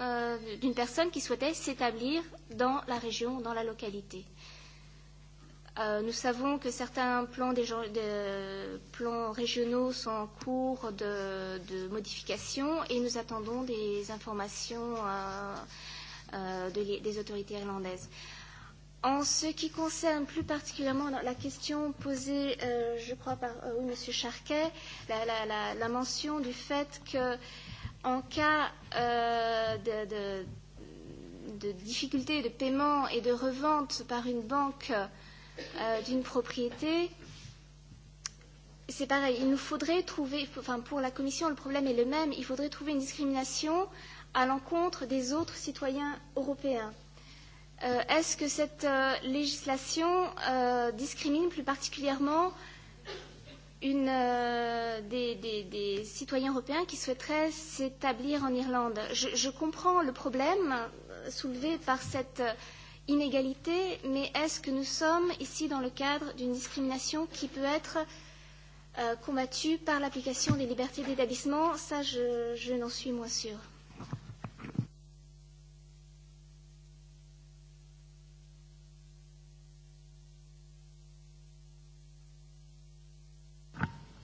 euh, d'une personne qui souhaitait s'établir dans la région, dans la localité. Euh, nous savons que certains plans, des, des plans régionaux sont en cours de, de modification et nous attendons des informations euh, euh, de, des autorités irlandaises. En ce qui concerne plus particulièrement la question posée, euh, je crois, par euh, oui, M. Charquet, la, la, la, la mention du fait que, en cas euh, de, de, de difficulté de paiement et de revente par une banque, euh, euh, d'une propriété, c'est pareil. Il nous faudrait trouver, enfin pour la Commission, le problème est le même. Il faudrait trouver une discrimination à l'encontre des autres citoyens européens. Euh, Est-ce que cette euh, législation euh, discrimine plus particulièrement une, euh, des, des, des citoyens européens qui souhaiteraient s'établir en Irlande je, je comprends le problème euh, soulevé par cette euh, inégalité, mais est-ce que nous sommes ici dans le cadre d'une discrimination qui peut être euh, combattue par l'application des libertés d'établissement Ça, je, je n'en suis moins sûre.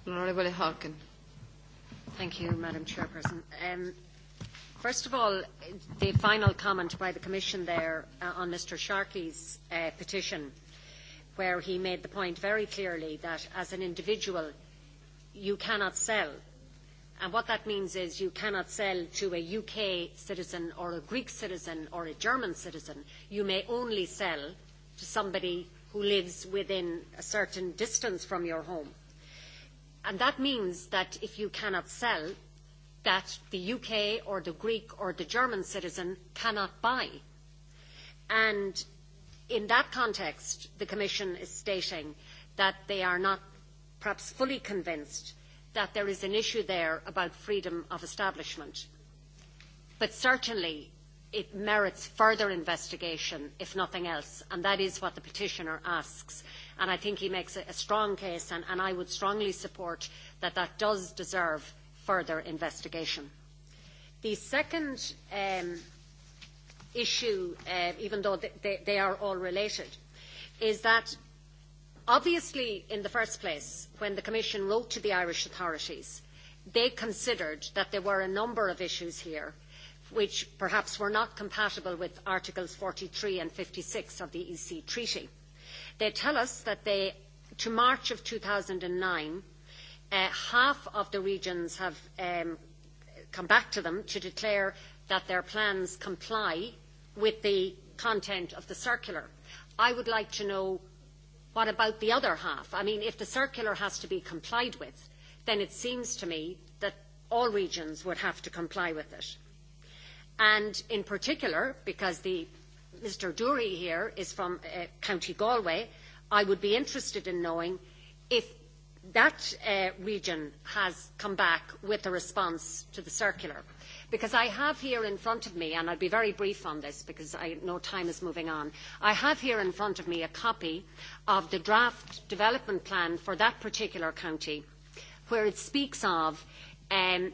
Honorable Harkin. Thank you, Madam Chairperson. Um, First of all, the final comment by the Commission there uh, on Mr Sharkey's uh, petition, where he made the point very clearly that as an individual, you cannot sell. And what that means is you cannot sell to a UK citizen or a Greek citizen or a German citizen. You may only sell to somebody who lives within a certain distance from your home. And that means that if you cannot sell, that the UK or the Greek or the German citizen cannot buy. And in that context, the Commission is stating that they are not perhaps fully convinced that there is an issue there about freedom of establishment. But certainly it merits further investigation, if nothing else, and that is what the petitioner asks. And I think he makes a, strong case, and, and I would strongly support that that does deserve further investigation. The second um, issue, uh, even though they, they are all related, is that obviously in the first place, when the Commission wrote to the Irish authorities, they considered that there were a number of issues here which perhaps were not compatible with Articles 43 and 56 of the EC Treaty. They tell us that they, to March of 2009, Uh, half of the regions have um, come back to them to declare that their plans comply with the content of the circular. I would like to know what about the other half? I mean, if the circular has to be complied with, then it seems to me that all regions would have to comply with it. And in particular, because the, Mr. Dury here is from uh, County Galway, I would be interested in knowing if that uh, region has come back with a response to the circular. Because I have here in front of me, and I'll be very brief on this because I know time is moving on, I have here in front of me a copy of the draft development plan for that particular county where it speaks of um,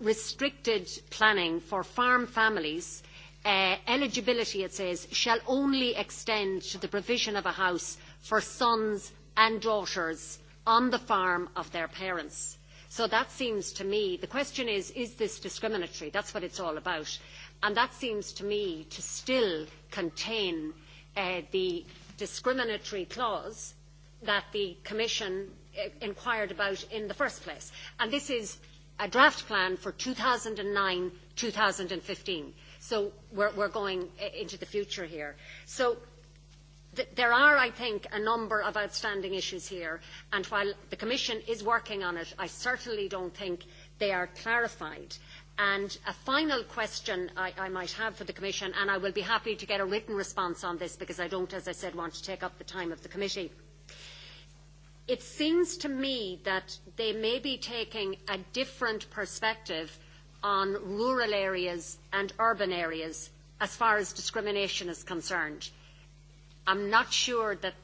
restricted planning for farm families. Uh, eligibility, it says, shall only extend to the provision of a house for sons and daughters on the farm of their parents. So that seems to me, the question is, is this discriminatory? That's what it's all about. And that seems to me to still contain uh, the discriminatory clause that the Commission uh, inquired about in the first place. And this is a draft plan for 2009-2015. So we're, we're going uh, into the future here. So there are, I think, a number of outstanding issues here, and while the Commission is working on it, I certainly don't think they are clarified. And a final question I, I might have for the Commission, and I will be happy to get a written response on this because I don't, as I said, want to take up the time of the Committee. It seems to me that they may be taking a different perspective on rural areas and urban areas as far as discrimination is concerned I'm not sure that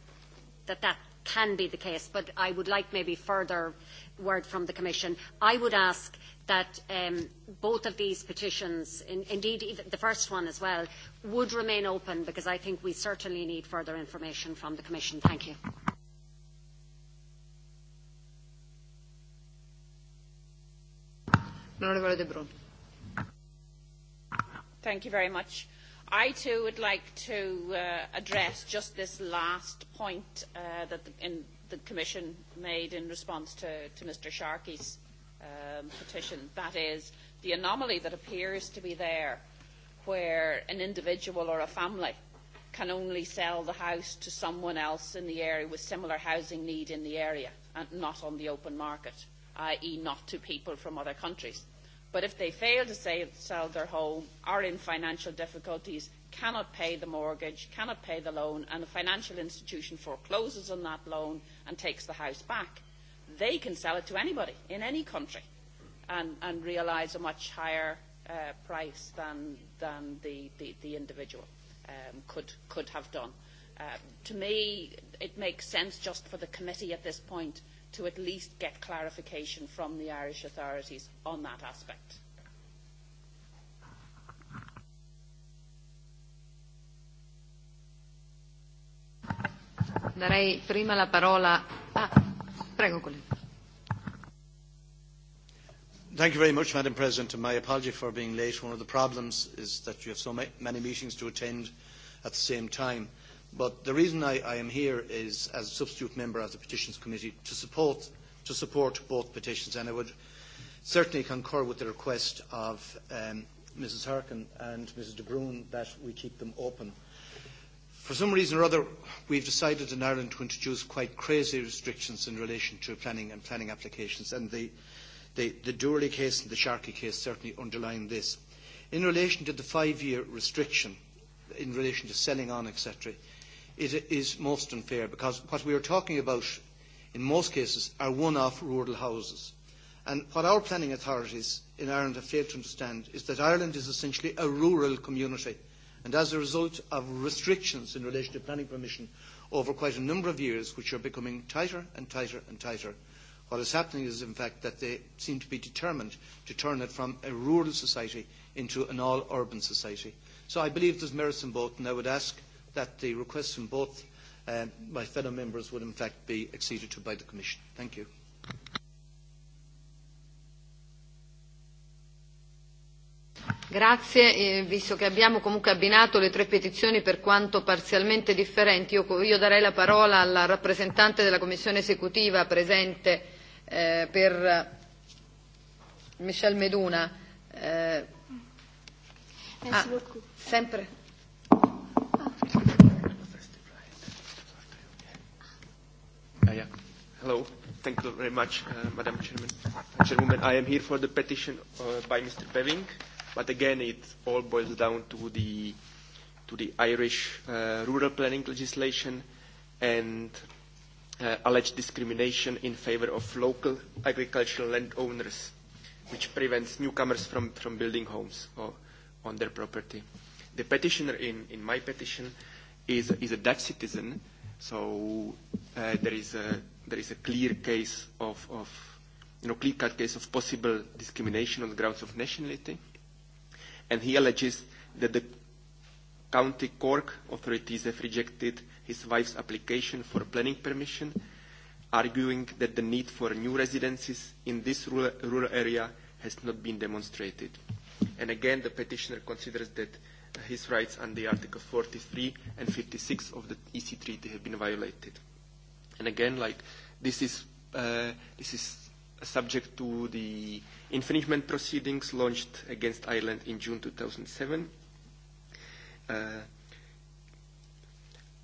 that, that can be the case, but I would like maybe further word from the Commission. I would ask that um, both of these petitions, in, indeed the first one as well, would remain open because I think we certainly need further information from the Commission. Thank you. Thank you very much. I too would like to uh, address just this last point uh, that the, in, the Commission made in response to, to Mr Sharkey's um, petition, that is the anomaly that appears to be there where an individual or a family can only sell the house to someone else in the area with similar housing need in the area and not on the open market, i.e. not to people from other countries. But if they fail to save, sell their home, are in financial difficulties, cannot pay the mortgage, cannot pay the loan, and the financial institution forecloses on that loan and takes the house back, they can sell it to anybody in any country and, and realise a much higher uh, price than, than the, the, the individual um, could, could have done. Uh, to me, it makes sense just for the committee at this point uh, to at least get clarification from the Irish authorities on that aspect. Darei prima la parola a... Ah, prego, collega. Thank you very much, Madam President, and my apology for being late. One of the problems is that you have so many meetings to attend at the same time. But the reason I, I am here is as a substitute member of the Petitions Committee to support, to support both petitions. And I would certainly concur with the request of um, Mrs. Harkin and Mrs. De Bruin that we keep them open. For some reason or other, we've decided in Ireland to introduce quite crazy restrictions in relation to planning and planning applications, and the, the, the Dooley case and the Sharkey case certainly underline this. In relation to the five-year restriction, in relation to selling on, etc., it is most unfair because what we are talking about in most cases are one-off rural houses. And what our planning authorities in Ireland have failed to understand is that Ireland is essentially a rural community. And as a result of restrictions in relation to planning permission over quite a number of years, which are becoming tighter and tighter and tighter, what is happening is, in fact, that they seem to be determined to turn it from a rural society into an all-urban society. So I believe there's merits in both, and I would ask that the requests from both uh, my fellow members would in fact be acceded to by the Commission. Thank you. Grazie, eh, visto che abbiamo comunque abbinato le tre petizioni per quanto parzialmente differenti, io, io darei la parola alla rappresentante della Commissione esecutiva presente eh, per Michel Meduna. Eh, ah, sempre. Hello. Thank you very much, uh, Madam Chairman. Chairwoman, I am here for the petition uh, by Mr. Beving, but again, it all boils down to the to the Irish uh, rural planning legislation and uh, alleged discrimination in favour of local agricultural landowners, which prevents newcomers from, from building homes or, on their property. The petitioner in, in my petition is, is a Dutch citizen, so uh, there is a there is a clear case of, of you know, clear-cut case of possible discrimination on the grounds of nationality. And he alleges that the County Cork authorities have rejected his wife's application for planning permission, arguing that the need for new residences in this rural, rural area has not been demonstrated. And again, the petitioner considers that his rights under Article 43 and 56 of the EC Treaty have been violated. And again, like this is uh, this is subject to the infringement proceedings launched against Ireland in June 2007. Uh,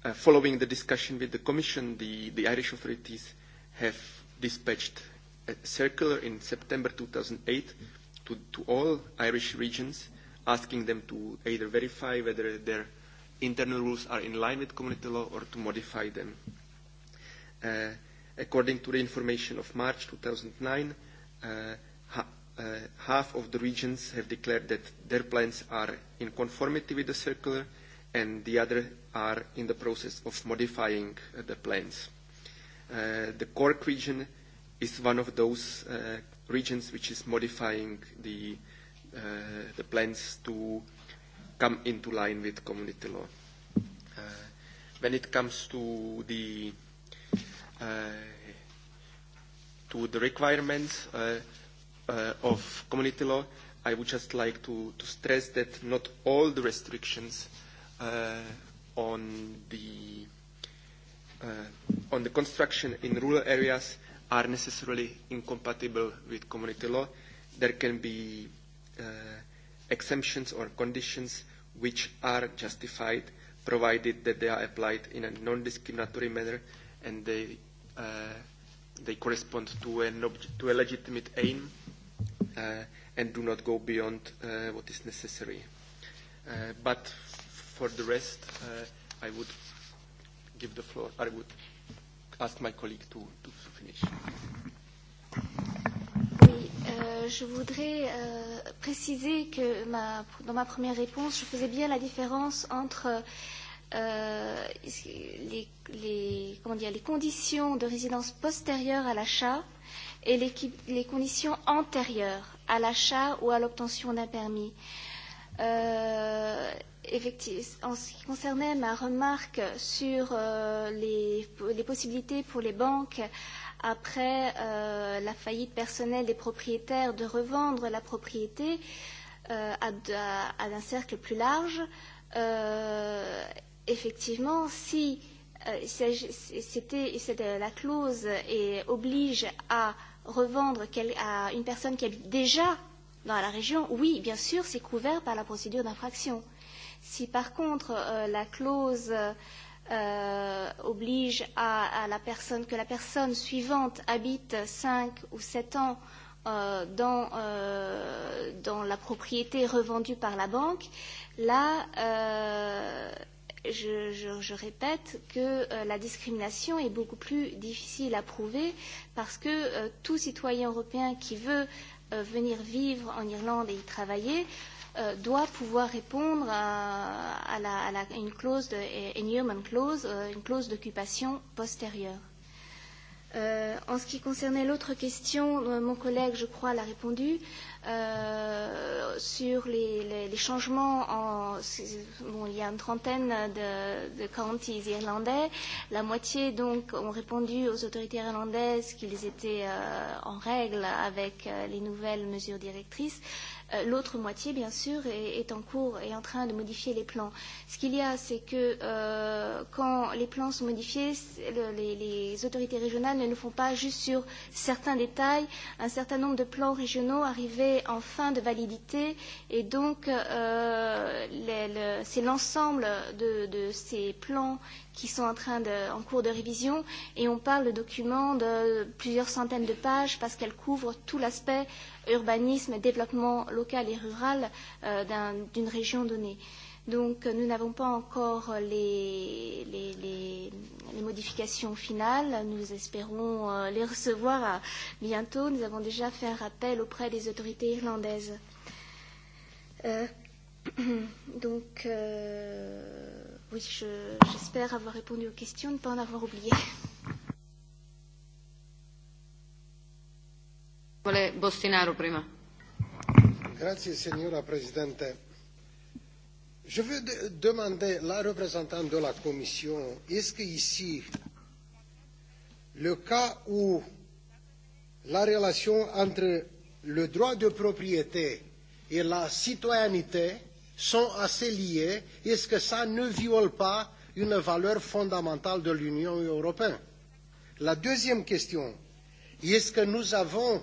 uh, following the discussion with the Commission, the, the Irish authorities have dispatched a circular in September 2008 to, to all Irish regions asking them to either verify whether their internal rules are in line with community law or to modify them. Uh, according to the information of March 2009, uh, ha uh, half of the regions have declared that their plans are in conformity with the circular and the other are in the process of modifying uh, the plans. Uh, the Cork region is one of those uh, regions which is modifying the, uh, the plans to come into line with community law. Uh, when it comes to the uh, to the requirements uh, uh, of community law, I would just like to, to stress that not all the restrictions uh, on the uh, on the construction in rural areas are necessarily incompatible with community law. There can be uh, exemptions or conditions which are justified provided that they are applied in a non-discriminatory manner and they Uh, they correspond to, an to a legitimate aim uh, and do not go beyond uh, what is necessary. Uh, but for the rest, uh, I would give the floor, I would ask my colleague to, to finish. Oui, euh, je voudrais euh, préciser que ma, dans ma première réponse, je faisais bien la différence entre euh, euh, les, les, comment dire, les conditions de résidence postérieures à l'achat et les, les conditions antérieures à l'achat ou à l'obtention d'un permis. Euh, en ce qui concernait ma remarque sur euh, les, les possibilités pour les banques après euh, la faillite personnelle des propriétaires de revendre la propriété euh, à, à, à un cercle plus large, euh, effectivement, si euh, c'était la clause et oblige à revendre quel, à une personne qui habite déjà dans la région, oui, bien sûr, c'est couvert par la procédure d'infraction. Si par contre euh, la clause euh, oblige à, à la personne que la personne suivante habite 5 ou 7 ans euh, dans, euh, dans la propriété revendue par la banque, là, euh, je, je, je répète que euh, la discrimination est beaucoup plus difficile à prouver parce que euh, tout citoyen européen qui veut euh, venir vivre en Irlande et y travailler euh, doit pouvoir répondre à, à, la, à la, une clause de inhuman clause, euh, une clause d'occupation postérieure. Euh, en ce qui concernait l'autre question, euh, mon collègue, je crois, l'a répondu. Euh, Euh, sur les, les, les changements. En, bon, il y a une trentaine de, de counties irlandais. La moitié donc ont répondu aux autorités irlandaises qu'ils étaient euh, en règle avec euh, les nouvelles mesures directrices. Euh, Euh, l'autre moitié, bien sûr, est, est en cours et en train de modifier les plans. Ce qu'il y a, c'est que euh, quand les plans sont modifiés, le, les, les autorités régionales ne le font pas juste sur certains détails. Un certain nombre de plans régionaux arrivaient en fin de validité et donc euh, le, le, c'est l'ensemble de, de ces plans qui sont en, train de, en cours de révision et on parle de documents de plusieurs centaines de pages parce qu'elles couvrent tout l'aspect euh, urbanisme et développement local et rural euh, d'une un, région donnée. Donc euh, nous n'avons pas encore les, les, les, les modifications finales. Nous espérons euh, les recevoir à, euh, bientôt. Nous avons déjà fait un rappel auprès des autorités irlandaises. Euh, donc euh, oui, j'espère je, avoir répondu aux questions, ne pas en avoir oublié. Bostinaru prima. Grazie, signora Presidente. Je veux de demander la représentante de la Commission, est-ce que ici, le cas où la relation entre le droit de propriété et la citoyenneté sont assez liées, est-ce que ça ne viole pas une valeur fondamentale de l'Union européenne La deuxième question, est-ce que nous avons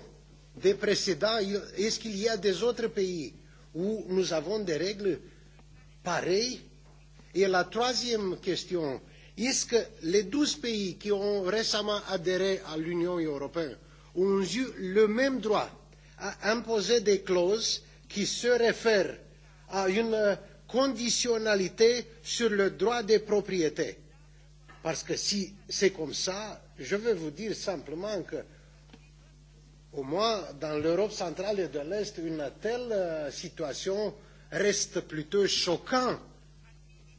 de précédents, est-ce qu'il y a des autres pays où nous avons des règles pareilles Et la troisième question, est-ce que les douze pays qui ont récemment adhéré à l'Union européenne ont eu le même droit à imposer des clauses qui se réfèrent à une conditionnalité sur le droit des propriétés Parce que si c'est comme ça, je veux vous dire simplement que au moins, dans l'Europe centrale et de l'Est, une telle euh, situation reste plutôt choquante,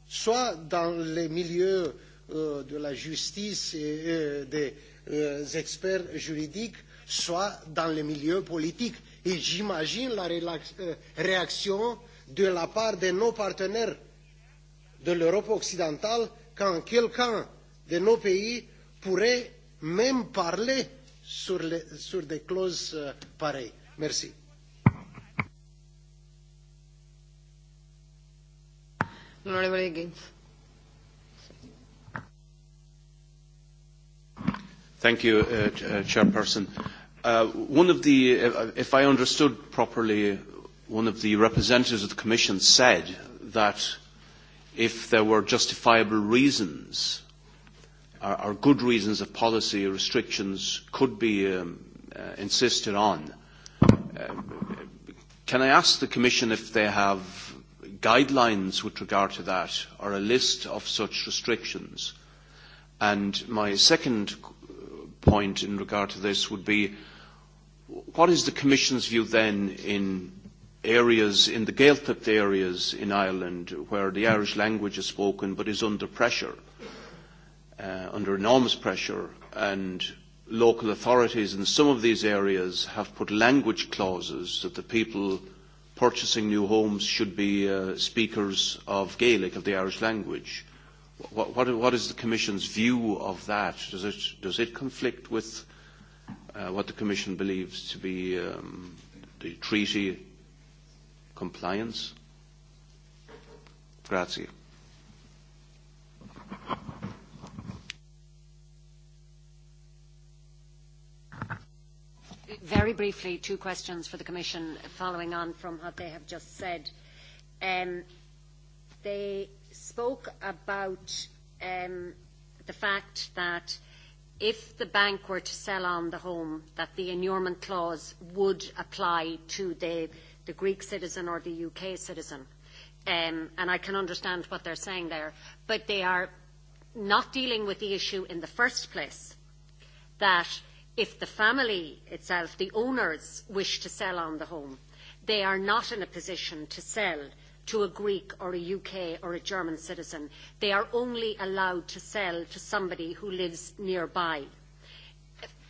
soit dans les milieux euh, de la justice et euh, des euh, experts juridiques, soit dans les milieux politiques. Et j'imagine la euh, réaction de la part de nos partenaires de l'Europe occidentale quand quelqu'un de nos pays pourrait même parler sur, les, sur des clauses uh, pareilles. Merci. Thank you, uh, uh, Chairperson. Uh, one of the, uh, if I understood properly, one of the representatives of the Commission said that if there were justifiable reasons are, are good reasons of policy restrictions could be um, uh, insisted on. Uh, can I ask the Commission if they have guidelines with regard to that or a list of such restrictions? And my second point in regard to this would be what is the Commission's view then in areas, in the Gaeltacht areas in Ireland where the Irish language is spoken but is under pressure? uh, under enormous pressure and local authorities in some of these areas have put language clauses that the people purchasing new homes should be uh, speakers of Gaelic, of the Irish language. What, what, what is the Commission's view of that? Does it, does it conflict with uh, what the Commission believes to be um, the treaty compliance? Grazie. very briefly, two questions for the Commission following on from what they have just said. Um, they spoke about um, the fact that if the bank were to sell on the home, that the inurement clause would apply to the, the Greek citizen or the UK citizen. Um, and I can understand what they're saying there, but they are not dealing with the issue in the first place that if the family itself, the owners, wish to sell on the home, they are not in a position to sell to a Greek or a UK or a German citizen. They are only allowed to sell to somebody who lives nearby.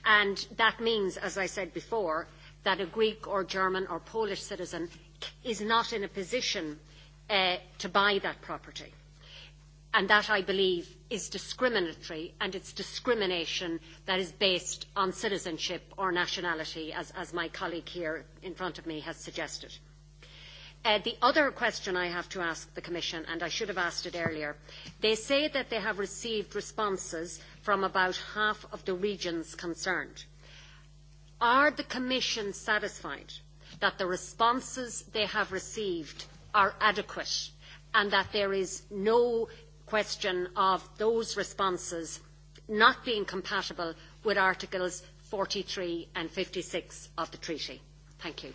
And that means, as I said before, that a Greek or German or Polish citizen is not in a position uh, to buy that property. And that, I believe, is discriminatory, and it's discrimination that is based on citizenship or nationality, as, as my colleague here in front of me has suggested. Uh, the other question I have to ask the Commission, and I should have asked it earlier, they say that they have received responses from about half of the regions concerned. Are the Commission satisfied that the responses they have received are adequate and that there is no question of those responses not being compatible with Articles 43 and 56 of the Treaty. Thank you.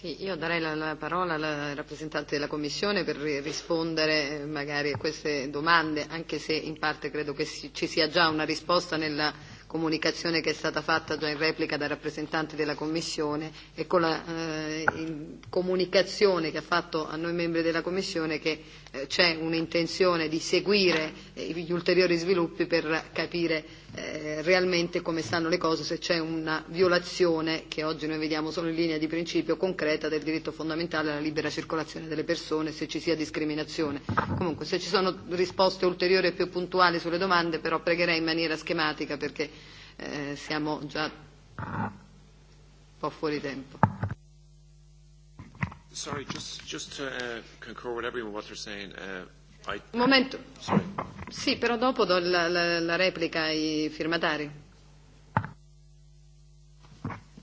Sì, io darei la, la parola al rappresentante della Commissione per rispondere eh, magari a queste domande, anche se in parte credo che si, ci sia già una risposta nella comunicazione che è stata fatta già in replica dal rappresentante della Commissione e con la eh, in, comunicazione che ha fatto a noi membri della Commissione che eh, c'è un'intenzione di seguire eh, gli ulteriori sviluppi per capire Eh, realmente come stanno le cose, se c'è una violazione che oggi noi vediamo solo in linea di principio concreta del diritto fondamentale alla libera circolazione delle persone, se ci sia discriminazione. Comunque se ci sono risposte ulteriori e più puntuali sulle domande però pregherei in maniera schematica perché eh, siamo già un po' fuori tempo. Sorry, just, just to uh, concur with everyone what they're saying, uh, un momento. Sì, però dopo do la, la, la replica ai firmatari.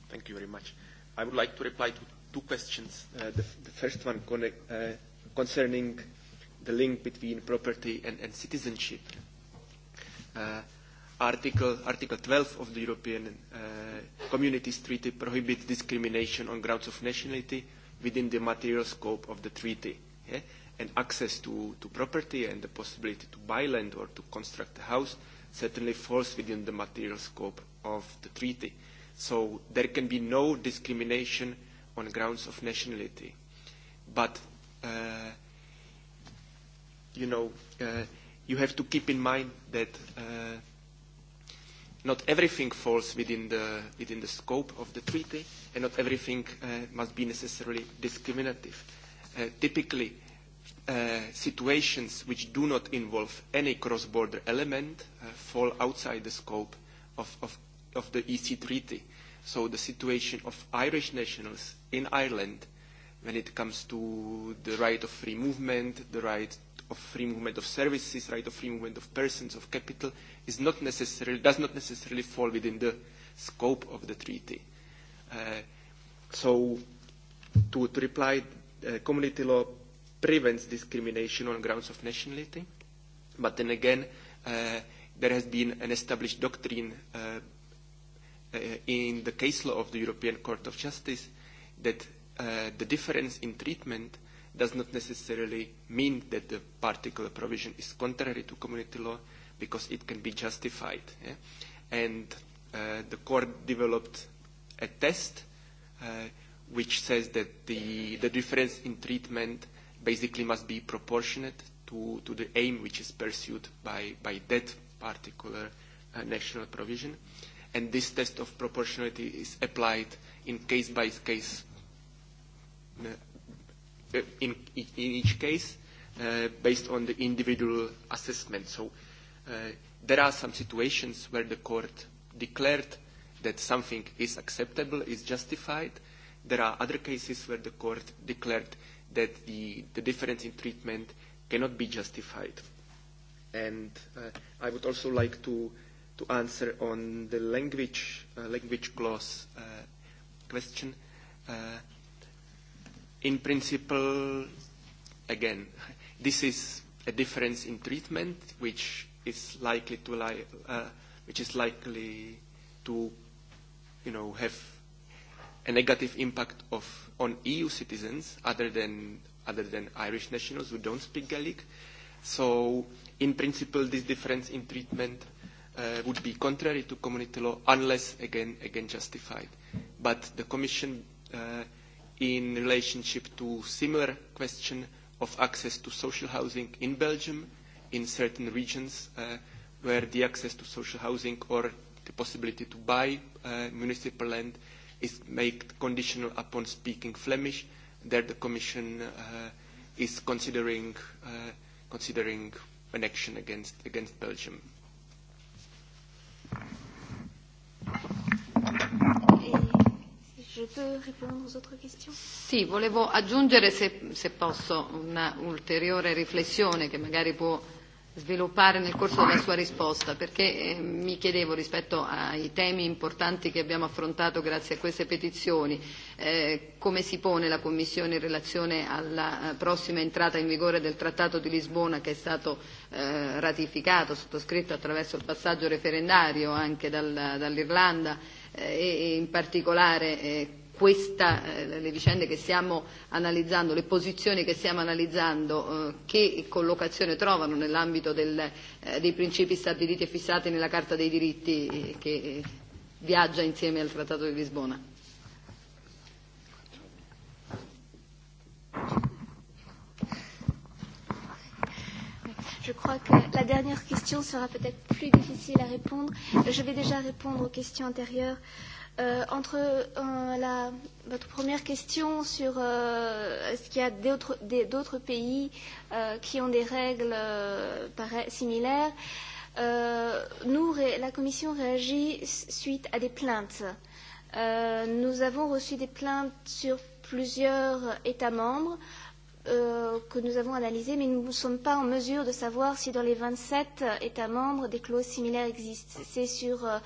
Thank you very much. I would like to reply to two questions. Uh, the, the first one con uh, concerning the link between property and, and citizenship. Uh, Article, Article 12 of the European uh, Communities Treaty prohibits discrimination on grounds of nationality within the material scope of the treaty. Yeah? and access to, to property and the possibility to buy land or to construct a house certainly falls within the material scope of the treaty. So there can be no discrimination on grounds of nationality. But, uh, you know, uh, you have to keep in mind that uh, not everything falls within the, within the scope of the treaty and not everything uh, must be necessarily discriminative. Uh, typically, uh, situations which do not involve any cross-border element uh, fall outside the scope of, of, of the EC treaty. So the situation of Irish nationals in Ireland when it comes to the right of free movement, the right of free movement of services, right of free movement of persons, of capital, is not necessarily, does not necessarily fall within the scope of the treaty. Uh, so to, to reply, uh, community law prevents discrimination on grounds of nationality. But then again, uh, there has been an established doctrine uh, uh, in the case law of the European Court of Justice that uh, the difference in treatment does not necessarily mean that the particular provision is contrary to community law because it can be justified. Yeah? And uh, the court developed a test uh, which says that the, the difference in treatment basically must be proportionate to, to the aim which is pursued by, by that particular uh, national provision. And this test of proportionality is applied in case by case, uh, uh, in, in each case, uh, based on the individual assessment. So uh, there are some situations where the court declared that something is acceptable, is justified. There are other cases where the court declared that the, the difference in treatment cannot be justified. And uh, I would also like to, to answer on the language, uh, language clause uh, question. Uh, in principle, again, this is a difference in treatment which is likely to, li- uh, which is likely to, you know, have a negative impact of, on EU citizens other than, other than Irish nationals who don't speak Gaelic. So, in principle, this difference in treatment uh, would be contrary to community law unless, again, again justified. But the Commission, uh, in relationship to similar question of access to social housing in Belgium, in certain regions uh, where the access to social housing or the possibility to buy uh, municipal land uh, is made conditional upon speaking Flemish. There the Commission uh, is considering, uh, considering an action against, against Belgium. Sì, volevo aggiungere, se, se posso, una ulteriore riflessione che magari può sviluppare nel corso della sua risposta, perché eh, mi chiedevo rispetto ai temi importanti che abbiamo affrontato grazie a queste petizioni, eh, come si pone la Commissione in relazione alla eh, prossima entrata in vigore del Trattato di Lisbona che è stato eh, ratificato, sottoscritto attraverso il passaggio referendario anche dall'Irlanda e in particolare questa, eh, le vicende che stiamo analizzando, le posizioni che stiamo analizzando, eh, che collocazione trovano nell'ambito eh, dei principi stabiliti e fissati nella Carta dei diritti eh, che eh, viaggia insieme al Trattato di Lisbona? Je crois que la dernière question sera peut-être plus difficile à répondre. Je vais déjà répondre aux questions antérieures. Euh, Euh, entre euh, la, votre première question sur euh, est-ce qu'il y a d'autres pays euh, qui ont des règles euh, similaires, euh, nous, la Commission réagit suite à des plaintes. Euh, nous avons reçu des plaintes sur plusieurs États membres euh, que nous avons analysées, mais nous ne sommes pas en mesure de savoir si dans les 27 États membres des clauses similaires existent. C'est sur euh,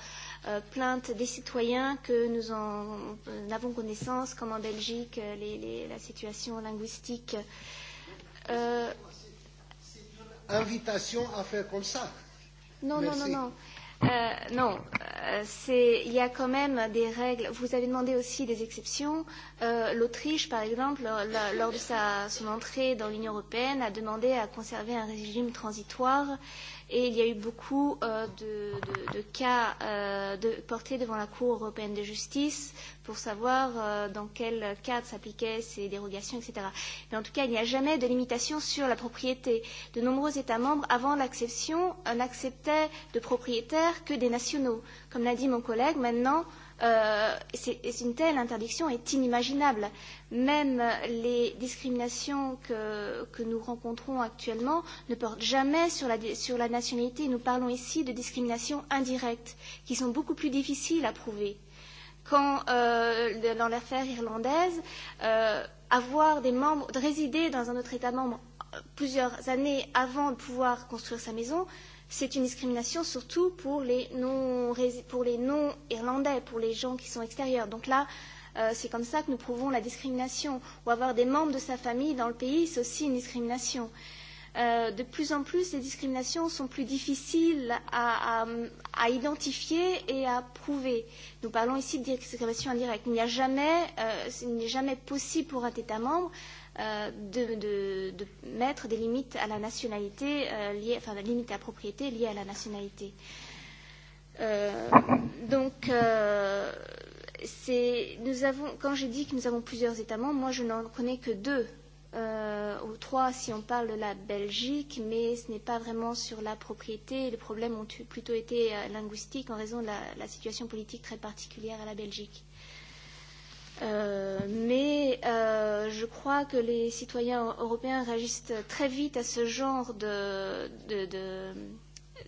Euh, plaintes des citoyens que nous en euh, avons connaissance, comme en Belgique, euh, les, les, la situation linguistique. Euh, Invitation à faire comme ça. Non, Merci. non, non, non. Euh, non, euh, il y a quand même des règles. Vous avez demandé aussi des exceptions. Euh, L'Autriche, par exemple, la, la, lors de sa, son entrée dans l'Union européenne, a demandé à conserver un régime transitoire euh, Et il y a eu beaucoup euh, de, de, de cas euh, de, portés devant la Cour européenne de justice pour savoir euh, dans quel cadre s'appliquaient ces dérogations, etc. Mais en tout cas, il n'y a jamais de limitation sur la propriété. De nombreux États membres, avant l'acception, euh, n'acceptaient de propriétaires que des nationaux. Comme l'a dit mon collègue, maintenant, euh, c'est une telle interdiction est inimaginable. Même les discriminations que, que nous rencontrons actuellement ne portent jamais sur la, sur la nationalité. Nous parlons ici de discriminations indirectes, qui sont beaucoup plus difficiles à prouver. Quand, euh, dans l'affaire irlandaise, euh, avoir des membres, de résider dans un autre État membre euh, plusieurs années avant de pouvoir construire sa maison, euh, c'est une discrimination surtout pour les non, pour les non irlandais, pour les gens qui sont extérieurs. Donc là, euh, c'est comme ça que nous prouvons la discrimination. Ou avoir des membres de sa famille dans le pays, c'est aussi une discrimination. Euh, de plus en plus, les discriminations sont plus difficiles à, à, à identifier et à prouver. Nous parlons ici de discrimination indirecte. Il n'y a jamais, euh, il n'est jamais possible pour un État membre euh, euh, de, de, de mettre des limites à la nationalité, euh, liées, enfin des limites à la propriété liées à la nationalité. Euh, donc, euh, nous avons, quand j'ai dit que nous avons plusieurs États membres, moi je n'en connais que deux euh, ou trois si on parle de la Belgique, mais ce n'est pas vraiment sur la propriété. Les problèmes ont plutôt été euh, linguistiques en raison de la, la situation politique très particulière à la Belgique. Euh, mais euh, je crois que les citoyens européens réagissent très vite à ce genre de, de, de,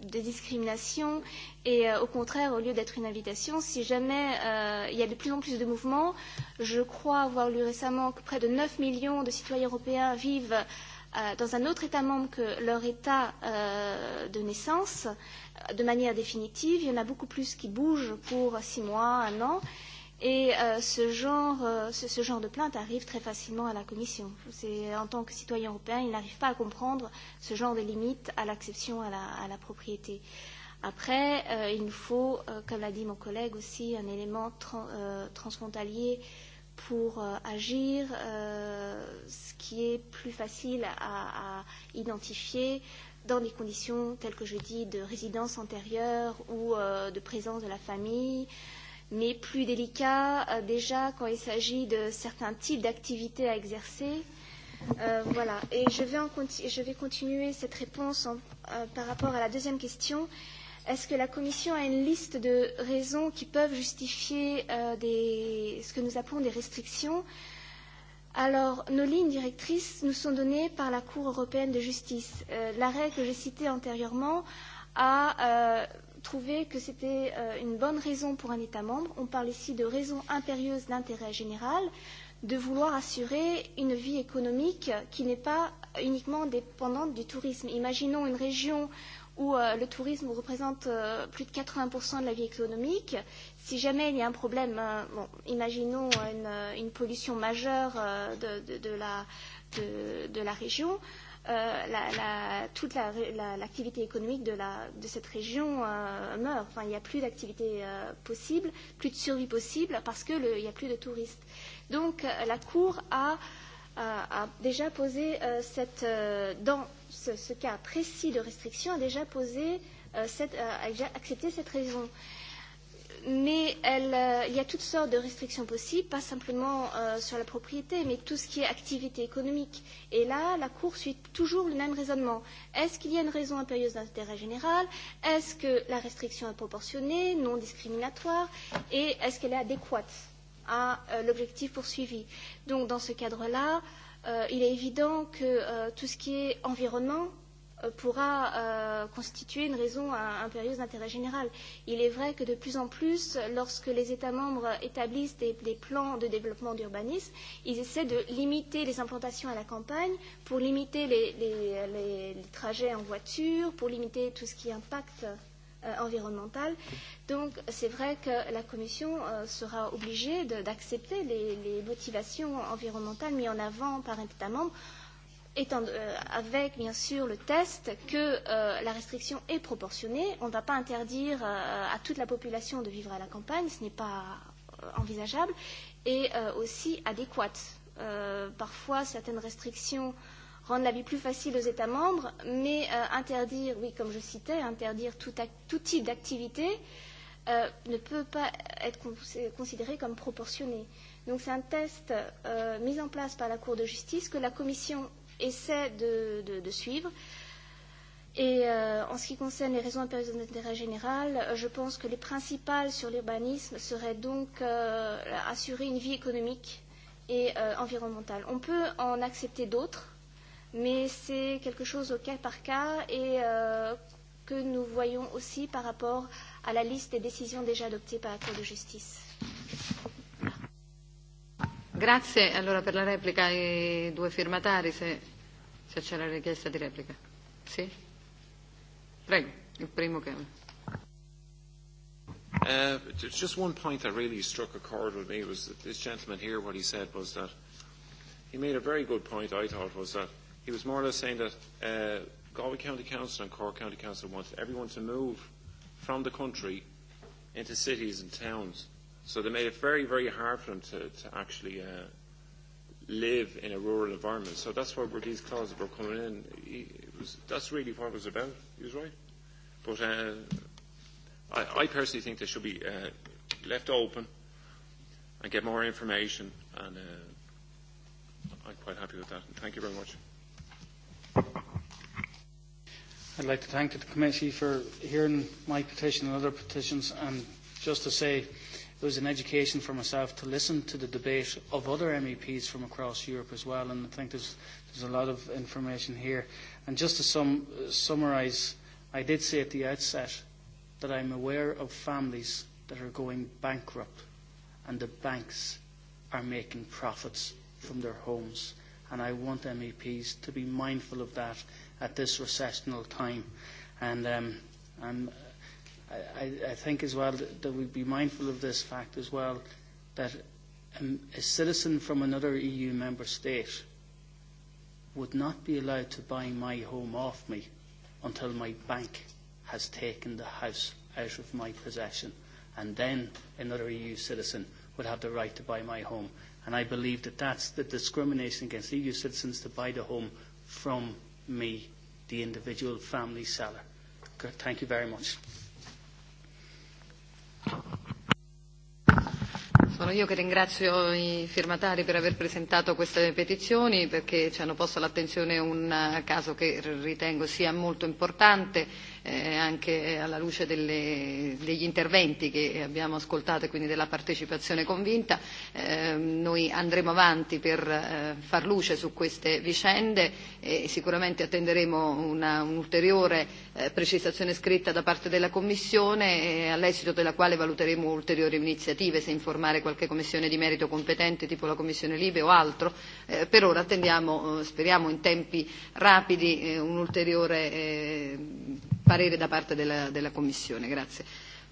de discrimination et euh, au contraire, au lieu d'être une invitation, si jamais euh, il y a de plus en plus de mouvements, je crois avoir lu récemment que près de 9 millions de citoyens européens vivent euh, dans un autre État membre que leur État euh, de naissance euh, de manière définitive. Il y en a beaucoup plus qui bougent pour 6 mois, 1 an. Euh, Et euh, ce, genre, euh, ce, ce genre de plainte arrive très facilement à la Commission. En tant que citoyen européen, il n'arrive pas à comprendre ce genre de limite à l'acception à la, à la propriété. Après, euh, il nous faut, euh, comme l'a dit mon collègue aussi, un élément tra euh, transfrontalier pour euh, agir, euh, ce qui est plus facile à, à identifier dans des conditions telles que je dis de résidence antérieure ou euh, de présence de la famille. Euh, mais plus délicat euh, déjà quand il s'agit de certains types d'activités à exercer. Euh, voilà, et je vais, en conti je vais continuer cette réponse en, euh, par rapport à la deuxième question. Est-ce que la Commission a une liste de raisons qui peuvent justifier euh, des, ce que nous appelons des restrictions Alors, nos lignes directrices nous sont données par la Cour européenne de justice. Euh, L'arrêt que j'ai cité antérieurement a euh, trouvé que c'était euh, une bonne raison pour un État membre, on parle ici de raison impérieuse d'intérêt général, de vouloir assurer une vie économique qui n'est pas uniquement dépendante du tourisme. Imaginons une région où euh, le tourisme représente euh, plus de 80% de la vie économique. Si jamais il y a un problème, euh, bon, imaginons une, euh, une pollution majeure euh, de, de, de, la, de, de la région, euh, Euh, la, la, toute l'activité la, la, l'activité économique de, la, de cette région euh, meurt. Enfin, il n'y a plus d'activité euh, possible, plus de survie possible parce qu'il n'y a plus de touristes. Donc euh, la Cour a, a, euh, a déjà posé euh, cette, euh, dans ce, ce cas précis de restriction, a déjà posé euh, cette, euh, a déjà accepté cette raison. Euh, mais elle, euh, il y a toutes sortes de restrictions possibles, pas simplement euh, sur la propriété, mais tout ce qui est activité économique. Et là, la Cour suit toujours le même raisonnement. Est-ce qu'il y a une raison impérieuse d'intérêt général Est-ce que la restriction est proportionnée, non discriminatoire Et est-ce qu'elle est adéquate à euh, l'objectif poursuivi Donc, dans ce cadre-là, euh, il est évident que euh, tout ce qui est environnement, pourra euh, constituer une raison impérieuse d'intérêt général. Il est vrai que de plus en plus, lorsque les États membres établissent des, des plans de développement d'urbanisme, ils essaient de limiter les implantations à la campagne pour limiter les, les, les, les trajets en voiture, pour limiter tout ce qui impacte euh, environnemental. Donc c'est vrai que la Commission euh, sera obligée d'accepter les, les motivations environnementales mises en avant par un État membre étant, euh, avec bien sûr le test que euh, la restriction est proportionnée. On ne va pas interdire euh, à toute la population de vivre à la campagne, ce n'est pas euh, envisageable, et euh, aussi adéquate. Euh, parfois, certaines restrictions rendent la vie plus facile aux États membres, mais euh, interdire, oui, comme je citais, interdire tout, tout type d'activité euh, ne peut pas être cons considéré comme proportionné. Donc c'est un test euh, mis en place par la Cour de justice que la Commission essaie de, de, de suivre. Et euh, en ce qui concerne les raisons impérieuses d'intérêt général, je pense que les principales sur l'urbanisme seraient donc euh, assurer une vie économique et euh, environnementale. On peut en accepter d'autres, mais c'est quelque chose au cas par cas et euh, que nous voyons aussi par rapport à la liste des décisions déjà adoptées par la Cour de justice. Grazie allora per la replica ai due firmatari. Se se c'è richiesta di replica. Sì? Prego, il primo che... Uh, just one point that really struck a chord with me was that this gentleman here, what he said was that he made a very good point, I thought, was that he was more or less saying that uh, Galway County Council and Cork County Council wanted everyone to move from the country into cities and towns. So they made it very, very hard for them to, to actually uh, live in a rural environment. So that's why where these clauses were coming in. It was, that's really what it was about. He was right. But uh, I, I personally think they should be uh, left open and get more information. And uh, I'm quite happy with that. thank you very much. I'd like to thank the committee for hearing my petition and other petitions. And just to say, It was an education for myself to listen to the debate of other MEPs from across Europe as well, and I think there's, there's a lot of information here. And just to sum, uh, summarise, I did say at the outset that I'm aware of families that are going bankrupt, and the banks are making profits from their homes. And I want MEPs to be mindful of that at this recessional time. And um, I'm I, I think as well that, that we be mindful of this fact as well that um, a citizen from another EU member state would not be allowed to buy my home off me until my bank has taken the house out of my possession. And then another EU citizen would have the right to buy my home. And I believe that that's the discrimination against EU citizens to buy the home from me, the individual family seller. Thank you very much. Sono io che ringrazio i firmatari per aver presentato queste petizioni perché ci hanno posto all'attenzione un eh, caso che ritengo sia molto importante eh, anche alla luce delle, degli interventi che abbiamo ascoltato e quindi della partecipazione convinta. Eh, noi andremo avanti per eh, far luce su queste vicende e sicuramente attenderemo una, un'ulteriore eh, precisazione scritta da parte della Commissione, eh, all'esito della quale valuteremo ulteriori iniziative, se informare qualche Commissione di merito competente tipo la Commissione Libe o altro. Eh, per ora attendiamo, eh, speriamo in tempi rapidi, eh, un'ulteriore eh, parere da parte della, della Commissione. Grazie.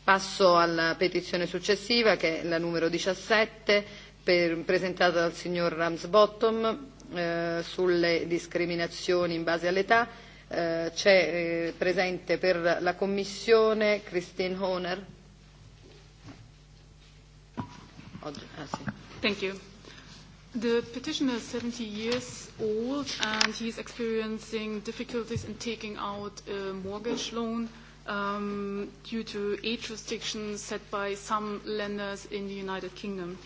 Passo alla petizione successiva, che è la numero 17, per, presentata dal signor Ramsbottom, eh, sulle discriminazioni in base all'età. Eh, c'è eh, presente per la Commissione Christine Honer. Oggi, ah, sì. Thank you. The petitioner is 70 years old and he's experiencing difficulties in taking out a mortgage loan um, due to age restrictions set by some lenders in the United Kingdom.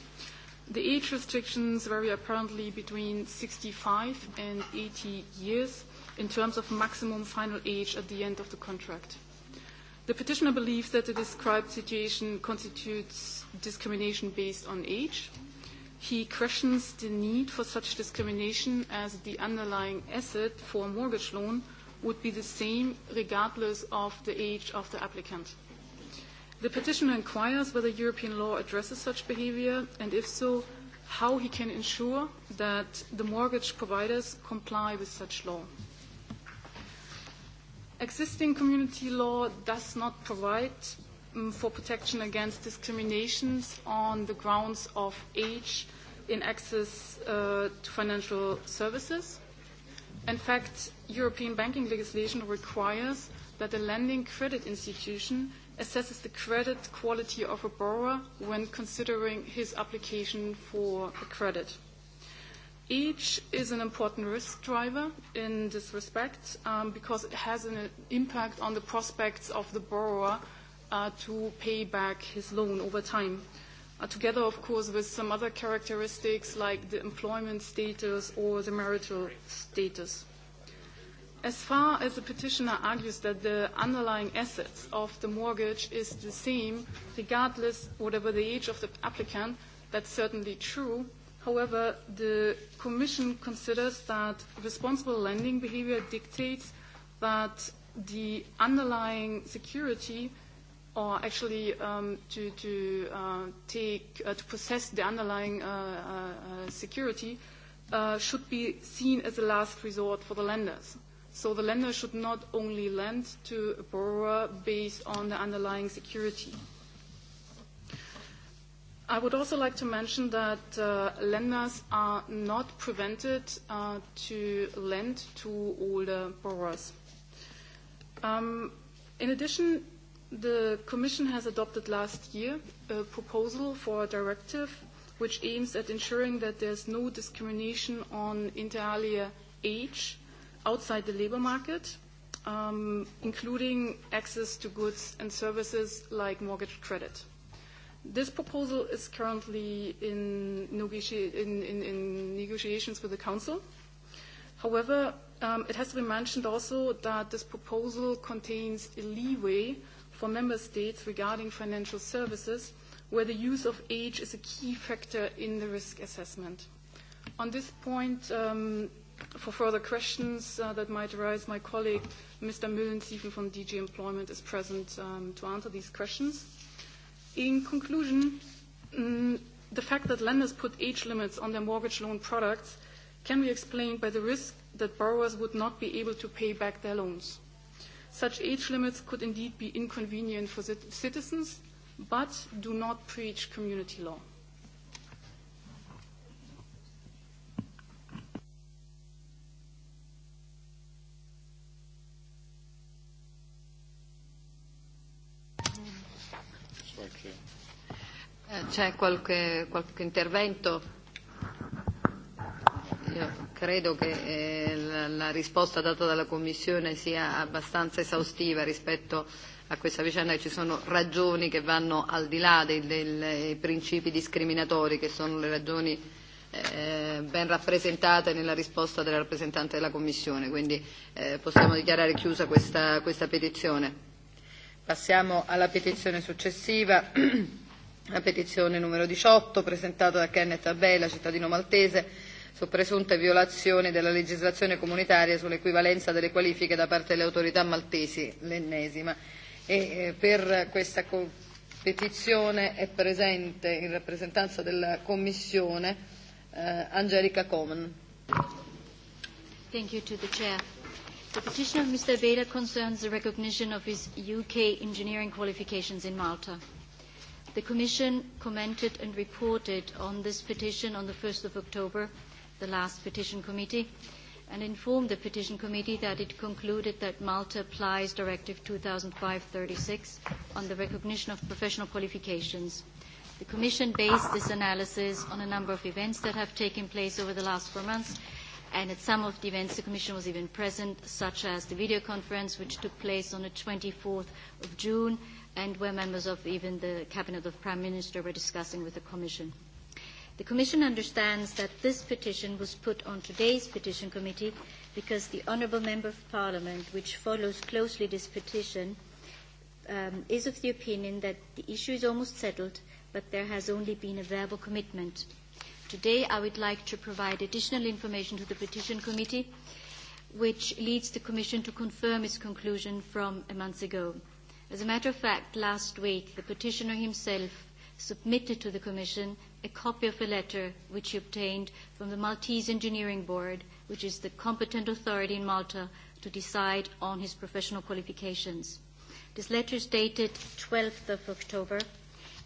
The age restrictions vary apparently between 65 and 80 years in terms of maximum final age at the end of the contract. The petitioner believes that the described situation constitutes discrimination based on age He questions the need for such discrimination as the underlying asset for a mortgage loan would be the same regardless of the age of the applicant. The petitioner inquires whether European law addresses such behavior and if so, how he can ensure that the mortgage providers comply with such law. Existing community law does not provide Um, for protection against discriminations on the grounds of age in access uh, to financial services. In fact, European banking legislation requires that a lending credit institution assesses the credit quality of a borrower when considering his application for a credit. Age is an important risk driver in this respect um, because it has an uh, impact on the prospects of the borrower to pay back his loan over time. Uh, together, of course, with some other characteristics like the employment status or the marital status. As far as the petitioner argues that the underlying assets of the mortgage is the same, regardless whatever the age of the applicant, that's certainly true. However, the Commission considers that responsible lending behavior dictates that the underlying security or actually um, to, to uh, take uh, to possess the underlying uh, uh, uh, security uh, should be seen as a last resort for the lenders. So the lender should not only lend to a borrower based on the underlying security. I would also like to mention that uh, lenders are not prevented uh, to lend to older borrowers. Um, in addition, The Commission has adopted last year a proposal for a directive which aims at ensuring that there's no discrimination on inter alia age outside the labour market, um, including access to goods and services like mortgage credit. This proposal is currently in, negoti- in, in, in negotiations with the Council. However, um, it has to be mentioned also that this proposal contains a leeway for member states regarding financial services, where the use of age is a key factor in the risk assessment. On this point, um, for further questions uh, that might arise, my colleague, Mr. Müllensiefen from DG Employment, is present um, to answer these questions. In conclusion, um, the fact that lenders put age limits on their mortgage loan products can be explained by the risk that borrowers would not be able to pay back their loans. Such age limits could indeed be inconvenient for citizens, but do not preach community law. C'è qualche, qualche intervento? Io credo che eh, la, la risposta data dalla Commissione sia abbastanza esaustiva rispetto a questa vicenda che ci sono ragioni che vanno al di là dei, dei, principi discriminatori che sono le ragioni eh, ben rappresentate nella risposta della rappresentante della Commissione, quindi eh, possiamo dichiarare chiusa questa, questa petizione. Passiamo alla petizione successiva, la petizione numero 18 presentata da Kenneth Abella, cittadino maltese, su presunte violazioni della legislazione comunitaria sull'equivalenza delle qualifiche da parte delle autorità maltesi, l'ennesima. E eh, per questa petizione è presente in rappresentanza della Commissione eh, Angelica Common. Thank you to the chair. The petition of Mr. Beda concerns the recognition of his UK engineering qualifications in Malta. The Commission commented and reported on this petition on the 1st of October the last Petition Committee and informed the Petition Committee that it concluded that Malta applies Directive 2005-36 on the recognition of professional qualifications. The Commission based this analysis on a number of events that have taken place over the last four months, and at some of the events the Commission was even present, such as the video conference which took place on the 24th of June, and where members of even the Cabinet of Prime Minister were discussing with the Commission. The Commission understands that this petition was put on today's petition committee because the Honourable Member of Parliament, which follows closely this petition, um, is of the opinion that the issue is almost settled, but there has only been a verbal commitment. Today, I would like to provide additional information to the petition committee, which leads the Commission to confirm its conclusion from a month ago. As a matter of fact, last week, the petitioner himself submitted to the Commission a copy of a letter which he obtained from the Maltese Engineering Board, which is the competent authority in Malta to decide on his professional qualifications. This letter is dated 12th of October,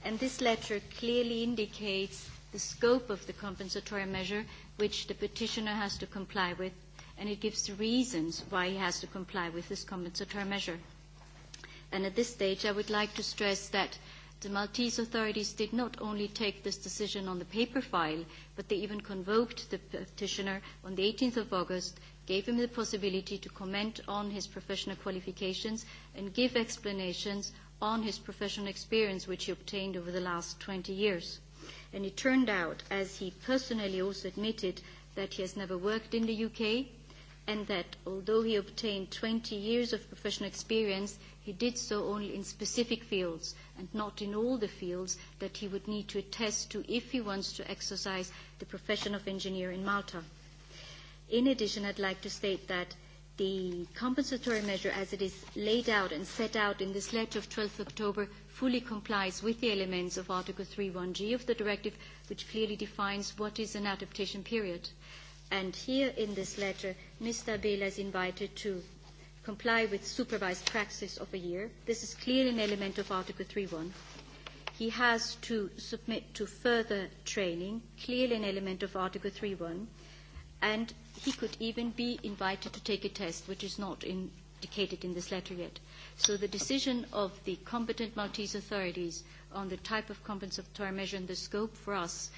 and this letter clearly indicates the scope of the compensatory measure which the petitioner has to comply with, and it gives reasons why he has to comply with this compensatory measure. And at this stage, I would like to stress that The Maltese authorities did not only take this decision on the paper file, but they even convoked the petitioner on the 18th of August, gave him the possibility to comment on his professional qualifications and give explanations on his professional experience which he obtained over the last 20 years. And it turned out, as he personally also admitted, that he has never worked in the UK and that although he obtained 20 years of professional experience, He did so only in specific fields and not in all the fields that he would need to attest to if he wants to exercise the profession of engineer in Malta. In addition, I'd like to state that the compensatory measure as it is laid out and set out in this letter of 12th October fully complies with the elements of Article 3.1g of the directive, which clearly defines what is an adaptation period. And here in this letter, Mr. Abela is invited to comply with supervised practice of a year. This is clearly an element of Article 3.1. He has to submit to further training, clearly an element of Article 3.1, and he could even be invited to take a test, which is not indicated in this letter yet. So the decision of the competent Maltese authorities on the type of compensatory measure and the scope for us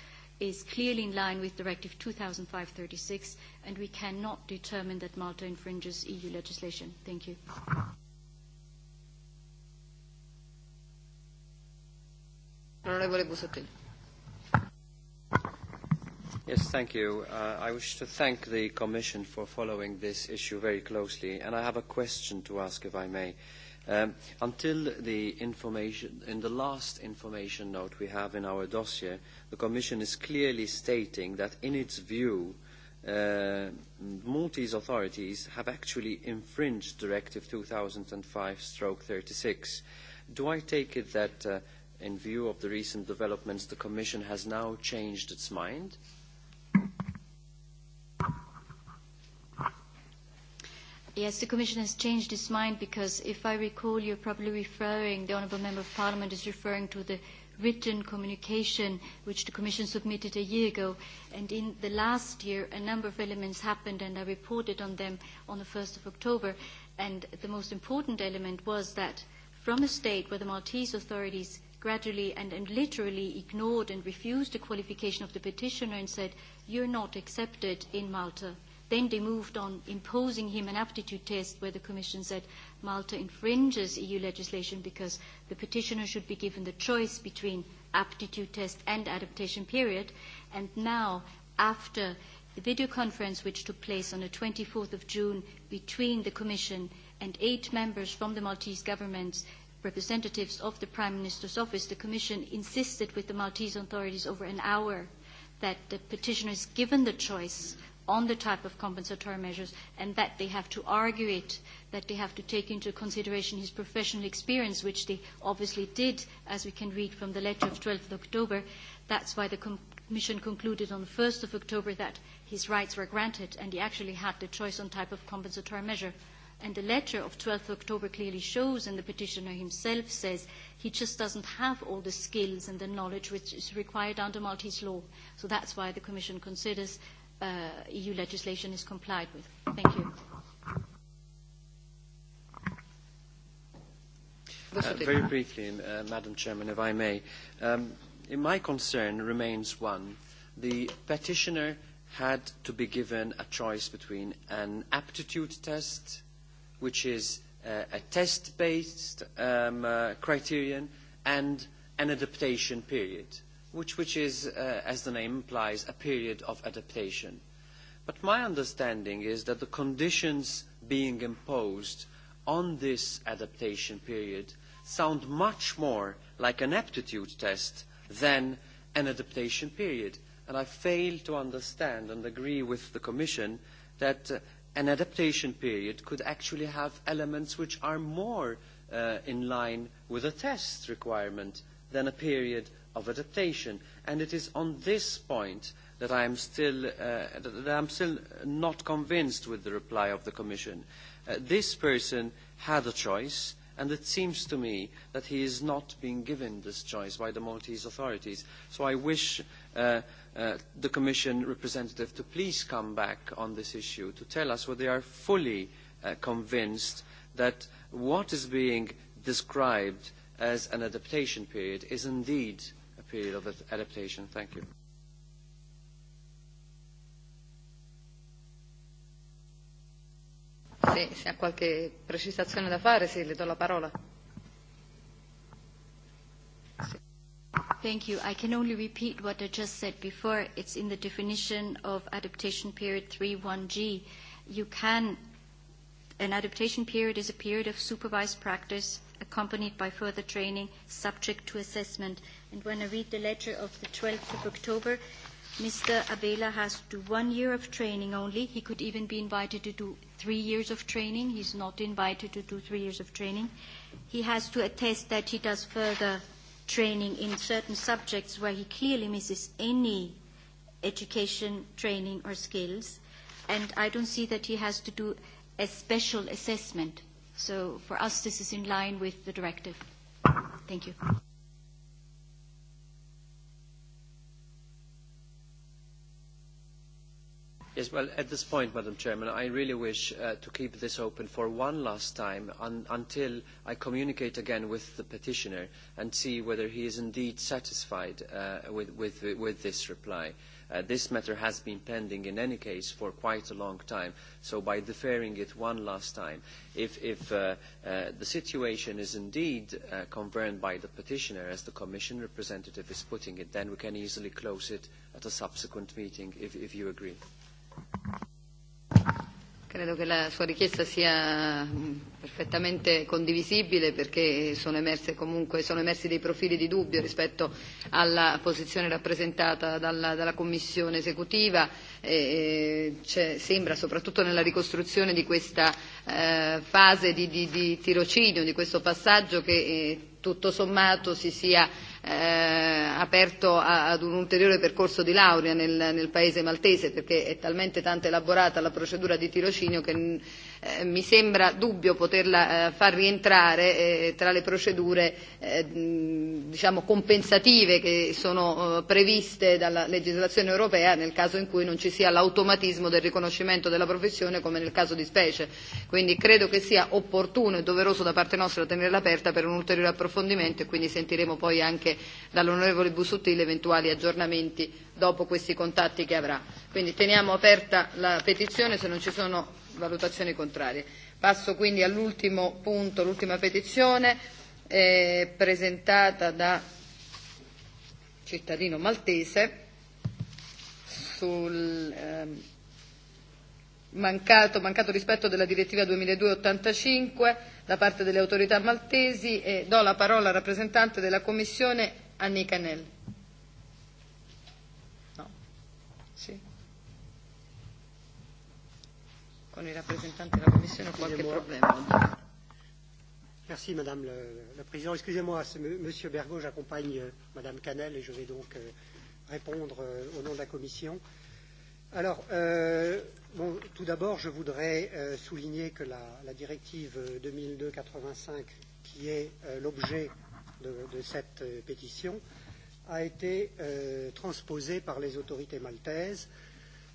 is clearly in line with Directive 2005-36, and we cannot determine that Malta infringes EU legislation. Thank you. Onorevole Busuttil. Yes, thank you. Uh, I wish to thank the Commission for following this issue very closely, and I have a question to ask, if I may. Uh, Um, until the information, in the last information note we have in our dossier, the Commission is clearly stating that in its view, uh, Maltese authorities have actually infringed Directive 2005-36. Do I take it that uh, in view of the recent developments, the Commission has now changed its mind? Uh, Yes, the Commission has changed its mind because if I recall, you're probably referring, the Honourable Member of Parliament is referring to the written communication which the Commission submitted a year ago. And in the last year, a number of elements happened and I reported on them on the 1st of October. And the most important element was that from a state where the Maltese authorities gradually and, and literally ignored and refused the qualification of the petitioner and said, you're not accepted in Malta Then they moved on imposing him an aptitude test where the Commission said Malta infringes EU legislation because the petitioner should be given the choice between aptitude test and adaptation period. And now, after the video conference which took place on the 24th of June between the Commission and eight members from the Maltese government, representatives of the Prime Minister's office, the Commission insisted with the Maltese authorities over an hour that the petitioner is given the choice on the type of compensatory measures and that they have to argue it, that they have to take into consideration his professional experience, which they obviously did, as we can read from the letter of 12th October. That's why the Commission concluded on the 1st of October that his rights were granted and he actually had the choice on type of compensatory measure. And the letter of 12th October clearly shows, and the petitioner himself says, he just doesn't have all the skills and the knowledge which is required under Maltese law. So that's why the Commission considers uh, EU legislation is complied with. Thank you. Uh, very briefly, uh, Madam Chairman, if I may. Um, my concern remains one. The petitioner had to be given a choice between an aptitude test, which is uh, a test-based um, uh, criterion, and an adaptation period which, which is, uh, as the name implies, a period of adaptation. But my understanding is that the conditions being imposed on this adaptation period sound much more like an aptitude test than an adaptation period. And I fail to understand and agree with the Commission that uh, an adaptation period could actually have elements which are more uh, in line with a test requirement than a period of adaptation. And it is on this point that I am still, uh, that I'm still not convinced with the reply of the Commission. Uh, this person had a choice, and it seems to me that he is not being given this choice by the Maltese authorities. So I wish uh, uh, the Commission representative to please come back on this issue to tell us whether they are fully uh, convinced that what is being described as an adaptation period is indeed period of adaptation. Thank you. Sì, se ha qualche precisazione da fare, sì, le do la parola. Thank you. I can only repeat what I just said before. It's in the definition of adaptation period 3.1g. You can, an adaptation period is a period of supervised practice accompanied by further training subject to assessment. And when I read the letter of the 12th of October, Mr. Abela has to do one year of training only. He could even be invited to do three years of training. He's not invited to do three years of training. He has to attest that he does further training in certain subjects where he clearly misses any education, training or skills. And I don't see that he has to do a special assessment. So for us, this is in line with the directive. Thank you. Yes, well, at this point, Madam Chairman, I really wish uh, to keep this open for one last time un until I communicate again with the petitioner and see whether he is indeed satisfied uh, with, with, with, this reply. Uh, this matter has been pending in any case for quite a long time, so by deferring it one last time, if, if uh, uh, the situation is indeed uh, confirmed by the petitioner as the Commission representative is putting it, then we can easily close it at a subsequent meeting if, if you agree. Credo che la sua richiesta sia mm, perfettamente condivisibile perché sono, emerse comunque, sono emersi dei profili di dubbio rispetto alla posizione rappresentata dalla, dalla Commissione esecutiva. E, e, sembra, soprattutto nella ricostruzione di questa eh, fase di, di, di tirocinio, di questo passaggio, che eh, tutto sommato si sia eh, aperto a, ad un ulteriore percorso di laurea nel, nel paese maltese perché è talmente tanto elaborata la procedura di tirocinio che Eh, mi sembra dubbio poterla eh, far rientrare eh, tra le procedure eh, diciamo compensative che sono eh, previste dalla legislazione europea nel caso in cui non ci sia l'automatismo del riconoscimento della professione come nel caso di specie. Quindi credo che sia opportuno e doveroso da parte nostra tenerla aperta per un ulteriore approfondimento e quindi sentiremo poi anche dall'onorevole Busuttil eventuali aggiornamenti dopo questi contatti che avrà. Quindi teniamo aperta la petizione, se non ci sono valutazioni contrarie. Passo quindi all'ultimo punto, l'ultima petizione eh, presentata da cittadino maltese sul ehm, mancato, mancato rispetto della direttiva 2002-85 da parte delle autorità maltesi e do la parola al rappresentante della Commissione Annika Nell. con il rappresentante della Commissione qualche problema. Merci Madame le, la Présidente. Excusez-moi, Monsieur Bergo, j'accompagne euh, Madame Canel et je vais donc euh, répondre euh, au nom de la Commission. Alors, euh, bon, tout d'abord, je voudrais euh, souligner que la, la directive 2002-85, euh, qui est euh, l'objet de, de cette euh, pétition, a été euh, transposée par les autorités maltaises euh,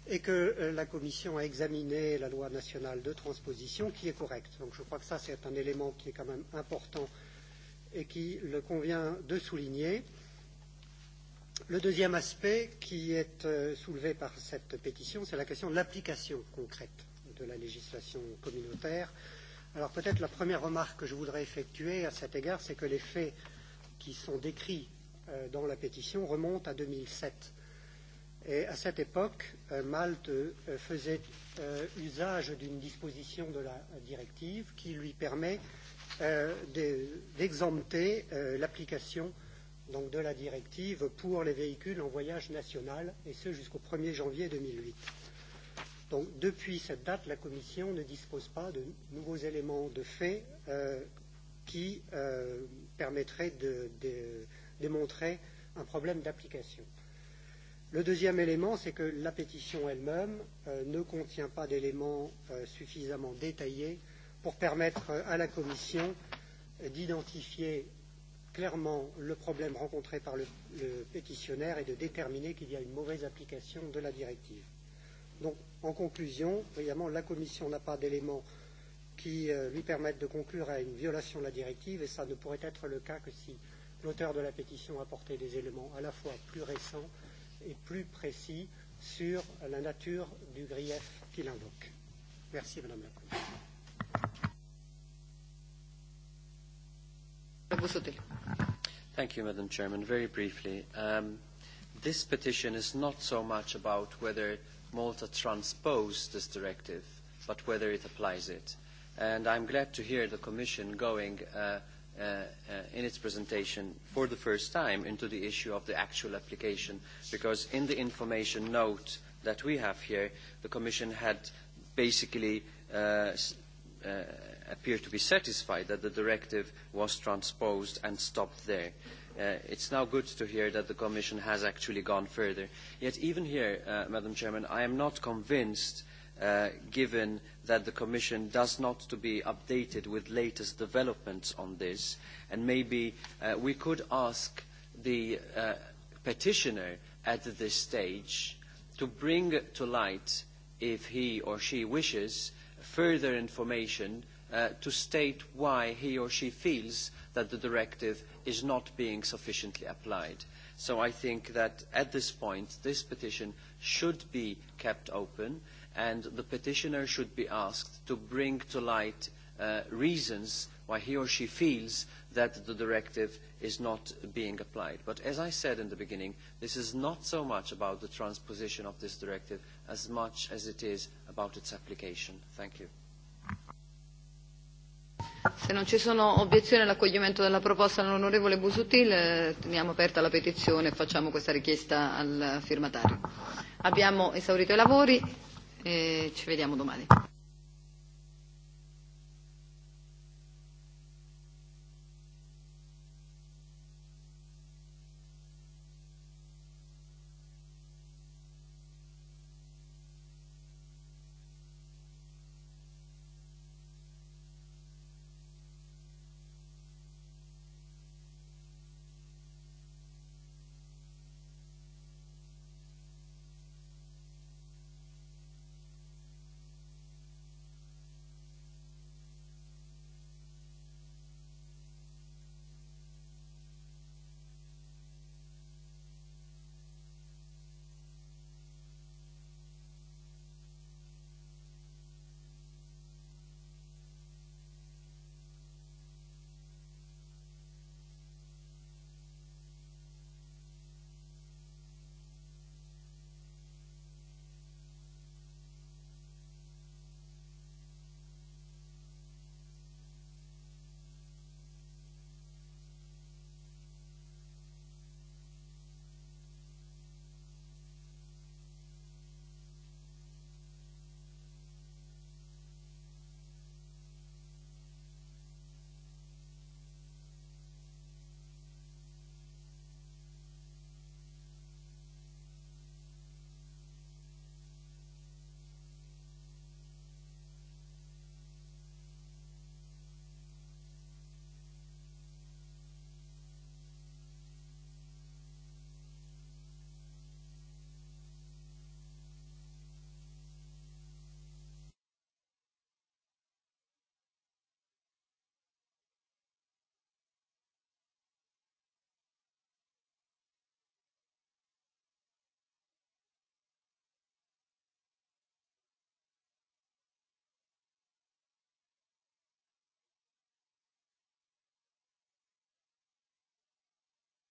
et que euh, la Commission a examiné la loi nationale de transposition qui est correcte. Donc je crois que ça, c'est un élément qui est quand même important et qui le convient de souligner. Le deuxième aspect qui est euh, soulevé par cette pétition, c'est la question de l'application concrète de la législation communautaire. Alors peut-être la première remarque que je voudrais effectuer à cet égard, c'est que les faits qui sont décrits euh, dans la pétition remontent à 2007 Et à cette époque, euh, Malte euh, faisait euh, usage d'une disposition de la directive qui lui permet d'exempter l'application donc de la directive pour les véhicules en voyage national, et ce jusqu'au 1er janvier 2008. Donc, depuis cette date, la Commission ne dispose pas de nouveaux éléments de fait euh, qui euh, permettraient de, de démontrer un problème d'application. Le deuxième élément, c'est que la pétition elle-même euh, ne contient pas d'éléments euh, suffisamment détaillés pour permettre euh, à la Commission d'identifier clairement le problème rencontré par le, le pétitionnaire et de déterminer qu'il y a une mauvaise application de la directive. Donc, en conclusion, évidemment, la Commission n'a pas d'éléments qui euh, lui permettent de conclure à une violation de la directive, et ça ne pourrait être le cas que si l'auteur de la pétition apportait des éléments à la fois plus récents et plus précis sur la nature du grief qu'il invoque. Merci, Madame la Présidente. Thank you, Madam Chairman. Very briefly, um, this petition is not so much about whether Malta transposed this directive, but whether it applies it. And I'm glad to hear the Commission going uh, Uh, uh, in its presentation for the first time into the issue of the actual application because in the information note that we have here, the Commission had basically uh, uh, appeared to be satisfied that the directive was transposed and stopped there. Uh, it's now good to hear that the Commission has actually gone further. Yet even here, uh, Madam Chairman, I am not convinced uh, Uh, given that the Commission does not to be updated with latest developments on this, and maybe uh, we could ask the uh, petitioner at this stage to bring to light, if he or she wishes, further information uh, to state why he or she feels that the directive is not being sufficiently applied. So I think that at this point, this petition should be kept open and the petitioner should be asked to bring to light uh, reasons why he or she feels that the directive is not being applied. But as I said in the beginning, this is not so much about the transposition of this directive as much as it is about its application. Thank you. Se non ci sono obiezioni all'accoglimento della proposta dell'onorevole Busutil, eh, teniamo aperta la petizione e facciamo questa richiesta al firmatario. Abbiamo esaurito i lavori e ci vediamo domani.